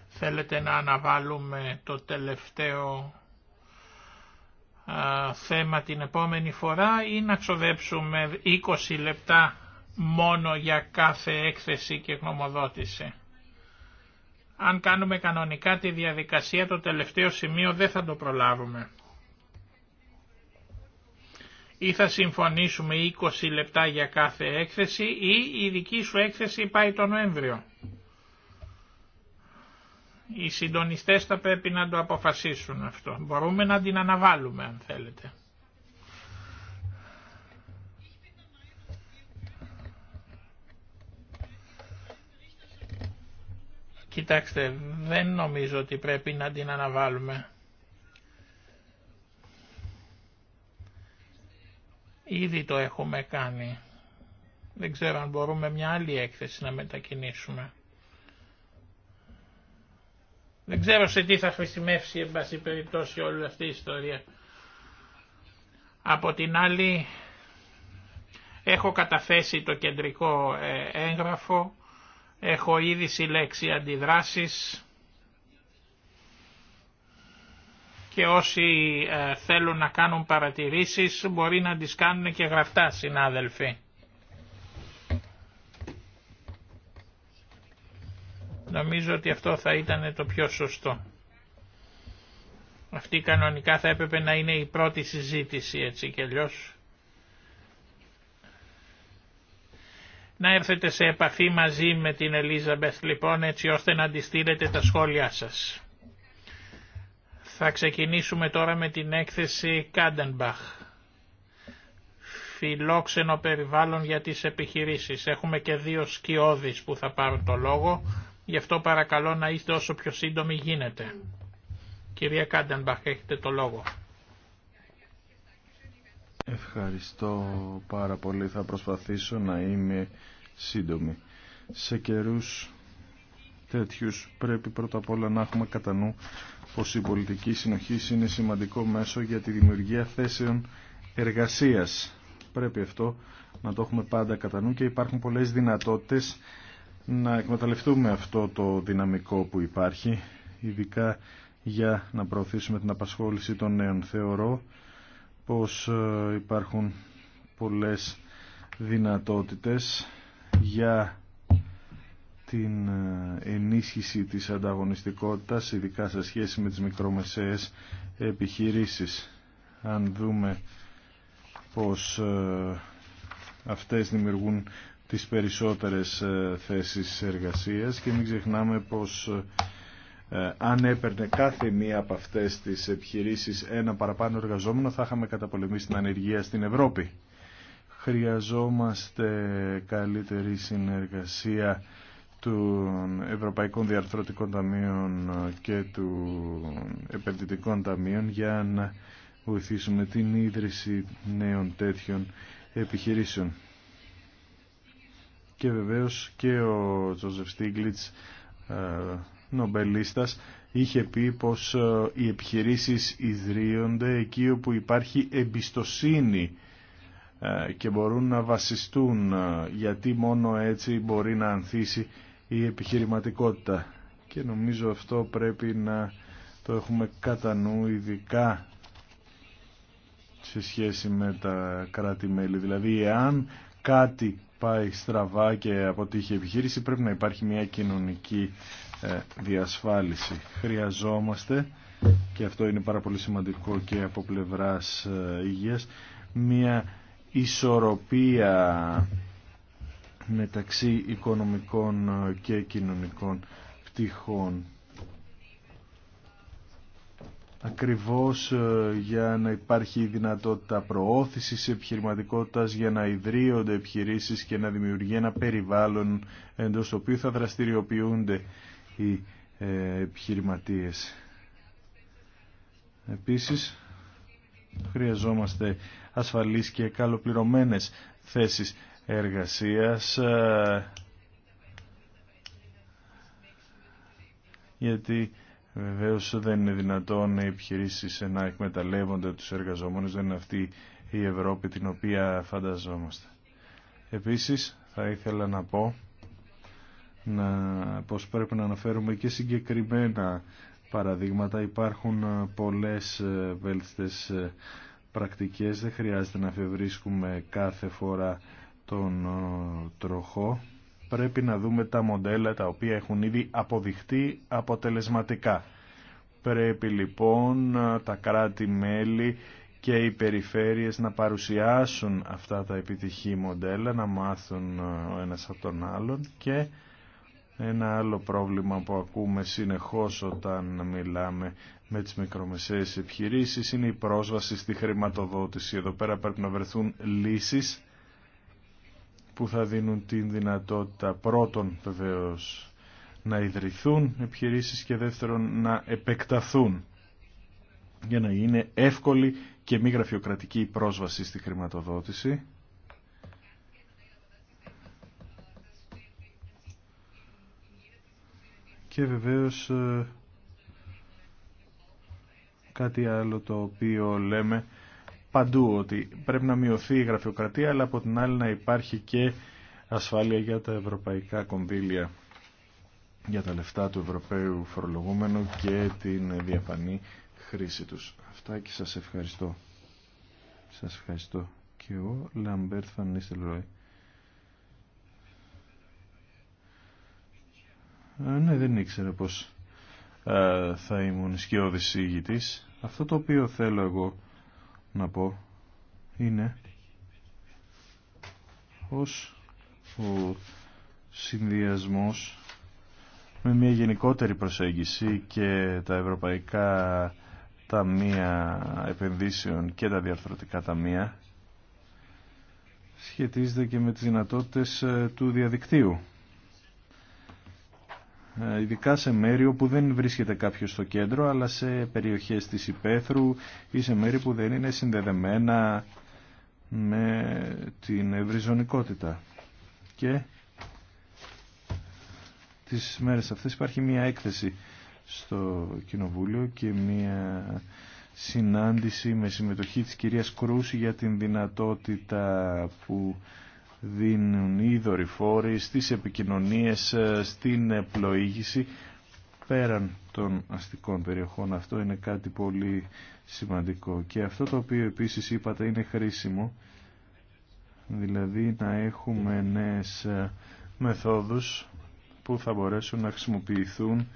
θέλετε να αναβάλουμε το τελευταίο θέμα την επόμενη φορά ή να ξοδέψουμε 20 λεπτά μόνο για κάθε έκθεση και γνωμοδότηση. Αν κάνουμε κανονικά τη διαδικασία το τελευταίο σημείο δεν θα το προλάβουμε. Ή θα συμφωνήσουμε 20 λεπτά για κάθε έκθεση ή η δική σου έκθεση πάει τον Νοέμβριο. Οι συντονιστές θα πρέπει να το αποφασίσουν αυτό. Μπορούμε να την αναβάλουμε αν θέλετε. Κοιτάξτε, δεν νομίζω ότι πρέπει να την αναβάλουμε. Ήδη το έχουμε κάνει. Δεν ξέρω αν μπορούμε μια άλλη έκθεση να μετακινήσουμε. Δεν ξέρω σε τι θα χρησιμεύσει εν πάση περιπτώσει όλη αυτή η ιστορία. Από την άλλη έχω καταθέσει το κεντρικό ε, έγγραφο, έχω ήδη συλλέξει αντιδράσεις, και όσοι ε, θέλουν να κάνουν παρατηρήσεις μπορεί να τις κάνουν και γραφτά συνάδελφοι. Νομίζω ότι αυτό θα ήταν το πιο σωστό. Αυτή κανονικά θα έπρεπε να είναι η πρώτη συζήτηση έτσι και αλλιώς. Να έρθετε σε επαφή μαζί με την Μπεθ λοιπόν έτσι ώστε να αντιστείλετε τα σχόλιά σας. Θα ξεκινήσουμε τώρα με την έκθεση Κάντενμπαχ. Φιλόξενο περιβάλλον για τις επιχειρήσεις. Έχουμε και δύο σκιώδεις που θα πάρουν το λόγο, γι' αυτό παρακαλώ να είστε όσο πιο σύντομοι γίνεται. Κυρία Κάντενμπαχ, έχετε το λόγο. Ευχαριστώ πάρα πολύ. Θα προσπαθήσω να είμαι σύντομη. Σε καιρούς τέτοιους πρέπει πρώτα απ' όλα να έχουμε κατά νου πως η πολιτική συνοχή είναι σημαντικό μέσο για τη δημιουργία θέσεων εργασίας. Πρέπει αυτό να το έχουμε πάντα κατά νου και υπάρχουν πολλές δυνατότητες να εκμεταλλευτούμε αυτό το δυναμικό που υπάρχει, ειδικά για να προωθήσουμε την απασχόληση των νέων. Θεωρώ πως ε, υπάρχουν πολλές δυνατότητες για την ε, ενίσχυση της ανταγωνιστικότητας, ειδικά σε σχέση με τις μικρομεσαίες επιχειρήσεις. Αν δούμε πως ε, αυτές δημιουργούν τις περισσότερες ε, θέσεις εργασίας και μην ξεχνάμε πως αν έπαιρνε κάθε μία από αυτές τις επιχειρήσεις ένα παραπάνω εργαζόμενο θα είχαμε καταπολεμήσει την ανεργία στην Ευρώπη. Χρειαζόμαστε καλύτερη συνεργασία του Ευρωπαϊκών Διαρθρωτικών Ταμείων και του Επενδυτικών Ταμείων για να βοηθήσουμε την ίδρυση νέων τέτοιων επιχειρήσεων. Και βεβαίως και ο Τζοζεφ Στίγκλιτς, ε, νομπελίστας, είχε πει πως ε, οι επιχειρήσεις ιδρύονται εκεί όπου υπάρχει εμπιστοσύνη ε, και μπορούν να βασιστούν γιατί μόνο έτσι μπορεί να ανθίσει η επιχειρηματικότητα. Και νομίζω αυτό πρέπει να το έχουμε κατά νου ειδικά σε σχέση με τα κράτη-μέλη. Δηλαδή, εάν κάτι πάει στραβά και αποτύχει η επιχείρηση, πρέπει να υπάρχει μια κοινωνική ε, διασφάλιση. Χρειαζόμαστε, και αυτό είναι πάρα πολύ σημαντικό και από πλευράς ε, υγείας, μια ισορροπία μεταξύ οικονομικών ε, και κοινωνικών πτυχών. Ακριβώς ε, για να υπάρχει η δυνατότητα προώθησης επιχειρηματικότητας, για να ιδρύονται επιχειρήσεις και να δημιουργεί ένα περιβάλλον εντός του οποίου θα δραστηριοποιούνται οι ε, επιχειρηματίες. Επίσης, χρειαζόμαστε ασφαλείς και καλοπληρωμένες θέσεις εργασίας ε, γιατί βεβαίως δεν είναι δυνατόν οι επιχειρήσεις να εκμεταλλεύονται τους εργαζόμενους δεν είναι αυτή η Ευρώπη την οποία φανταζόμαστε. Επίσης θα ήθελα να πω να, πως πρέπει να αναφέρουμε και συγκεκριμένα παραδείγματα. Υπάρχουν ε, πολλές ε, βέλτιστες πρακτικές, δεν χρειάζεται να αφευρίσκουμε κάθε φορά τον ε, τροχό πρέπει να δούμε τα μοντέλα τα οποία έχουν ήδη αποδειχτεί αποτελεσματικά. Πρέπει λοιπόν ε, τα κράτη-μέλη και οι περιφέρειες να παρουσιάσουν αυτά τα επιτυχή μοντέλα, να μάθουν ε, ο ένας από τον άλλον και ένα άλλο πρόβλημα που ακούμε συνεχώς όταν μιλάμε με τις μικρομεσαίες επιχειρήσεις είναι η πρόσβαση στη χρηματοδότηση. Εδώ πέρα πρέπει να βρεθούν λύσεις που θα δίνουν την δυνατότητα πρώτον βεβαίω να ιδρυθούν επιχειρήσεις και δεύτερον να επεκταθούν για να είναι εύκολη και μη γραφειοκρατική η πρόσβαση στη χρηματοδότηση. Και βεβαίως ε, κάτι άλλο το οποίο λέμε παντού ότι πρέπει να μειωθεί η γραφειοκρατία αλλά από την άλλη να υπάρχει και ασφάλεια για τα ευρωπαϊκά κονδύλια για τα λεφτά του Ευρωπαίου φορολογούμενου και την διαφανή χρήση τους. Αυτά και σας ευχαριστώ. Σας ευχαριστώ και εγώ, Λαμπέρτ Φανίστελ ε, Ναι, δεν ήξερα πως ε, θα ήμουν σκιώδης ηγητής. Αυτό το οποίο θέλω εγώ να πω είναι ως ο συνδυασμός με μια γενικότερη προσέγγιση και τα ευρωπαϊκά ταμεία επενδύσεων και τα διαρθρωτικά ταμεία σχετίζεται και με τις δυνατότητες ε, του διαδικτύου. Ε, ειδικά σε μέρη όπου δεν βρίσκεται κάποιος στο κέντρο, αλλά σε περιοχές της υπαίθρου ή σε μέρη που δεν είναι συνδεδεμένα με την ευρυζωνικότητα. Και τις μέρες αυτές υπάρχει μια έκθεση στο Κοινοβούλιο και μια συνάντηση με συμμετοχή της κυρίας Κρούση για την δυνατότητα που δίνουν οι δορυφόροι στις επικοινωνίες, ε, στην πλοήγηση πέραν των αστικών περιοχών. Αυτό είναι κάτι πολύ σημαντικό και αυτό το οποίο επίσης είπατε είναι χρήσιμο δηλαδή να έχουμε νέες ε, μεθόδους που θα μπορέσουν να χρησιμοποιηθούν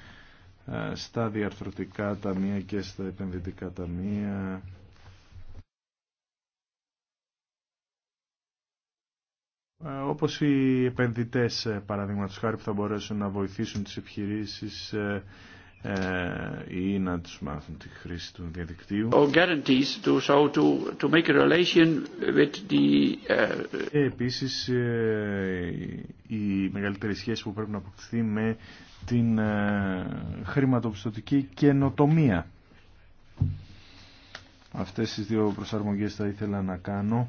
ε, στα διαρθρωτικά ταμεία και στα επενδυτικά ταμεία Ε, όπως οι επενδυτές ε, παραδείγματος χάρη που θα μπορέσουν να βοηθήσουν τις επιχειρήσεις ε, ή να τους μάθουν τη χρήση του διαδικτύου. Και επίσης η μεγαλύτερη σχέση που πρέπει να αποκτηθεί με την χρηματοπιστωτική καινοτομία. Αυτές τις δύο προσαρμογές θα ήθελα να κάνω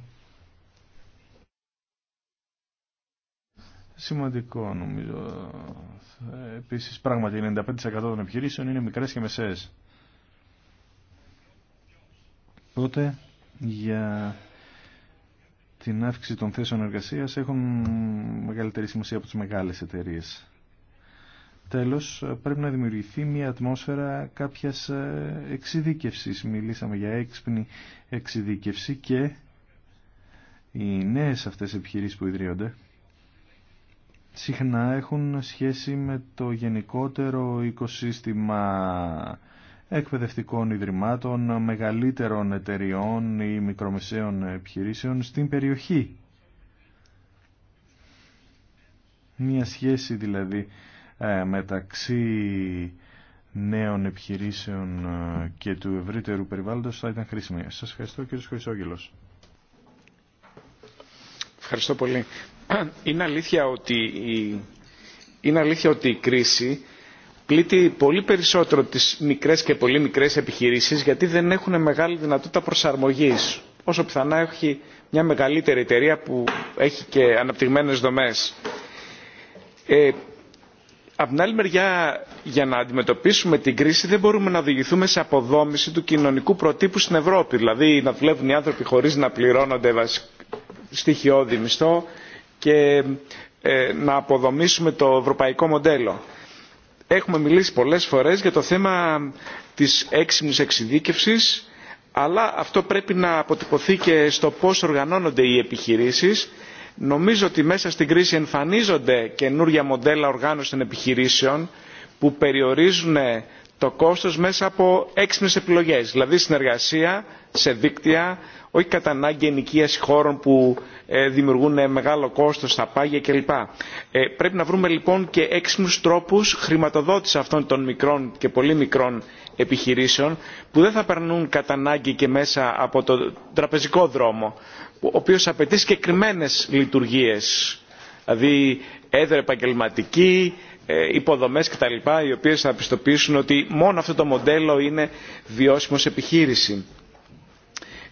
σημαντικό νομίζω. Επίσης πράγματι 95% των επιχειρήσεων είναι μικρές και μεσαίες. Οπότε για την αύξηση των θέσεων εργασίας έχουν μεγαλύτερη σημασία από τις μεγάλες εταιρείες. Τέλος, πρέπει να δημιουργηθεί μια ατμόσφαιρα κάποιας ε, εξειδίκευσης. Μιλήσαμε για έξυπνη εξειδίκευση και οι νέες αυτές επιχειρήσεις που ιδρύονται συχνά έχουν σχέση με το γενικότερο οικοσύστημα εκπαιδευτικών ιδρυμάτων, μεγαλύτερων εταιριών ή μικρομεσαίων επιχειρήσεων στην περιοχή. Μία σχέση δηλαδή ε, μεταξύ νέων επιχειρήσεων ε, και του ευρύτερου περιβάλλοντος θα ήταν χρήσιμη. Σας ευχαριστώ κύριε Χρυσόγγελος. Ευχαριστώ πολύ είναι αλήθεια ότι η, κρίση πλήττει πολύ περισσότερο τις μικρές και πολύ μικρές επιχειρήσεις γιατί δεν έχουν μεγάλη δυνατότητα προσαρμογής όσο πιθανά έχει μια μεγαλύτερη εταιρεία που έχει και αναπτυγμένες δομές. Ε, Απ' την άλλη μεριά, για να αντιμετωπίσουμε την κρίση δεν μπορούμε να οδηγηθούμε σε αποδόμηση του κοινωνικού προτύπου στην Ευρώπη. Δηλαδή να δουλεύουν οι άνθρωποι χωρίς να πληρώνονται στοιχειώδη μισθό, και ε, να αποδομήσουμε το ευρωπαϊκό μοντέλο. Έχουμε μιλήσει πολλές φορές για το θέμα της έξυπνης εξειδίκευσης, αλλά αυτό πρέπει να αποτυπωθεί και στο πώς οργανώνονται οι επιχειρήσεις. Νομίζω ότι μέσα στην κρίση εμφανίζονται καινούργια μοντέλα οργάνωσης των επιχειρήσεων που περιορίζουν το κόστος μέσα από έξυπνες επιλογές, δηλαδή συνεργασία σε δίκτυα, όχι κατά ανάγκη ενοικίαση χώρων που ε, δημιουργούν ε, μεγάλο κόστο, στα πάγια κλπ. Ε, πρέπει να βρούμε λοιπόν και έξυπνου τρόπου χρηματοδότηση αυτών των μικρών και πολύ μικρών επιχειρήσεων που δεν θα περνούν κατά ανάγκη και μέσα από το τραπεζικό δρόμο ο οποίος απαιτεί συγκεκριμένε λειτουργίε, δηλαδή έδρα επαγγελματική, υποδομές κτλ. οι οποίες θα πιστοποιήσουν ότι μόνο αυτό το μοντέλο είναι βιώσιμο σε επιχείρηση.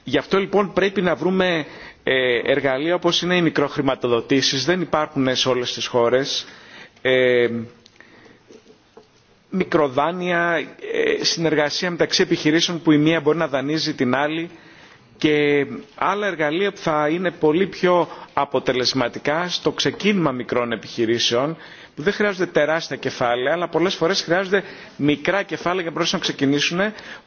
Γι' αυτό λοιπόν πρέπει να βρούμε ε, εργαλεία όπως είναι οι μικροχρηματοδοτήσεις. Δεν υπάρχουν σε όλες τις χώρες. Ε, μικροδάνεια, ε, συνεργασία μεταξύ επιχειρήσεων που η μία μπορεί να δανείζει την άλλη και άλλα εργαλεία που θα είναι πολύ πιο αποτελεσματικά στο ξεκίνημα μικρών επιχειρήσεων που δεν χρειάζονται τεράστια κεφάλαια αλλά πολλές φορές χρειάζονται μικρά κεφάλαια για να μπορέσουν να ξεκινήσουν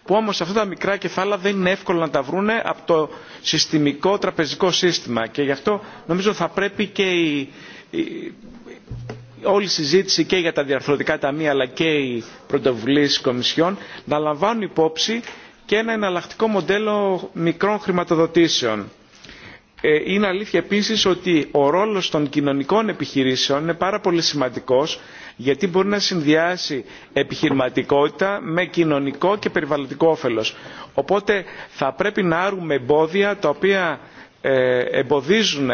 που όμως αυτά τα μικρά κεφάλαια δεν είναι εύκολο να τα βρούνε από το συστημικό τραπεζικό σύστημα και γι' αυτό νομίζω θα πρέπει και όλη η συζήτηση και για τα διαρθρωτικά ταμεία αλλά και οι πρωτοβουλίες της να λαμβάνουν υπόψη και ένα εναλλακτικό μοντέλο μικρών χρηματοδοτήσεων. Ε, είναι αλήθεια επίσης ότι ο ρόλος των κοινωνικών επιχειρήσεων είναι πάρα πολύ σημαντικός γιατί μπορεί να συνδυάσει επιχειρηματικότητα με κοινωνικό και περιβαλλοντικό όφελος. Οπότε θα πρέπει να άρουμε εμπόδια τα οποία ε, εμποδίζουν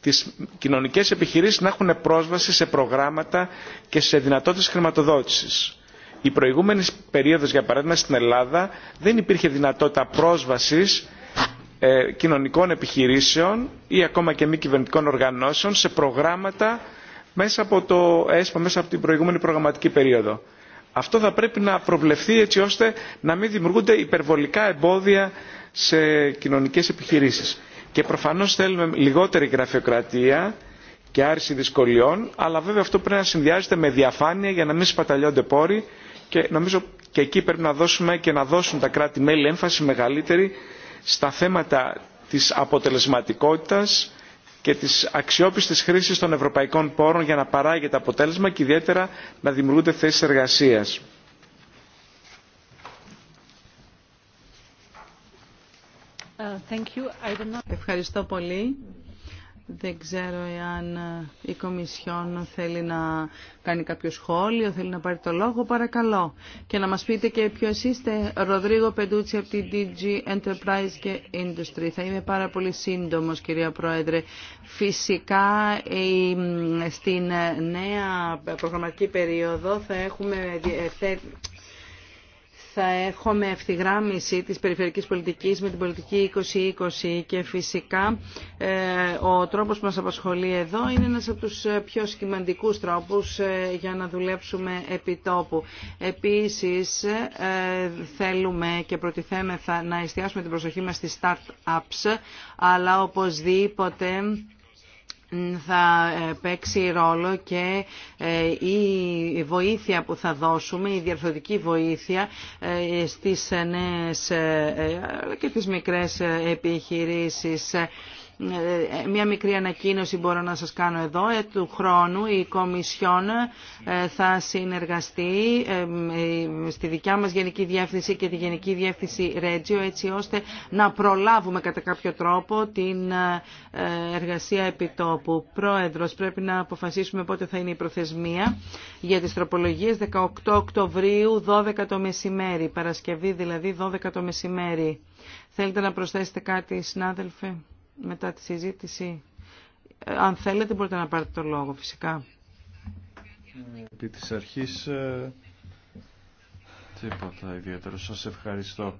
τις κοινωνικές επιχειρήσεις να έχουν πρόσβαση σε προγράμματα και σε δυνατότητες χρηματοδότησης η προηγούμενη περίοδο, για παράδειγμα στην Ελλάδα δεν υπήρχε δυνατότητα πρόσβασης ε, κοινωνικών επιχειρήσεων ή ακόμα και μη κυβερνητικών οργανώσεων σε προγράμματα μέσα από το ΕΣΠΑ, μέσα από την προηγούμενη προγραμματική περίοδο. Αυτό θα πρέπει να προβλεφθεί έτσι ώστε να μην δημιουργούνται υπερβολικά εμπόδια σε κοινωνικές επιχειρήσεις. Και προφανώς θέλουμε λιγότερη γραφειοκρατία και άρση δυσκολιών, αλλά βέβαια αυτό πρέπει να συνδυάζεται με διαφάνεια για να μην σπαταλιώνται πόροι και νομίζω και εκεί πρέπει να δώσουμε και να δώσουν τα κράτη-μέλη έμφαση μεγαλύτερη στα θέματα της αποτελεσματικότητας και της αξιόπιστης χρήσης των ευρωπαϊκών πόρων για να παράγεται αποτέλεσμα και ιδιαίτερα να δημιουργούνται θέσεις εργασίας. Uh, Ευχαριστώ πολύ. Δεν ξέρω εάν ε, η Κομισιόν θέλει να κάνει κάποιο σχόλιο, θέλει να πάρει το λόγο, παρακαλώ. Και να μας πείτε και ποιο είστε, Ροδρίγο Πεντούτσι από τη DG Enterprise και Industry. Θα είμαι πάρα πολύ σύντομος, κυρία Πρόεδρε. Φυσικά, στην ε, νέα προγραμματική περίοδο θα έχουμε ε, θα έχουμε ευθυγράμμιση της περιφερειακής πολιτικής με την πολιτική 2020 και φυσικά ε, ο τρόπος που μας απασχολεί εδώ είναι ένας από τους πιο σημαντικούς τρόπους ε, για να δουλέψουμε επί τόπου. Επίσης ε, θέλουμε και προτιθέμεθα να εστιάσουμε την προσοχή μας στις start-ups αλλά οπωσδήποτε θα ε, παίξει ρόλο και ε, η βοήθεια που θα δώσουμε, η διαρθρωτική βοήθεια ε, στις νέες και τις μικρές επιχειρήσεις. Ε, μια μικρή ανακοίνωση μπορώ να σας κάνω εδώ. Ε, του χρόνου η Κομισιόν ε, θα συνεργαστεί στη δικιά μας Γενική Διεύθυνση και τη Γενική Διεύθυνση Ρέτζιο έτσι ώστε να προλάβουμε κατά κάποιο τρόπο την εργασία επιτόπου. Πρόεδρος, πρέπει να αποφασίσουμε πότε θα είναι η προθεσμία για τις τροπολογίες 18 Οκτωβρίου 12 το μεσημέρι, Παρασκευή δηλαδή 12 το μεσημέρι. Θέλετε να προσθέσετε κάτι συνάδελφε μετά τη συζήτηση. Ε, αν θέλετε μπορείτε να πάρετε το λόγο φυσικά. Επί της αρχής ε, τίποτα ιδιαίτερο. Σας ευχαριστώ.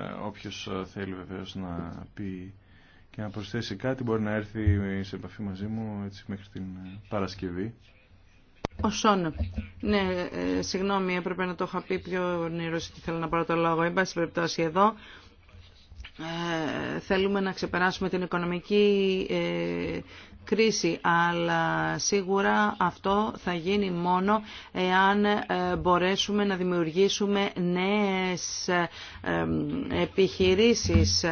Ε, όποιος ε, θέλει βεβαίως να πει και να προσθέσει κάτι μπορεί να έρθει σε επαφή μαζί μου έτσι μέχρι την Παρασκευή. Ο Σόν. Ναι, συγγνώμη, έπρεπε να το είχα πει πιο νερό ότι θέλω να πάρω το λόγο. Εν πάση περιπτώσει εδώ ε, θέλουμε να ξεπεράσουμε την οικονομική ε, κρίση, αλλά σίγουρα αυτό θα γίνει μόνο εάν ε, μπορέσουμε να δημιουργήσουμε νέες επιχειρήσεις.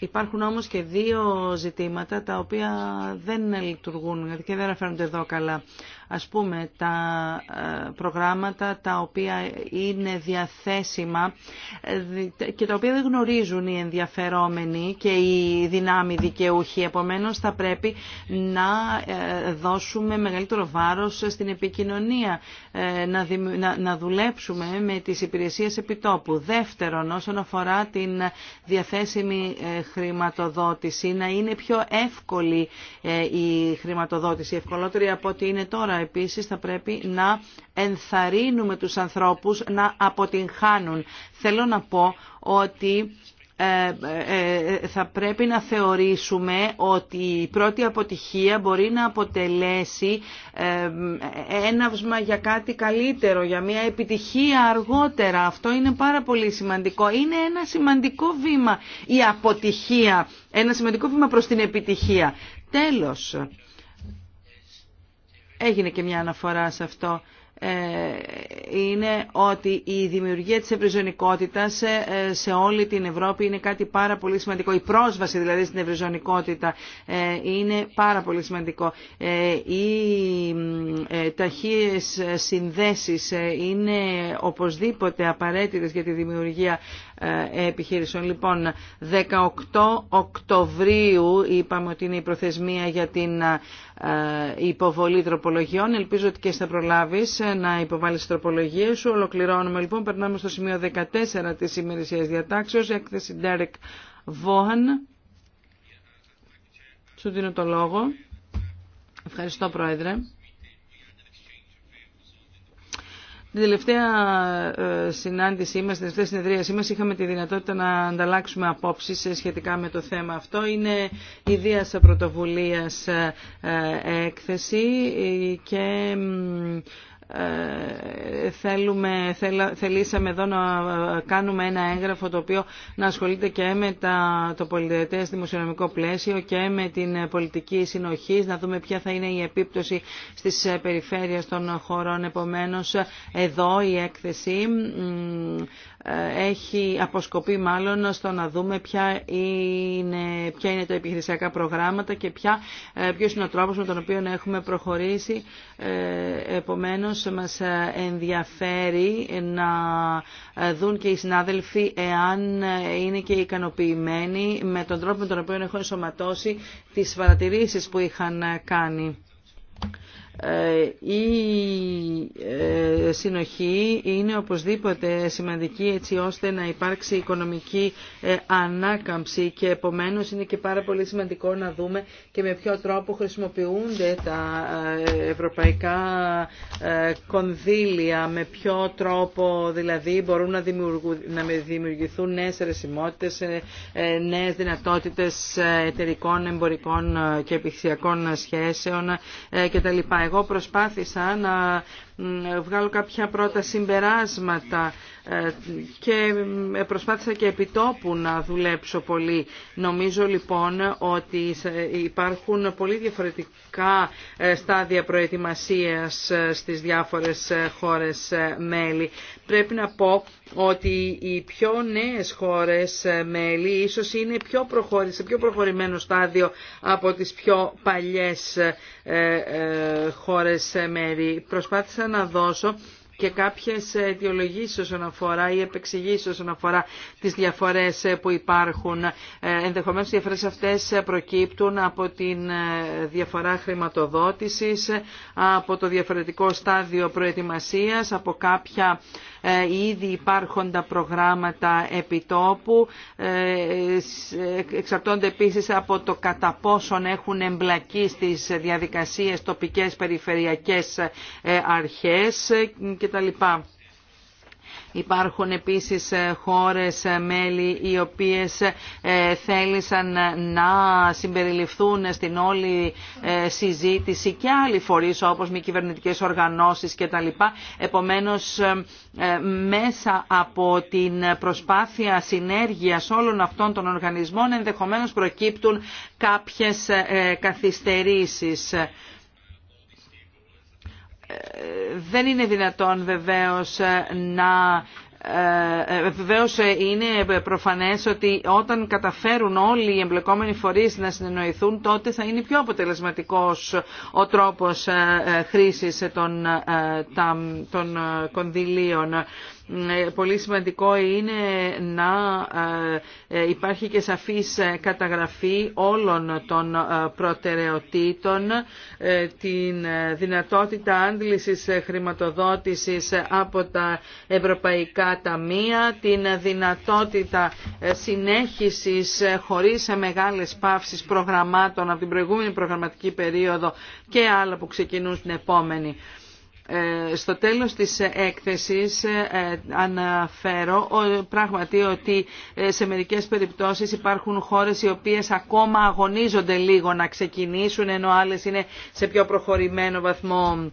Υπάρχουν όμως και δύο ζητήματα τα οποία δεν λειτουργούν και δεν αναφέρονται εδώ καλά. Ας πούμε τα ε, προγράμματα τα οποία είναι διαθέσιμα ε, και τα οποία δεν γνωρίζουν οι ενδιαφερόμενοι και οι δυνάμοι δικαιούχοι. Επομένως θα πρέπει να ε, δώσουμε μεγαλύτερο βάρος στην επικοινωνία, να δουλέψουμε με τις υπηρεσίες επιτόπου. Δεύτερον, όσον αφορά την διαθέσιμη χρηματοδότηση, να είναι πιο εύκολη η χρηματοδότηση, ευκολότερη από ό,τι είναι τώρα επίσης θα πρέπει να ενθαρρύνουμε τους ανθρώπους να αποτυγχάνουν. Θέλω να πω ότι ε, ε, ε, θα πρέπει να θεωρήσουμε ότι η πρώτη αποτυχία μπορεί να αποτελέσει έναυσμα για κάτι καλύτερο, για μια επιτυχία αργότερα. Αυτό είναι πάρα πολύ σημαντικό. Είναι ένα σημαντικό βήμα η αποτυχία, ένα σημαντικό βήμα προς την επιτυχία. Τέλος έγινε και μια αναφορά σε αυτό, ε, είναι ότι η δημιουργία της ευρυζωνικότητας ε, σε όλη την Ευρώπη είναι κάτι πάρα πολύ σημαντικό. Η πρόσβαση δηλαδή στην ευρυζωνικότητα ε, είναι πάρα πολύ σημαντικό. Οι ταχείες συνδέσεις είναι οπωσδήποτε απαραίτητες για τη δημιουργία ε, επιχειρήσεων. Λοιπόν, 18 Οκτωβρίου είπαμε ότι είναι η προθεσμία για την ε, υποβολή τροπολογιών. Ελπίζω ότι και θα προλάβεις ε, να υποβάλεις τροπολογίε σου. Ολοκληρώνουμε λοιπόν, περνάμε στο σημείο 14 της ημερησία διατάξεως, έκθεση Ντέρεκ Vaughan. Σου δίνω το λόγο. Ευχαριστώ Πρόεδρε. Την τελευταία ε, συνάντησή μας, την τελευταία συνεδρίασή μας είχαμε τη δυνατότητα να ανταλλάξουμε απόψεις ε, σχετικά με το θέμα αυτό. Είναι Δίασα πρωτοβουλίας ε, έκθεση και ε, θέλουμε, θελήσαμε εδώ να κάνουμε ένα έγγραφο το οποίο να ασχολείται και με τα, το πολιτευτές δημοσιονομικό πλαίσιο και με την πολιτική συνοχή, να δούμε ποια θα είναι η επίπτωση στις περιφέρειες των χωρών. Επομένως, εδώ η έκθεση ε, έχει αποσκοπεί μάλλον στο να δούμε ποια είναι, ποια είναι τα επιχειρησιακά προγράμματα και ποια, ε, ποιος είναι ο τρόπος με τον οποίο έχουμε προχωρήσει. Ε, επομένως, μας ενδιαφέρει να δουν και οι συνάδελφοι εάν είναι και ικανοποιημένοι με τον τρόπο με τον οποίο έχουν ενσωματώσει τις παρατηρήσεις που είχαν κάνει. Ε, η ε, συνοχή είναι οπωσδήποτε σημαντική έτσι ώστε να υπάρξει οικονομική ε, ανάκαμψη και επομένως είναι και πάρα πολύ σημαντικό να δούμε και με ποιο τρόπο χρησιμοποιούνται τα ευρωπαϊκά κονδύλια, με ποιο τρόπο δηλαδή μπορούν να, δημιουργηθούν νέες αιρεσιμότητες, νέες δυνατότητες εταιρικών, εμπορικών και επιχειρησιακών σχέσεων κτλ. Εγώ προσπάθησα να βγάλω κάποια πρώτα συμπεράσματα ε, και ε, προσπάθησα και επιτόπου να δουλέψω πολύ. Νομίζω λοιπόν ότι ε, υπάρχουν πολύ διαφορετικά στάδια προετοιμασίας στις διάφορες χώρες μέλη. Πρέπει να πω ότι οι πιο νέες χώρες μέλη ίσως είναι πιο προχωρη, σε πιο προχωρημένο στάδιο από τις πιο παλιές χώρες μέλη. Προσπάθησα να δώσω και κάποιες αιτιολογήσεις όσον αφορά ή επεξηγήσεις όσον αφορά τις διαφορές που υπάρχουν. Ε, ενδεχομένως οι διαφορές αυτές προκύπτουν από την ε, διαφορά χρηματοδότησης, από το διαφορετικό στάδιο προετοιμασίας, από κάποια ε, ήδη υπάρχοντα προγράμματα επιτόπου. Ε, εξαρτώνται επίσης από το κατά πόσον έχουν εμπλακεί στις διαδικασίες τοπικές περιφερειακές ε, αρχές κτλ. Υπάρχουν επίσης ε, χώρες ε, μέλη οι οποίες ε, θέλησαν να συμπεριληφθούν στην όλη συζήτηση και άλλοι φορείς όπως μη κυβερνητικέ οργανώσεις κτλ. Επομένως μέσα από την προσπάθεια συνέργειας όλων αυτών των οργανισμών ενδεχομένως προκύπτουν κάποιες καθυστερήσεις δεν είναι δυνατόν βεβαίως να ε, είναι προφανές ότι όταν καταφέρουν όλοι οι εμπλεκόμενοι φορείς να συνεννοηθούν τότε θα είναι πιο αποτελεσματικός ο τρόπος ε, ε, χρήσης των, ε, των κονδυλίων. Ναι, πολύ σημαντικό είναι να ε, ε, υπάρχει και σαφής ε, καταγραφή όλων των προτεραιοτήτων, την δυνατότητα άντλησης χρηματοδότησης από τα ευρωπαϊκά ταμεία, την δυνατότητα συνέχισης χωρίς μεγάλες παύσεις προγραμμάτων από την προηγούμενη προγραμματική περίοδο και άλλα που ξεκινούν στην επόμενη. Ε, στο τέλος της έκθεσης ε, αναφέρω πράγματι ότι ε, σε μερικές περιπτώσεις υπάρχουν χώρες οι οποίες ακόμα αγωνίζονται λίγο να ξεκινήσουν ενώ άλλες είναι σε πιο προχωρημένο βαθμό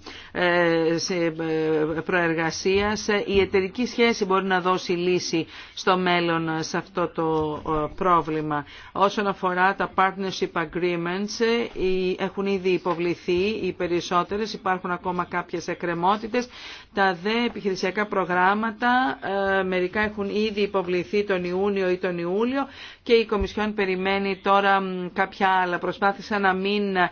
προεργασίας. Η εταιρική σχέση μπορεί να δώσει λύση στο μέλλον σε αυτό το πρόβλημα. Όσον αφορά τα partnership agreements έχουν ήδη υποβληθεί οι περισσότερες, υπάρχουν ακόμα κάποιες τα δε επιχειρησιακά προγράμματα, ε, μερικά έχουν ήδη υποβληθεί τον Ιούνιο ή τον Ιούλιο και η Κομισιόν περιμένει τώρα κάποια άλλα. Προσπάθησα να μην ε,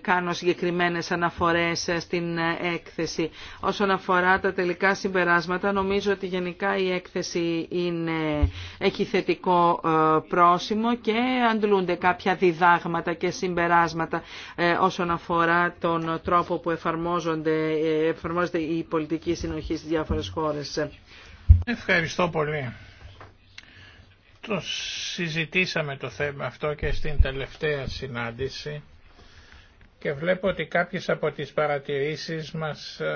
κάνω συγκεκριμένες αναφορές ε, στην έκθεση. Όσον αφορά τα τελικά συμπεράσματα, νομίζω ότι γενικά η έκθεση είναι, έχει θετικό πρόσημο και αντλούνται κάποια διδάγματα και συμπεράσματα όσον αφορά τον τρόπο που εφαρμόζονται εφαρμόζεται η πολιτική συνοχή στις διάφορες χώρες. Ευχαριστώ πολύ. Το συζητήσαμε το θέμα αυτό και στην τελευταία συνάντηση και βλέπω ότι κάποιες από τις παρατηρήσεις μας ε,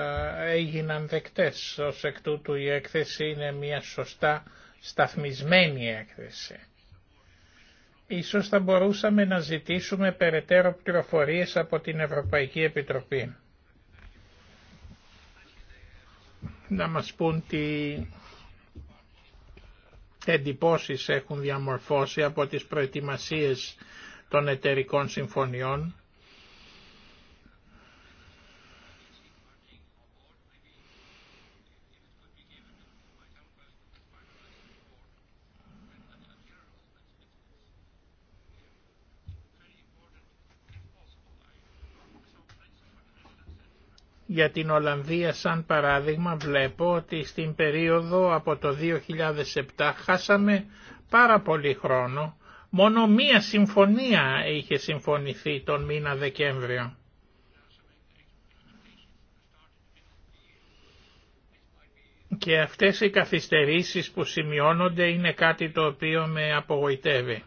έγιναν δεκτές. Ως εκ τούτου η έκθεση είναι μια σωστά σταθμισμένη έκθεση. Ίσως θα μπορούσαμε να ζητήσουμε περαιτέρω πληροφορίες από την Ευρωπαϊκή Επιτροπή. να μας πούν τι εντυπώσεις έχουν διαμορφώσει από τις προετοιμασίες των εταιρικών συμφωνιών Για την Ολλανδία σαν παράδειγμα βλέπω ότι στην περίοδο από το 2007 χάσαμε πάρα πολύ χρόνο. Μόνο μία συμφωνία είχε συμφωνηθεί τον μήνα Δεκέμβριο. Και αυτές οι καθυστερήσεις που σημειώνονται είναι κάτι το οποίο με απογοητεύει.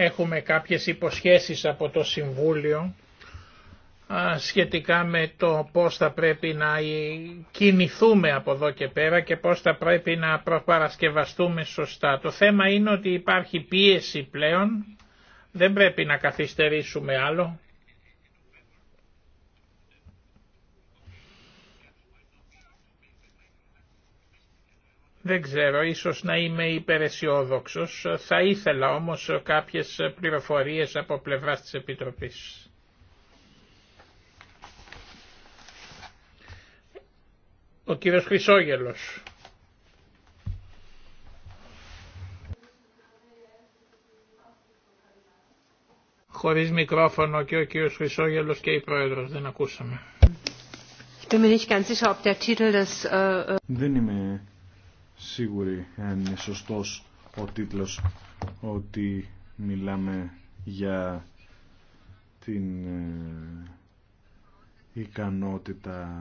Έχουμε κάποιες υποσχέσεις από το Συμβούλιο σχετικά με το πώς θα πρέπει να κινηθούμε από εδώ και πέρα και πώς θα πρέπει να προπαρασκευαστούμε σωστά. Το θέμα είναι ότι υπάρχει πίεση πλέον, δεν πρέπει να καθυστερήσουμε άλλο Δεν ξέρω, ίσως να είμαι υπεραισιόδοξος, θα ήθελα όμως κάποιες πληροφορίες από πλευράς της Επιτροπής. Ο κύριος Χρυσόγελος. Χωρίς μικρόφωνο και ο κύριος Χρυσόγελος και η Πρόεδρος, δεν ακούσαμε. Äh, äh δεν είμαι σίγουροι αν είναι σωστός ο τίτλος ότι μιλάμε για την ε, ικανότητα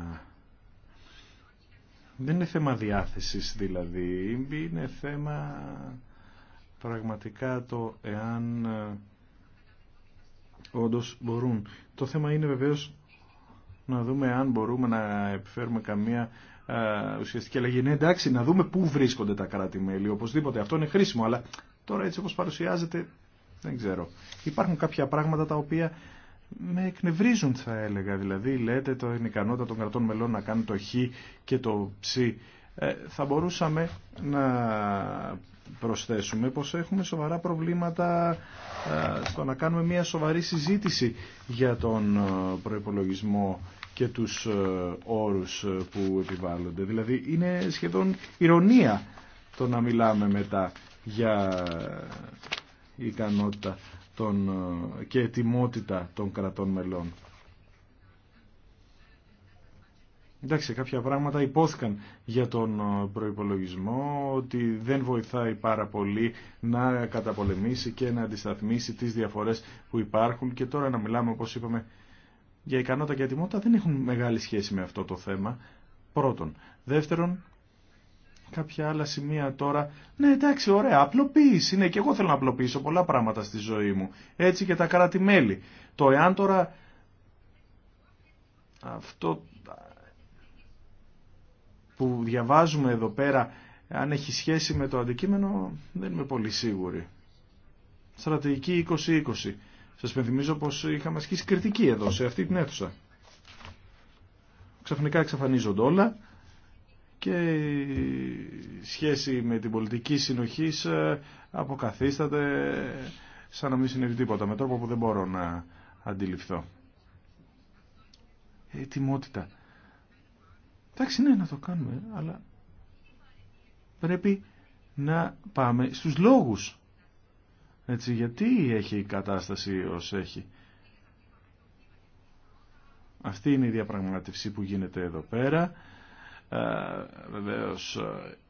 δεν είναι θέμα διάθεσης δηλαδή είναι θέμα πραγματικά το εάν ε, όντως μπορούν το θέμα είναι βεβαίως να δούμε αν μπορούμε να επιφέρουμε καμία ε, ουσιαστική αλλαγή. Ναι, εντάξει, να δούμε πού βρίσκονται τα κράτη-μέλη, οπωσδήποτε. Αυτό είναι χρήσιμο, αλλά τώρα έτσι όπως παρουσιάζεται, δεν ξέρω. Υπάρχουν κάποια πράγματα τα οποία με εκνευρίζουν, θα έλεγα. Δηλαδή, λέτε, το είναι ικανότητα των κρατών μελών να κάνουν το χ και το ψ. Ε, θα μπορούσαμε να προσθέσουμε πως έχουμε σοβαρά προβλήματα ε, στο να κάνουμε μια σοβαρή συζήτηση για τον προϋπολογισμό και τους ε, όρους ε, που επιβάλλονται. Δηλαδή είναι σχεδόν ηρωνία το να μιλάμε μετά για ικανότητα των, ε, και ετοιμότητα των κρατών μελών. Εντάξει, κάποια πράγματα υπόθηκαν για τον προϋπολογισμό ότι δεν βοηθάει πάρα πολύ να καταπολεμήσει και να αντισταθμίσει τις διαφορές που υπάρχουν και τώρα να μιλάμε, όπως είπαμε, για ικανότητα και ατιμότητα δεν έχουν μεγάλη σχέση με αυτό το θέμα. Πρώτον. Δεύτερον, κάποια άλλα σημεία τώρα. Ναι, εντάξει, ωραία, απλοποίηση. Ναι, και εγώ θέλω να απλοποιήσω πολλά πράγματα στη ζωή μου. Έτσι και τα κράτη-μέλη. Το εάν τώρα αυτό που διαβάζουμε εδώ πέρα, αν έχει σχέση με το αντικείμενο, δεν είμαι πολύ σίγουρη. Στρατηγική 2020. Σας πενθυμίζω πως είχαμε ασκήσει κριτική εδώ, σε αυτή την αίθουσα. Ξαφνικά εξαφανίζονται όλα και η σχέση με την πολιτική συνοχή ε, αποκαθίσταται σαν να μην συνέβη τίποτα, με τρόπο που δεν μπορώ να αντιληφθώ. Ε, ετοιμότητα. Εντάξει, ναι, να το κάνουμε, αλλά πρέπει να πάμε στους λόγους έτσι, γιατί έχει η κατάσταση ως έχει. Αυτή είναι η διαπραγματευσή που γίνεται εδώ πέρα. Ε, ε,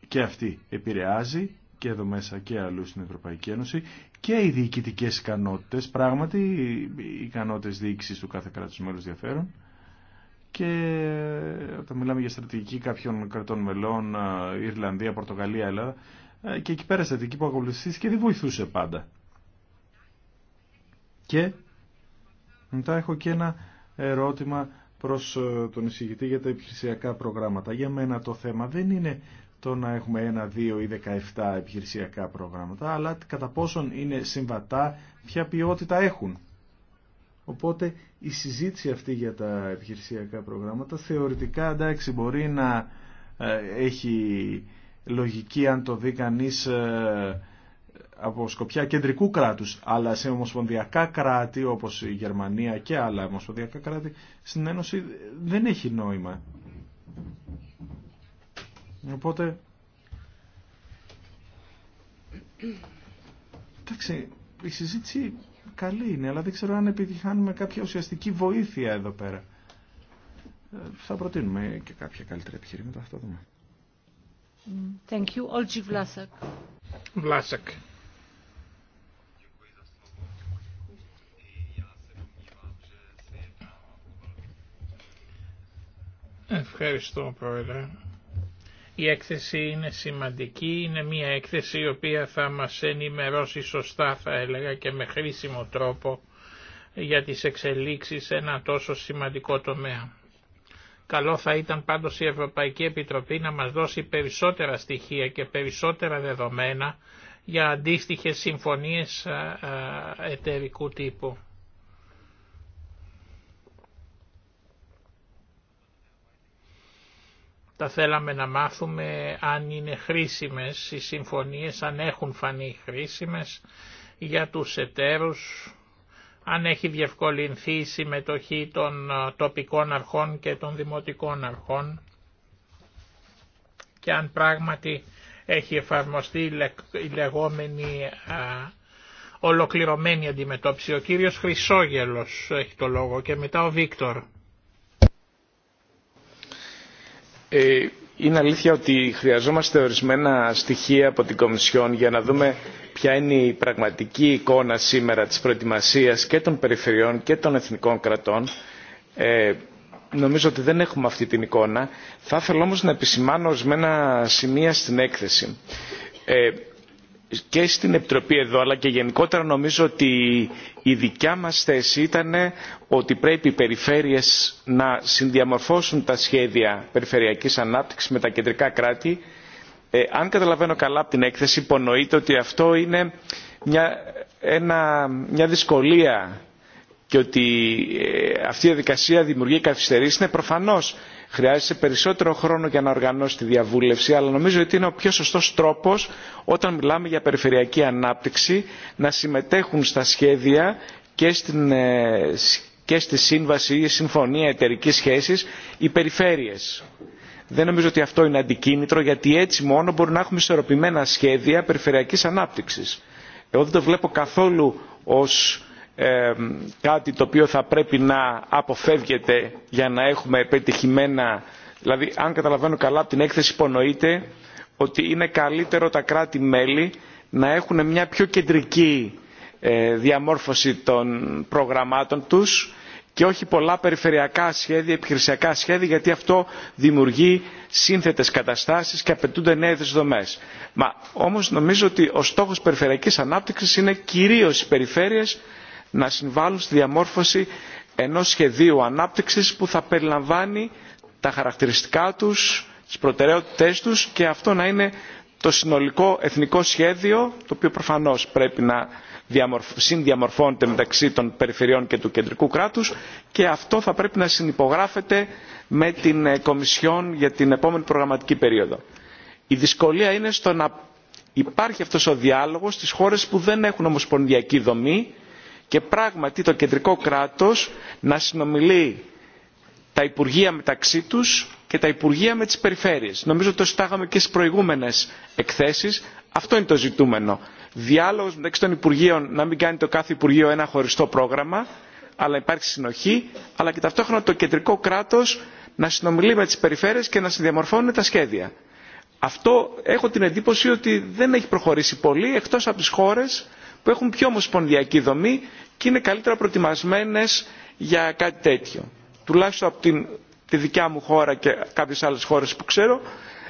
και αυτή επηρεάζει και εδώ μέσα και αλλού στην Ευρωπαϊκή Ένωση και οι διοικητικές ικανότητε, πράγματι οι ικανότητε διοίκησης του κάθε κράτους μέλους διαφέρουν. Και όταν μιλάμε για στρατηγική κάποιων κρατών μελών, ε, Ιρλανδία, Πορτογαλία, Ελλάδα, ε, και εκεί πέρα στρατηγική που και δεν βοηθούσε πάντα. Και μετά έχω και ένα ερώτημα προς ε, τον εισηγητή για τα επιχειρησιακά προγράμματα. Για μένα το θέμα δεν είναι το να έχουμε ένα, δύο ή δεκαεφτά επιχειρησιακά προγράμματα, αλλά κατά πόσον είναι συμβατά, ποια ποιότητα έχουν. Οπότε η συζήτηση αυτή για τα επιχειρησιακά προγράμματα θεωρητικά εντάξει μπορεί να ε, έχει λογική αν το δει κανείς ε, από σκοπιά κεντρικού κράτους, αλλά σε ομοσπονδιακά κράτη όπως η Γερμανία και άλλα ομοσπονδιακά κράτη στην Ένωση δεν έχει νόημα. Οπότε... Εντάξει, η συζήτηση καλή είναι, αλλά δεν ξέρω αν επιτυχάνουμε κάποια ουσιαστική βοήθεια εδώ πέρα. Ε, θα προτείνουμε και κάποια καλύτερα επιχειρήματα, αυτό δούμε. Thank you. Vlasak. Vlasak. Ευχαριστώ Πρόεδρε. Η έκθεση είναι σημαντική, είναι μια έκθεση η οποία θα μας ενημερώσει σωστά θα έλεγα και με χρήσιμο τρόπο για τις εξελίξεις σε ένα τόσο σημαντικό τομέα. Καλό θα ήταν πάντως η Ευρωπαϊκή Επιτροπή να μας δώσει περισσότερα στοιχεία και περισσότερα δεδομένα για αντίστοιχες συμφωνίες εταιρικού τύπου. Θα θέλαμε να μάθουμε αν είναι χρήσιμες οι συμφωνίες, αν έχουν φανεί χρήσιμες για τους εταίρους, αν έχει διευκολυνθεί η συμμετοχή των ε, τοπικών αρχών και των δημοτικών αρχών και αν πράγματι έχει εφαρμοστεί η λεγόμενη ε, ολοκληρωμένη αντιμετώπιση. Ο κύριος Χρυσόγελος έχει το λόγο και μετά ο Βίκτορ. Ε, είναι αλήθεια ότι χρειαζόμαστε ορισμένα στοιχεία από την Κομισιόν για να δούμε ποια είναι η πραγματική εικόνα σήμερα της προετοιμασίας και των περιφερειών και των εθνικών κρατών. Ε, νομίζω ότι δεν έχουμε αυτή την εικόνα. Θα ήθελα όμως να επισημάνω ορισμένα σημεία στην έκθεση. Ε, και στην Επιτροπή εδώ αλλά και γενικότερα νομίζω ότι η δικιά μας θέση ήταν ότι πρέπει οι περιφέρειες να συνδιαμορφώσουν τα σχέδια περιφερειακής ανάπτυξης με τα κεντρικά κράτη. Ε, αν καταλαβαίνω καλά από την έκθεση υπονοείται ότι αυτό είναι μια, μια δυσκολία και ότι ε, αυτή η διαδικασία δημιουργεί καθυστερήσεις. Είναι προφανώς χρειάζεσαι περισσότερο χρόνο για να οργανώσει τη διαβούλευση αλλά νομίζω ότι είναι ο πιο σωστό τρόπος όταν μιλάμε για περιφερειακή ανάπτυξη να συμμετέχουν στα σχέδια και στην, ε, και στη σύμβαση ή συμφωνία εταιρική σχέση οι περιφέρειες. Δεν νομίζω ότι αυτό είναι αντικίνητρο γιατί έτσι μόνο μπορούμε να έχουμε ισορροπημένα σχέδια περιφερειακή ανάπτυξη. Εγώ δεν το βλέπω καθόλου ως κάτι το οποίο θα πρέπει να αποφεύγεται για να έχουμε πετυχημένα δηλαδή αν καταλαβαίνω καλά από την έκθεση υπονοείται ότι είναι καλύτερο τα κράτη μέλη να έχουν μια πιο κεντρική ε, διαμόρφωση των προγραμμάτων τους και όχι πολλά περιφερειακά σχέδια, επιχειρησιακά σχέδια, γιατί αυτό δημιουργεί σύνθετες καταστάσεις και απαιτούνται νέες δομές. Μα όμως νομίζω ότι ο στόχος περιφερειακής ανάπτυξης είναι κυρίως οι περιφέρειες να συμβάλλουν στη διαμόρφωση ενός σχεδίου ανάπτυξης που θα περιλαμβάνει τα χαρακτηριστικά τους, τις προτεραιότητές τους και αυτό να είναι το συνολικό εθνικό σχέδιο, το οποίο προφανώς πρέπει να συνδιαμορφώνεται μεταξύ των περιφερειών και του κεντρικού κράτους και αυτό θα πρέπει να συνυπογράφεται με την ε, Κομισιόν για την επόμενη προγραμματική περίοδο. Η δυσκολία είναι στο να υπάρχει αυτός ο διάλογος στις χώρες που δεν έχουν ομοσπονδιακή δομή και πράγματι το κεντρικό κράτος να συνομιλεί τα Υπουργεία μεταξύ τους και τα Υπουργεία με τις περιφέρειες. Νομίζω το συντάγαμε και στις προηγούμενες εκθέσεις. Αυτό είναι το ζητούμενο. Διάλογος μεταξύ των Υπουργείων, να μην κάνει το κάθε Υπουργείο ένα χωριστό πρόγραμμα, αλλά υπάρχει συνοχή, αλλά και ταυτόχρονα το κεντρικό κράτος να συνομιλεί με τις περιφέρειες και να συνδιαμορφώνει τα σχέδια. Αυτό έχω την εντύπωση ότι δεν έχει προχωρήσει πολύ, εκτός από τις χώρες που έχουν πιο ομοσπονδιακή δομή και είναι καλύτερα προετοιμασμένες για κάτι τέτοιο. Τουλάχιστον από την, τη δικιά μου χώρα και κάποιες άλλες χώρες που ξέρω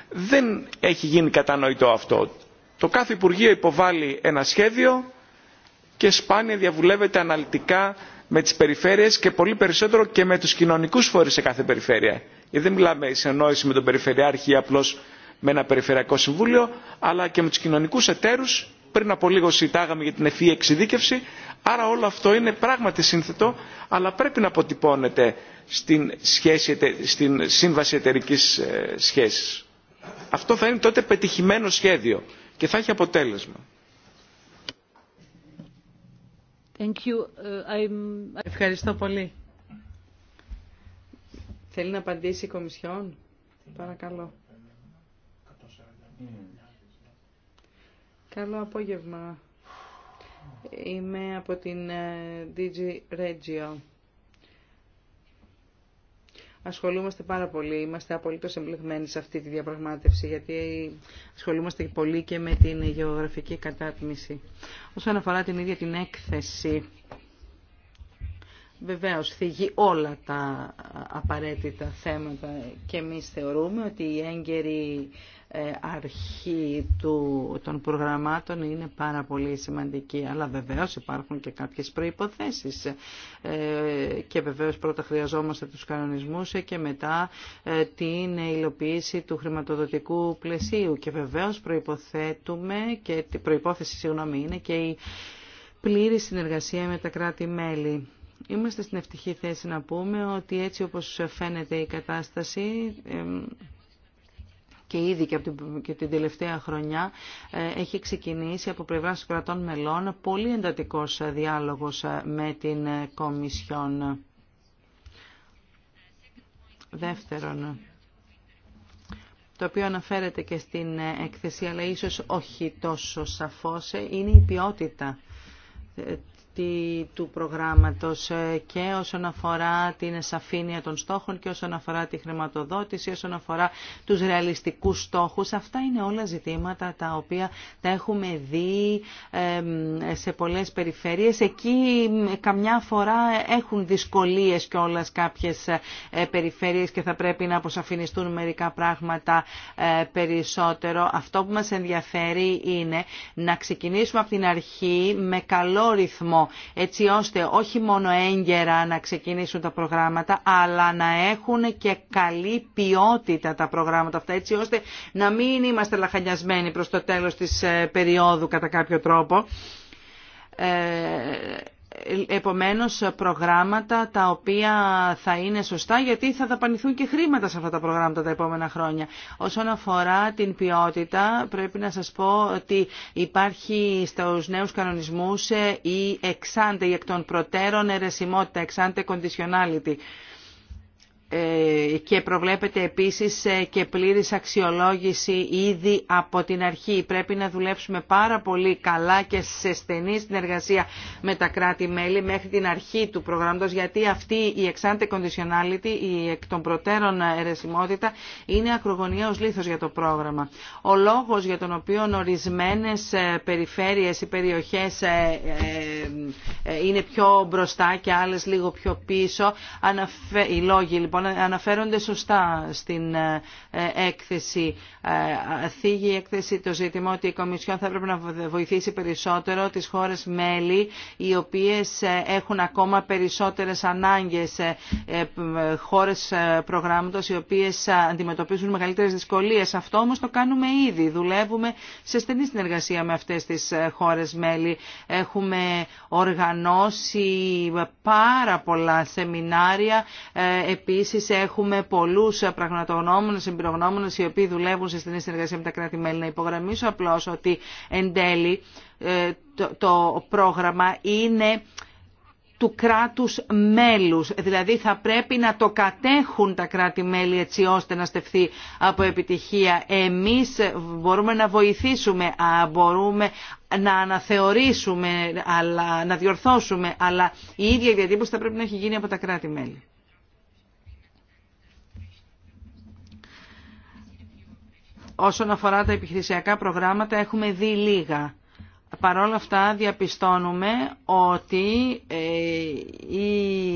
δεν έχει γίνει κατανοητό αυτό. Το κάθε Υπουργείο υποβάλλει ένα σχέδιο και σπάνια διαβουλεύεται αναλυτικά με τις περιφέρειες και πολύ περισσότερο και με τους κοινωνικούς φορείς σε κάθε περιφέρεια. Γιατί ε, δεν μιλάμε ενόηση με τον Περιφερειάρχη ή απλώς με ένα Περιφερειακό Συμβούλιο, αλλά και με τους κοινωνικούς εταίρους πριν από λίγο συζητάγαμε για την ευφύ εξειδίκευση άρα όλο αυτό είναι πράγματι σύνθετο αλλά πρέπει να αποτυπώνεται στην, σχέση, στην σύμβαση εταιρική ε, σχέσης. Αυτό θα είναι τότε πετυχημένο σχέδιο και θα έχει αποτέλεσμα. Thank you. Ε, Ευχαριστώ πολύ. Θέλει να απαντήσει η Κομισιόν. Παρακαλώ. Καλό απόγευμα. Είμαι από την ε, DG Regio. Ασχολούμαστε πάρα πολύ, είμαστε απολύτως εμπλεγμένοι σε αυτή τη διαπραγμάτευση, γιατί ασχολούμαστε πολύ και με την γεωγραφική κατάτμιση. Όσον αφορά την ίδια την έκθεση, Βεβαίως, θίγει όλα τα απαραίτητα θέματα και εμείς θεωρούμε ότι η έγκαιρη ε, αρχή του, των προγραμμάτων είναι πάρα πολύ σημαντική. Αλλά βεβαίως υπάρχουν και κάποιες προϋποθέσεις ε, και βεβαίως πρώτα χρειαζόμαστε τους κανονισμούς ε, και μετά την υλοποίηση του χρηματοδοτικού πλαισίου. Και βεβαίως προϋποθέτουμε και την προϋπόθεση συγγνώμη, είναι και η πλήρη συνεργασία με τα κράτη-μέλη. Είμαστε στην ευτυχή θέση να πούμε ότι έτσι όπως φαίνεται η κατάσταση και ήδη και από την, τελευταία χρονιά ε, έχει ξεκινήσει από πλευρά κρατών μελών πολύ εντατικός διάλογος ε, με την ε, Κομισιόν. Δεύτερον, το οποίο αναφέρεται και στην έκθεση, αλλά ίσως όχι τόσο σαφώς, είναι η ποιότητα του προγράμματος ε, και όσον αφορά την σαφήνεια των στόχων και όσον αφορά τη χρηματοδότηση, όσον αφορά τους ρεαλιστικούς στόχους. Αυτά είναι όλα ζητήματα τα οποία τα έχουμε δει σε πολλές περιφέρειες. Εκεί καμιά φορά έχουν δυσκολίες και όλες κάποιες ε, περιφέρειες και θα πρέπει να αποσαφινιστούν μερικά πράγματα ε, περισσότερο. Αυτό που μας ενδιαφέρει είναι να ξεκινήσουμε από την αρχή με καλό ρυθμό έτσι ώστε όχι μόνο έγκαιρα να ξεκινήσουν τα προγράμματα, αλλά να έχουν και καλή ποιότητα τα προγράμματα αυτά, έτσι ώστε να μην είμαστε λαχανιασμένοι προς το τέλος της ε, περίοδου κατά κάποιο τρόπο. Ε, επομένως προγράμματα τα οποία θα είναι σωστά γιατί θα δαπανηθούν και χρήματα σε αυτά τα προγράμματα τα επόμενα χρόνια. Όσον αφορά την ποιότητα πρέπει να σας πω ότι υπάρχει στους νέους κανονισμούς ε, η εξάντε, η εκ των προτέρων ερεσιμότητα. εξάντε conditionality. Ε, και προβλέπεται επίσης ε, και πλήρης αξιολόγηση ήδη από την αρχή. Πρέπει να δουλέψουμε πάρα πολύ καλά και σε στενή συνεργασία με τα κράτη-μέλη μέχρι την αρχή του προγράμματος γιατί αυτή η εξάντε conditionality, η εκ των προτέρων αιρεσιμότητα είναι ακρογωνιαίος λήθος για το πρόγραμμα. Ο λόγος για τον οποίο ορισμένες ε, περιφέρειες ή περιοχές είναι πιο μπροστά και άλλες λίγο πιο πίσω, οι λόγοι λοιπόν Λοιπόν, αναφέρονται σωστά στην ε, έκθεση. Ε, θίγει η έκθεση το ζήτημα ότι η Κομισιόν θα έπρεπε να βοηθήσει περισσότερο τις χώρες μέλη οι οποίες ε, έχουν ακόμα περισσότερες ανάγκες χώρες προγράμματος οι οποίες αντιμετωπίζουν μεγαλύτερες δυσκολίες. Αυτό όμως το κάνουμε ήδη. Δουλεύουμε σε στενή συνεργασία με αυτές τι χώρες μέλη. Έχουμε οργανώσει πάρα πολλά σεμινάρια επί Επίσης έχουμε πολλούς πραγματογνώμονες, εμπειρογνώμονες οι οποίοι δουλεύουν σε στενή συνεργασία με τα κράτη-μέλη. Να υπογραμμίσω απλώς ότι εν τέλει ε, το πρόγραμμα είναι του κράτους μέλους. Δηλαδή θα πρέπει να το κατέχουν τα κράτη-μέλη έτσι ώστε να στεφθεί από επιτυχία. Εμείς μπορούμε να βοηθήσουμε, μπορούμε να αναθεωρήσουμε, αλλά, να διορθώσουμε, αλλά η ίδια διατύπωση θα πρέπει να έχει γίνει από τα κράτη-μέλη. Όσον αφορά τα επιχειρησιακά προγράμματα έχουμε δει λίγα. Παρ' όλα αυτά διαπιστώνουμε ότι ε, οι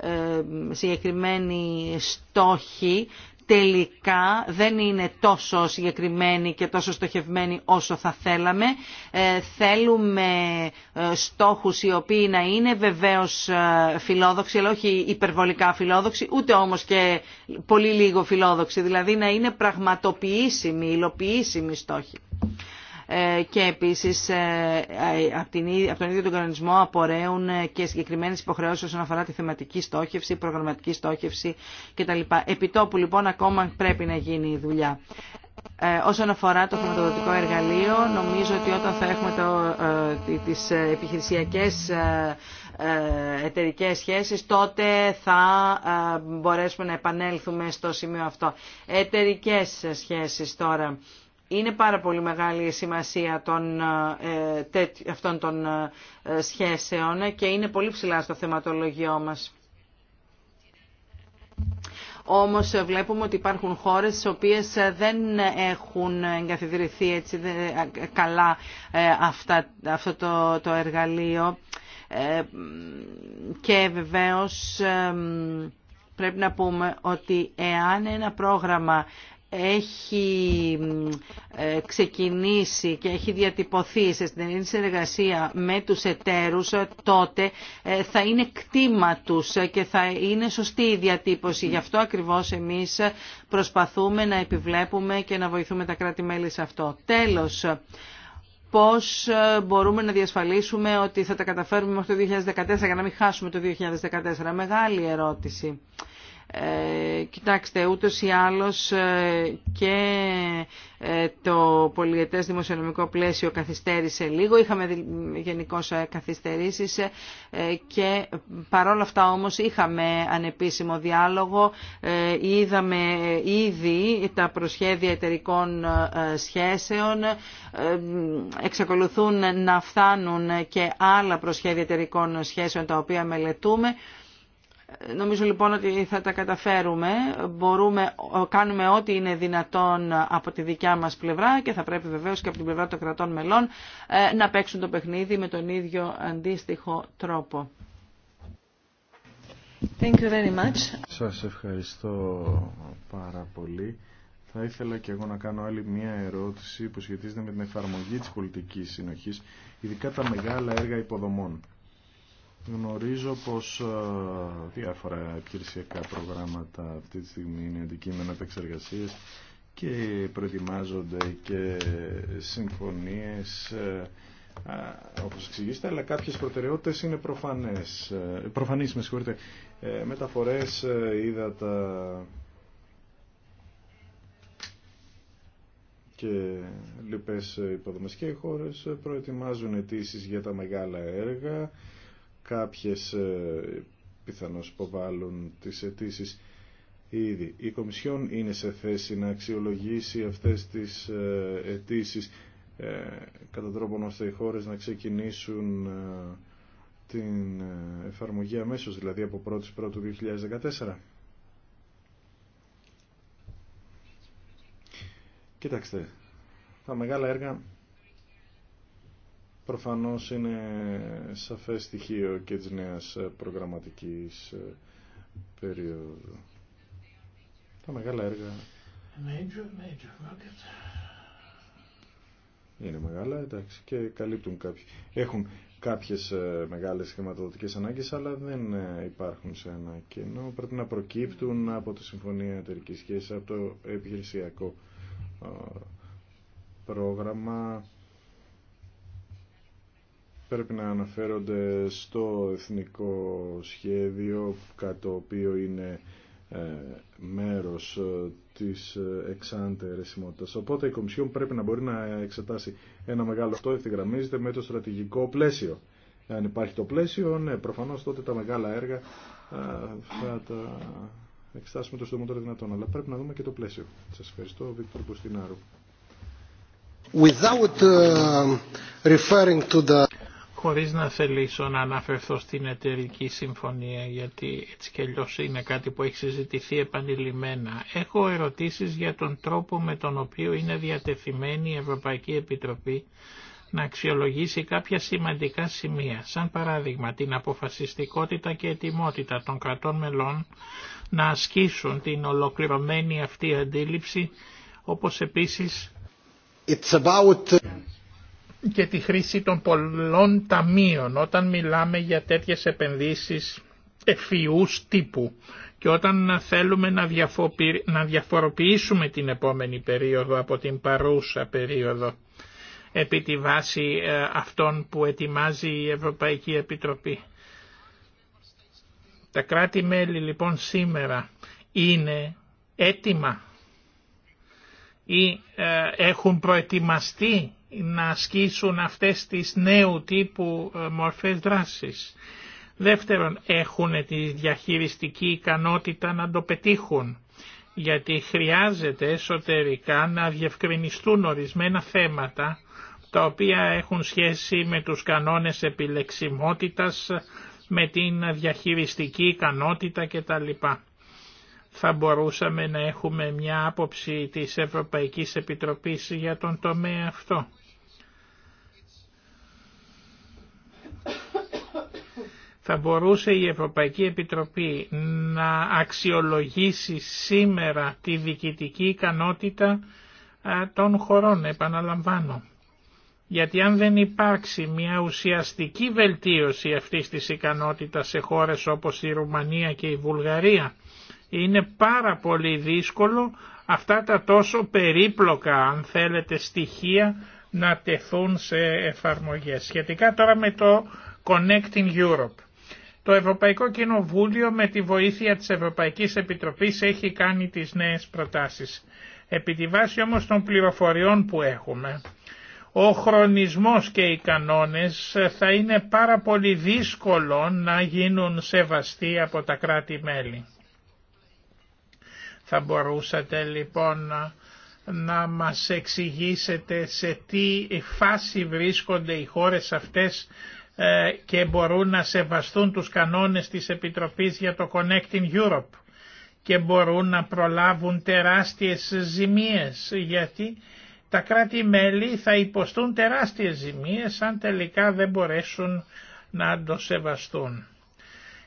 ε, συγκεκριμένοι στόχοι τελικά δεν είναι τόσο συγκεκριμένη και τόσο στοχευμένη όσο θα θέλαμε. Ε, θέλουμε ε, στόχους οι οποίοι να είναι βεβαίως ε, φιλόδοξοι, αλλά όχι υπερβολικά φιλόδοξοι, ούτε όμως και πολύ λίγο φιλόδοξοι, δηλαδή να είναι πραγματοποιήσιμοι, υλοποιήσιμοι στόχοι. Ε, και επίσης ε, ε, από τον ίδιο τον κανονισμό απορρέουν και συγκεκριμένες υποχρεώσεις όσον αφορά τη θεματική στόχευση, προγραμματική στόχευση κτλ. Επιτόπου λοιπόν ακόμα πρέπει να γίνει η δουλειά. Όσον αφορά το χρηματοδοτικό εργαλείο, νομίζω ότι όταν θα έχουμε το, τις επιχειρησιακές εταιρικέ σχέσεις, τότε θα μπορέσουμε να επανέλθουμε στο σημείο αυτό. Εταιρικέ σχέσεις τώρα. Είναι πάρα πολύ μεγάλη η σημασία των, ε, αυτών των ε, σχέσεων και είναι πολύ ψηλά στο θεματολογιό μας. Όμως ε, βλέπουμε ότι υπάρχουν χώρες στις οποίες δεν έχουν εγκαθιδρυθεί έτσι καλά αυτά, αυτό το, το εργαλείο και βεβαίως πρέπει να πούμε ότι εάν ένα πρόγραμμα έχει ε, ξεκινήσει και έχει διατυπωθεί σε στενή συνεργασία με τους εταίρους, ε, τότε ε, θα είναι κτήμα τους και θα είναι σωστή η διατύπωση. Γι' αυτό ακριβώς εμείς προσπαθούμε να επιβλέπουμε και να βοηθούμε τα κράτη-μέλη σε αυτό. Τέλος, πώς μπορούμε να διασφαλίσουμε ότι θα τα καταφέρουμε μέχρι το 2014 για να μην χάσουμε το 2014. Μεγάλη ερώτηση. Ε, κοιτάξτε, ούτως ή άλλως ε, και ε, το πολιετές δημοσιονομικό πλαίσιο καθυστέρησε λίγο. Είχαμε γενικώ καθυστερήσεις και παρόλα αυτά όμως είχαμε ανεπίσημο διάλογο. Είδαμε ήδη τα προσχέδια εταιρικών σχέσεων. Εξακολουθούν να φτάνουν και άλλα προσχέδια εταιρικών σχέσεων τα οποία μελετούμε. Νομίζω λοιπόν ότι θα τα καταφέρουμε, Μπορούμε, κάνουμε ό,τι είναι δυνατόν από τη δικιά μας πλευρά και θα πρέπει βεβαίως και από την πλευρά των κρατών μελών ε, να παίξουν το παιχνίδι με τον ίδιο αντίστοιχο τρόπο. Thank Σας ευχαριστώ πάρα πολύ. Θα ήθελα και εγώ να κάνω άλλη μια ερώτηση που σχετίζεται με την εφαρμογή της πολιτικής συνοχής, ειδικά τα μεγάλα έργα υποδομών. Γνωρίζω πως ε, διάφορα επιχειρησιακά προγράμματα αυτή τη στιγμή είναι αντικείμενα επεξεργασία και προετοιμάζονται και συμφωνίες ε, όπως εξηγήσετε, αλλά κάποιες προτεραιότητες είναι προφανές. Ε, προφανείς, με συγχωρείτε. Μεταφορές, είδα τα... και λοιπές υποδομές και οι χώρες προετοιμάζουν αιτήσει για τα μεγάλα έργα κάποιες ε, πιθανώς υποβάλλουν τις αιτήσει ήδη. Η Κομισιόν είναι σε θέση να αξιολογήσει αυτές τις ε, αιτήσει ε, κατά τρόπον ώστε οι χώρες να ξεκινήσουν την εφαρμογή αμέσως, δηλαδή από 1η Πρώτου 2014. Κοιτάξτε, τα μεγάλα έργα προφανώς είναι σαφές στοιχείο και της νέας προγραμματικής ε, περίοδου. Τα μεγάλα έργα... Major, major Είναι μεγάλα, εντάξει, και καλύπτουν κάποιοι. Έχουν κάποιες ε, μεγάλες χρηματοδοτικές ανάγκες, αλλά δεν ε, υπάρχουν σε ένα κενό. Πρέπει να προκύπτουν από τη Συμφωνία Εταιρικής Σχέσης, από το επιχειρησιακό πρόγραμμα πρέπει να αναφέρονται στο εθνικό σχέδιο κατά το οποίο είναι ε, μέρος ε, της ε, εξάντε ρεσιμότητας. Οπότε η Κομισιόν πρέπει να μπορεί να εξετάσει ένα μεγάλο αυτό ευθυγραμμίζεται με το στρατηγικό πλαίσιο. Αν υπάρχει το πλαίσιο, ναι, προφανώς τότε τα μεγάλα έργα θα τα εξετάσουμε το συντομότερο δυνατόν. Αλλά πρέπει να δούμε και το πλαίσιο. Σας ευχαριστώ, Βίκτορ Μποστινάρου. Without referring to the χωρίς να θελήσω να αναφερθώ στην εταιρική συμφωνία, γιατί έτσι και αλλιώς είναι κάτι που έχει συζητηθεί επανειλημμένα. Έχω ερωτήσεις για τον τρόπο με τον οποίο είναι διατεθειμένη η Ευρωπαϊκή Επιτροπή να αξιολογήσει κάποια σημαντικά σημεία, σαν παράδειγμα την αποφασιστικότητα και ετοιμότητα των κρατών μελών να ασκήσουν την ολοκληρωμένη αυτή αντίληψη, όπως επίσης It's about και τη χρήση των πολλών ταμείων όταν μιλάμε για τέτοιες επενδύσεις εφιούς τύπου και όταν θέλουμε να, να διαφοροποιήσουμε την επόμενη περίοδο από την παρούσα περίοδο επί τη βάση ε, αυτών που ετοιμάζει η Ευρωπαϊκή Επιτροπή. Τα κράτη-μέλη λοιπόν σήμερα είναι έτοιμα ή ε, έχουν προετοιμαστεί να ασκήσουν αυτές τις νέου τύπου ε, μορφές δράσης. Δεύτερον, έχουν τη διαχειριστική ικανότητα να το πετύχουν, γιατί χρειάζεται εσωτερικά να διευκρινιστούν ορισμένα θέματα, τα οποία έχουν σχέση με τους κανόνες επιλεξιμότητας, με την διαχειριστική ικανότητα κτλ. Θα μπορούσαμε να έχουμε μια άποψη της Ευρωπαϊκής Επιτροπής για τον τομέα αυτό. θα μπορούσε η Ευρωπαϊκή Επιτροπή να αξιολογήσει σήμερα τη διοικητική ικανότητα των χωρών, επαναλαμβάνω. Γιατί αν δεν υπάρξει μια ουσιαστική βελτίωση αυτής της ικανότητας σε χώρες όπως η Ρουμανία και η Βουλγαρία, είναι πάρα πολύ δύσκολο αυτά τα τόσο περίπλοκα, αν θέλετε, στοιχεία να τεθούν σε εφαρμογές. Σχετικά τώρα με το Connecting Europe. Το Ευρωπαϊκό Κοινοβούλιο με τη βοήθεια της Ευρωπαϊκής Επιτροπής έχει κάνει τις νέες προτάσεις. Επί τη βάση όμως των πληροφοριών που έχουμε, ο χρονισμός και οι κανόνες θα είναι πάρα πολύ δύσκολο να γίνουν σεβαστοί από τα κράτη-μέλη. Θα μπορούσατε λοιπόν να μας εξηγήσετε σε τι φάση βρίσκονται οι χώρες αυτές ε, και μπορούν να σεβαστούν τους κανόνες της Επιτροπής για το Connecting Europe και μπορούν να προλάβουν τεράστιες ζημίες γιατί τα κράτη-μέλη θα υποστούν τεράστιες ζημίες αν τελικά δεν μπορέσουν να το σεβαστούν.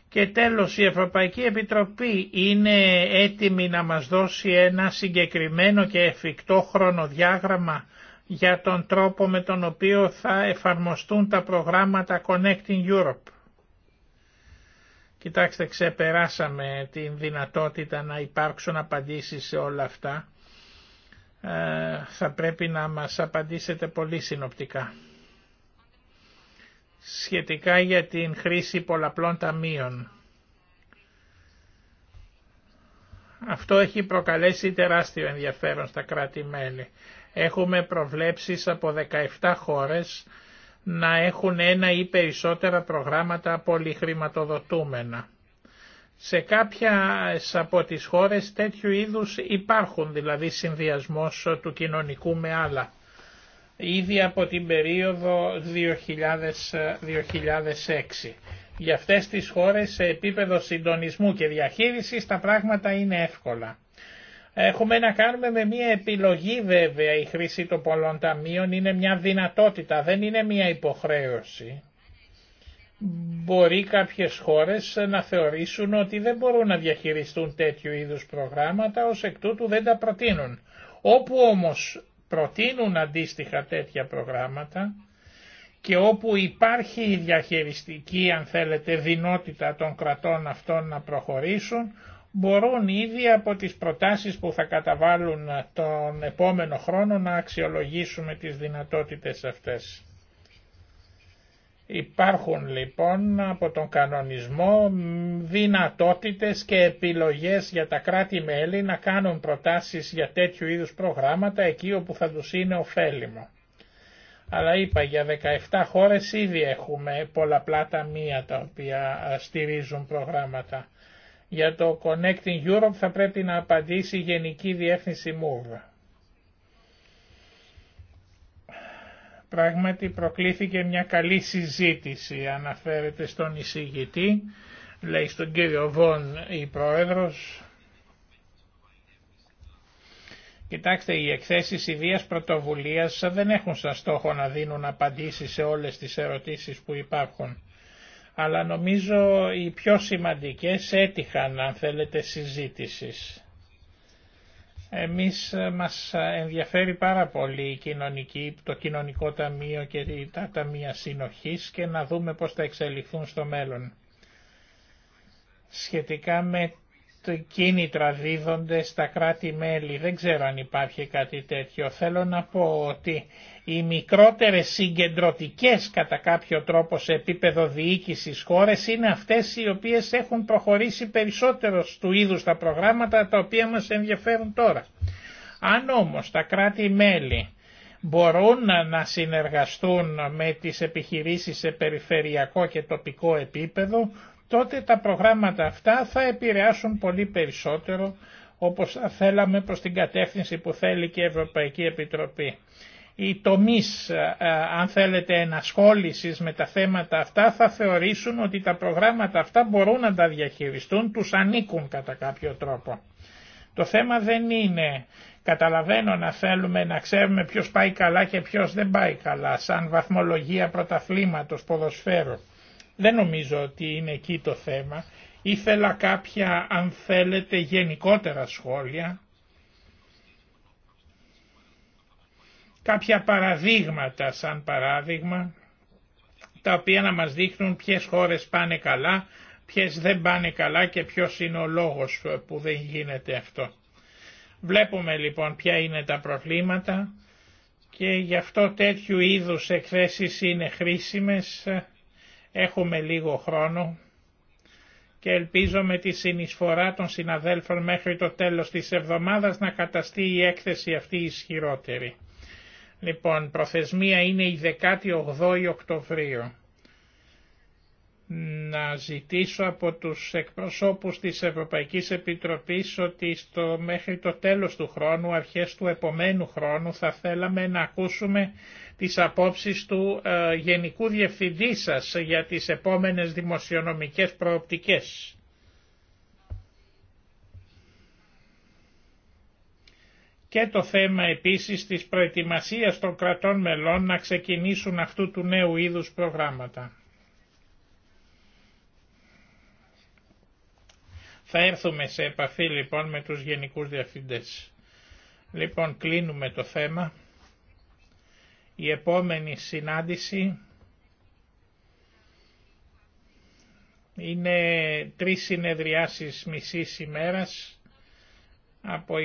Και τέλος η Ευρωπαϊκή Επιτροπή είναι έτοιμη να μας δώσει ένα συγκεκριμένο και εφικτό χρονοδιάγραμμα για τον τρόπο με τον οποίο θα εφαρμοστούν τα προγράμματα Connecting Europe. Κοιτάξτε, ξεπεράσαμε την δυνατότητα να υπάρξουν απαντήσεις σε όλα αυτά. Ε, θα πρέπει να μας απαντήσετε πολύ συνοπτικά. Σχετικά για την χρήση πολλαπλών ταμείων. Αυτό έχει προκαλέσει τεράστιο ενδιαφέρον στα κράτη-μέλη. Έχουμε προβλέψεις από 17 χώρες να έχουν ένα ή περισσότερα προγράμματα πολυχρηματοδοτούμενα. Σε κάποια από τις χώρες τέτοιου είδους υπάρχουν δηλαδή συνδυασμός του κοινωνικού με άλλα. Ήδη από την περίοδο 2006. Για αυτές τις χώρες σε επίπεδο συντονισμού και διαχείρισης τα πράγματα είναι εύκολα. Έχουμε να κάνουμε με μια επιλογή βέβαια, η χρήση των πολλών ταμείων είναι μια δυνατότητα, δεν είναι μια υποχρέωση. Μπορεί κάποιες χώρες να θεωρήσουν ότι δεν μπορούν να διαχειριστούν τέτοιου είδους προγράμματα, ως εκ τούτου δεν τα προτείνουν. Όπου όμως προτείνουν αντίστοιχα τέτοια προγράμματα και όπου υπάρχει η διαχειριστική, αν θέλετε, δυνότητα των κρατών αυτών να προχωρήσουν, μπορούν ήδη από τις προτάσεις που θα καταβάλουν τον επόμενο χρόνο να αξιολογήσουμε τις δυνατότητες αυτές. Υπάρχουν λοιπόν από τον κανονισμό δυνατότητες και επιλογές για τα κράτη-μέλη να κάνουν προτάσεις για τέτοιου είδους προγράμματα εκεί όπου θα τους είναι ωφέλιμο. Αλλά είπα για 17 χώρες ήδη έχουμε πολλαπλά ταμεία τα οποία ε, στηρίζουν προγράμματα. Για το Connecting Europe θα πρέπει να απαντήσει η Γενική Διεύθυνση MOVE. Πράγματι προκλήθηκε μια καλή συζήτηση, αναφέρεται στον εισηγητή, λέει στον κύριο Βον η Πρόεδρος. Κοιτάξτε, οι εκθέσει ιδίας πρωτοβουλίας δεν έχουν σαν στόχο να δίνουν απαντήσεις σε όλες τις ερωτήσεις που υπάρχουν αλλά νομίζω οι πιο σημαντικές έτυχαν αν θέλετε συζήτησης. Εμείς ε, μας ενδιαφέρει πάρα πολύ η κοινωνική, το κοινωνικό ταμείο και τα ταμεία συνοχής και να δούμε πώς θα εξελιχθούν στο μέλλον. Σχετικά με κίνητρα δίδονται στα κράτη-μέλη. Δεν ξέρω αν υπάρχει κάτι τέτοιο. Θέλω να πω ότι οι μικρότερες συγκεντρωτικές κατά κάποιο τρόπο σε επίπεδο διοίκησης χώρες είναι αυτές οι οποίες έχουν προχωρήσει περισσότερο του είδους τα προγράμματα τα οποία μας ενδιαφέρουν τώρα. Αν όμως τα κράτη-μέλη μπορούν να συνεργαστούν με τις επιχειρήσεις σε περιφερειακό και τοπικό επίπεδο, τότε τα προγράμματα αυτά θα επηρεάσουν πολύ περισσότερο όπως θα θέλαμε προς την κατεύθυνση που θέλει και η Ευρωπαϊκή Επιτροπή. Οι τομεί, ε, ε, αν θέλετε, ενασχόληση με τα θέματα αυτά θα θεωρήσουν ότι τα προγράμματα αυτά μπορούν να τα διαχειριστούν, τους ανήκουν κατά κάποιο τρόπο. Το θέμα δεν είναι, καταλαβαίνω να θέλουμε να ξέρουμε ποιος πάει καλά και ποιος δεν πάει καλά, σαν βαθμολογία πρωταθλήματος ποδοσφαίρου δεν νομίζω ότι είναι εκεί το θέμα. Ήθελα κάποια, αν θέλετε, γενικότερα σχόλια. Κάποια παραδείγματα, σαν παράδειγμα, τα οποία να μας δείχνουν ποιες χώρες πάνε καλά, ποιες δεν πάνε καλά και ποιος είναι ο λόγος που δεν γίνεται αυτό. Βλέπουμε λοιπόν ποια είναι τα προβλήματα και γι' αυτό τέτοιου είδους εκθέσεις είναι χρήσιμες Έχουμε λίγο χρόνο και ελπίζω με τη συνεισφορά των συναδέλφων μέχρι το τέλος της εβδομάδας να καταστεί η έκθεση αυτή ισχυρότερη. Λοιπόν, προθεσμία είναι η 18η Οκτωβρίου να ζητήσω από τους εκπροσώπους της Ευρωπαϊκής Επιτροπής ότι στο, μέχρι το τέλος του χρόνου, αρχές του επομένου χρόνου, θα θέλαμε να ακούσουμε τις απόψεις του ε, Γενικού Διευθυντή σας για τις επόμενες δημοσιονομικές προοπτικές. Και το θέμα επίσης της προετοιμασίας των κρατών μελών να ξεκινήσουν αυτού του νέου είδους προγράμματα. Θα έρθουμε σε επαφή λοιπόν με τους γενικούς διευθυντές. Λοιπόν κλείνουμε το θέμα. Η επόμενη συνάντηση είναι τρεις συνεδριάσεις μισής ημέρας από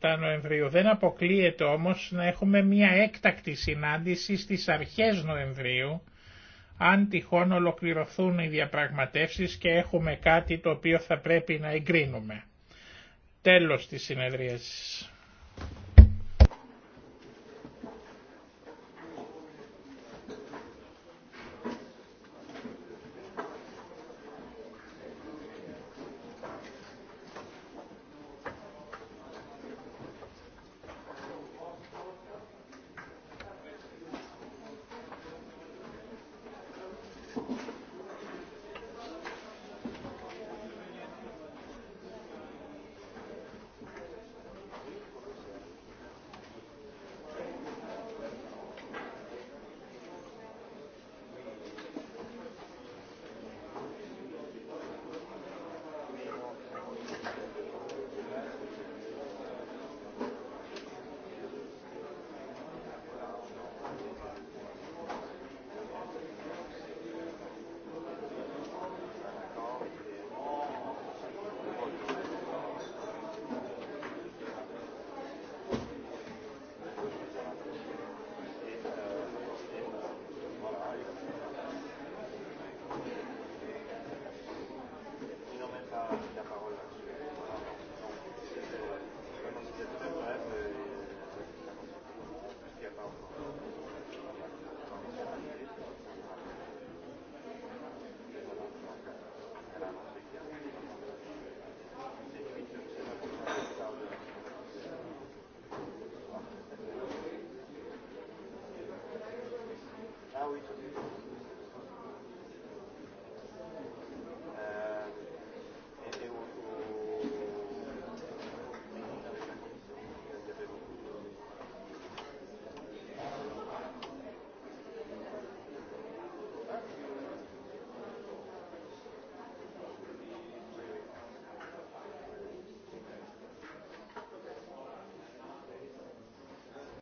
27 Νοεμβρίου. Δεν αποκλείεται όμως να έχουμε μια έκτακτη συνάντηση στις αρχές Νοεμβρίου αν τυχόν ολοκληρωθούν οι διαπραγματεύσεις και έχουμε κάτι το οποίο θα πρέπει να εγκρίνουμε. Τέλος της συνεδρίασης.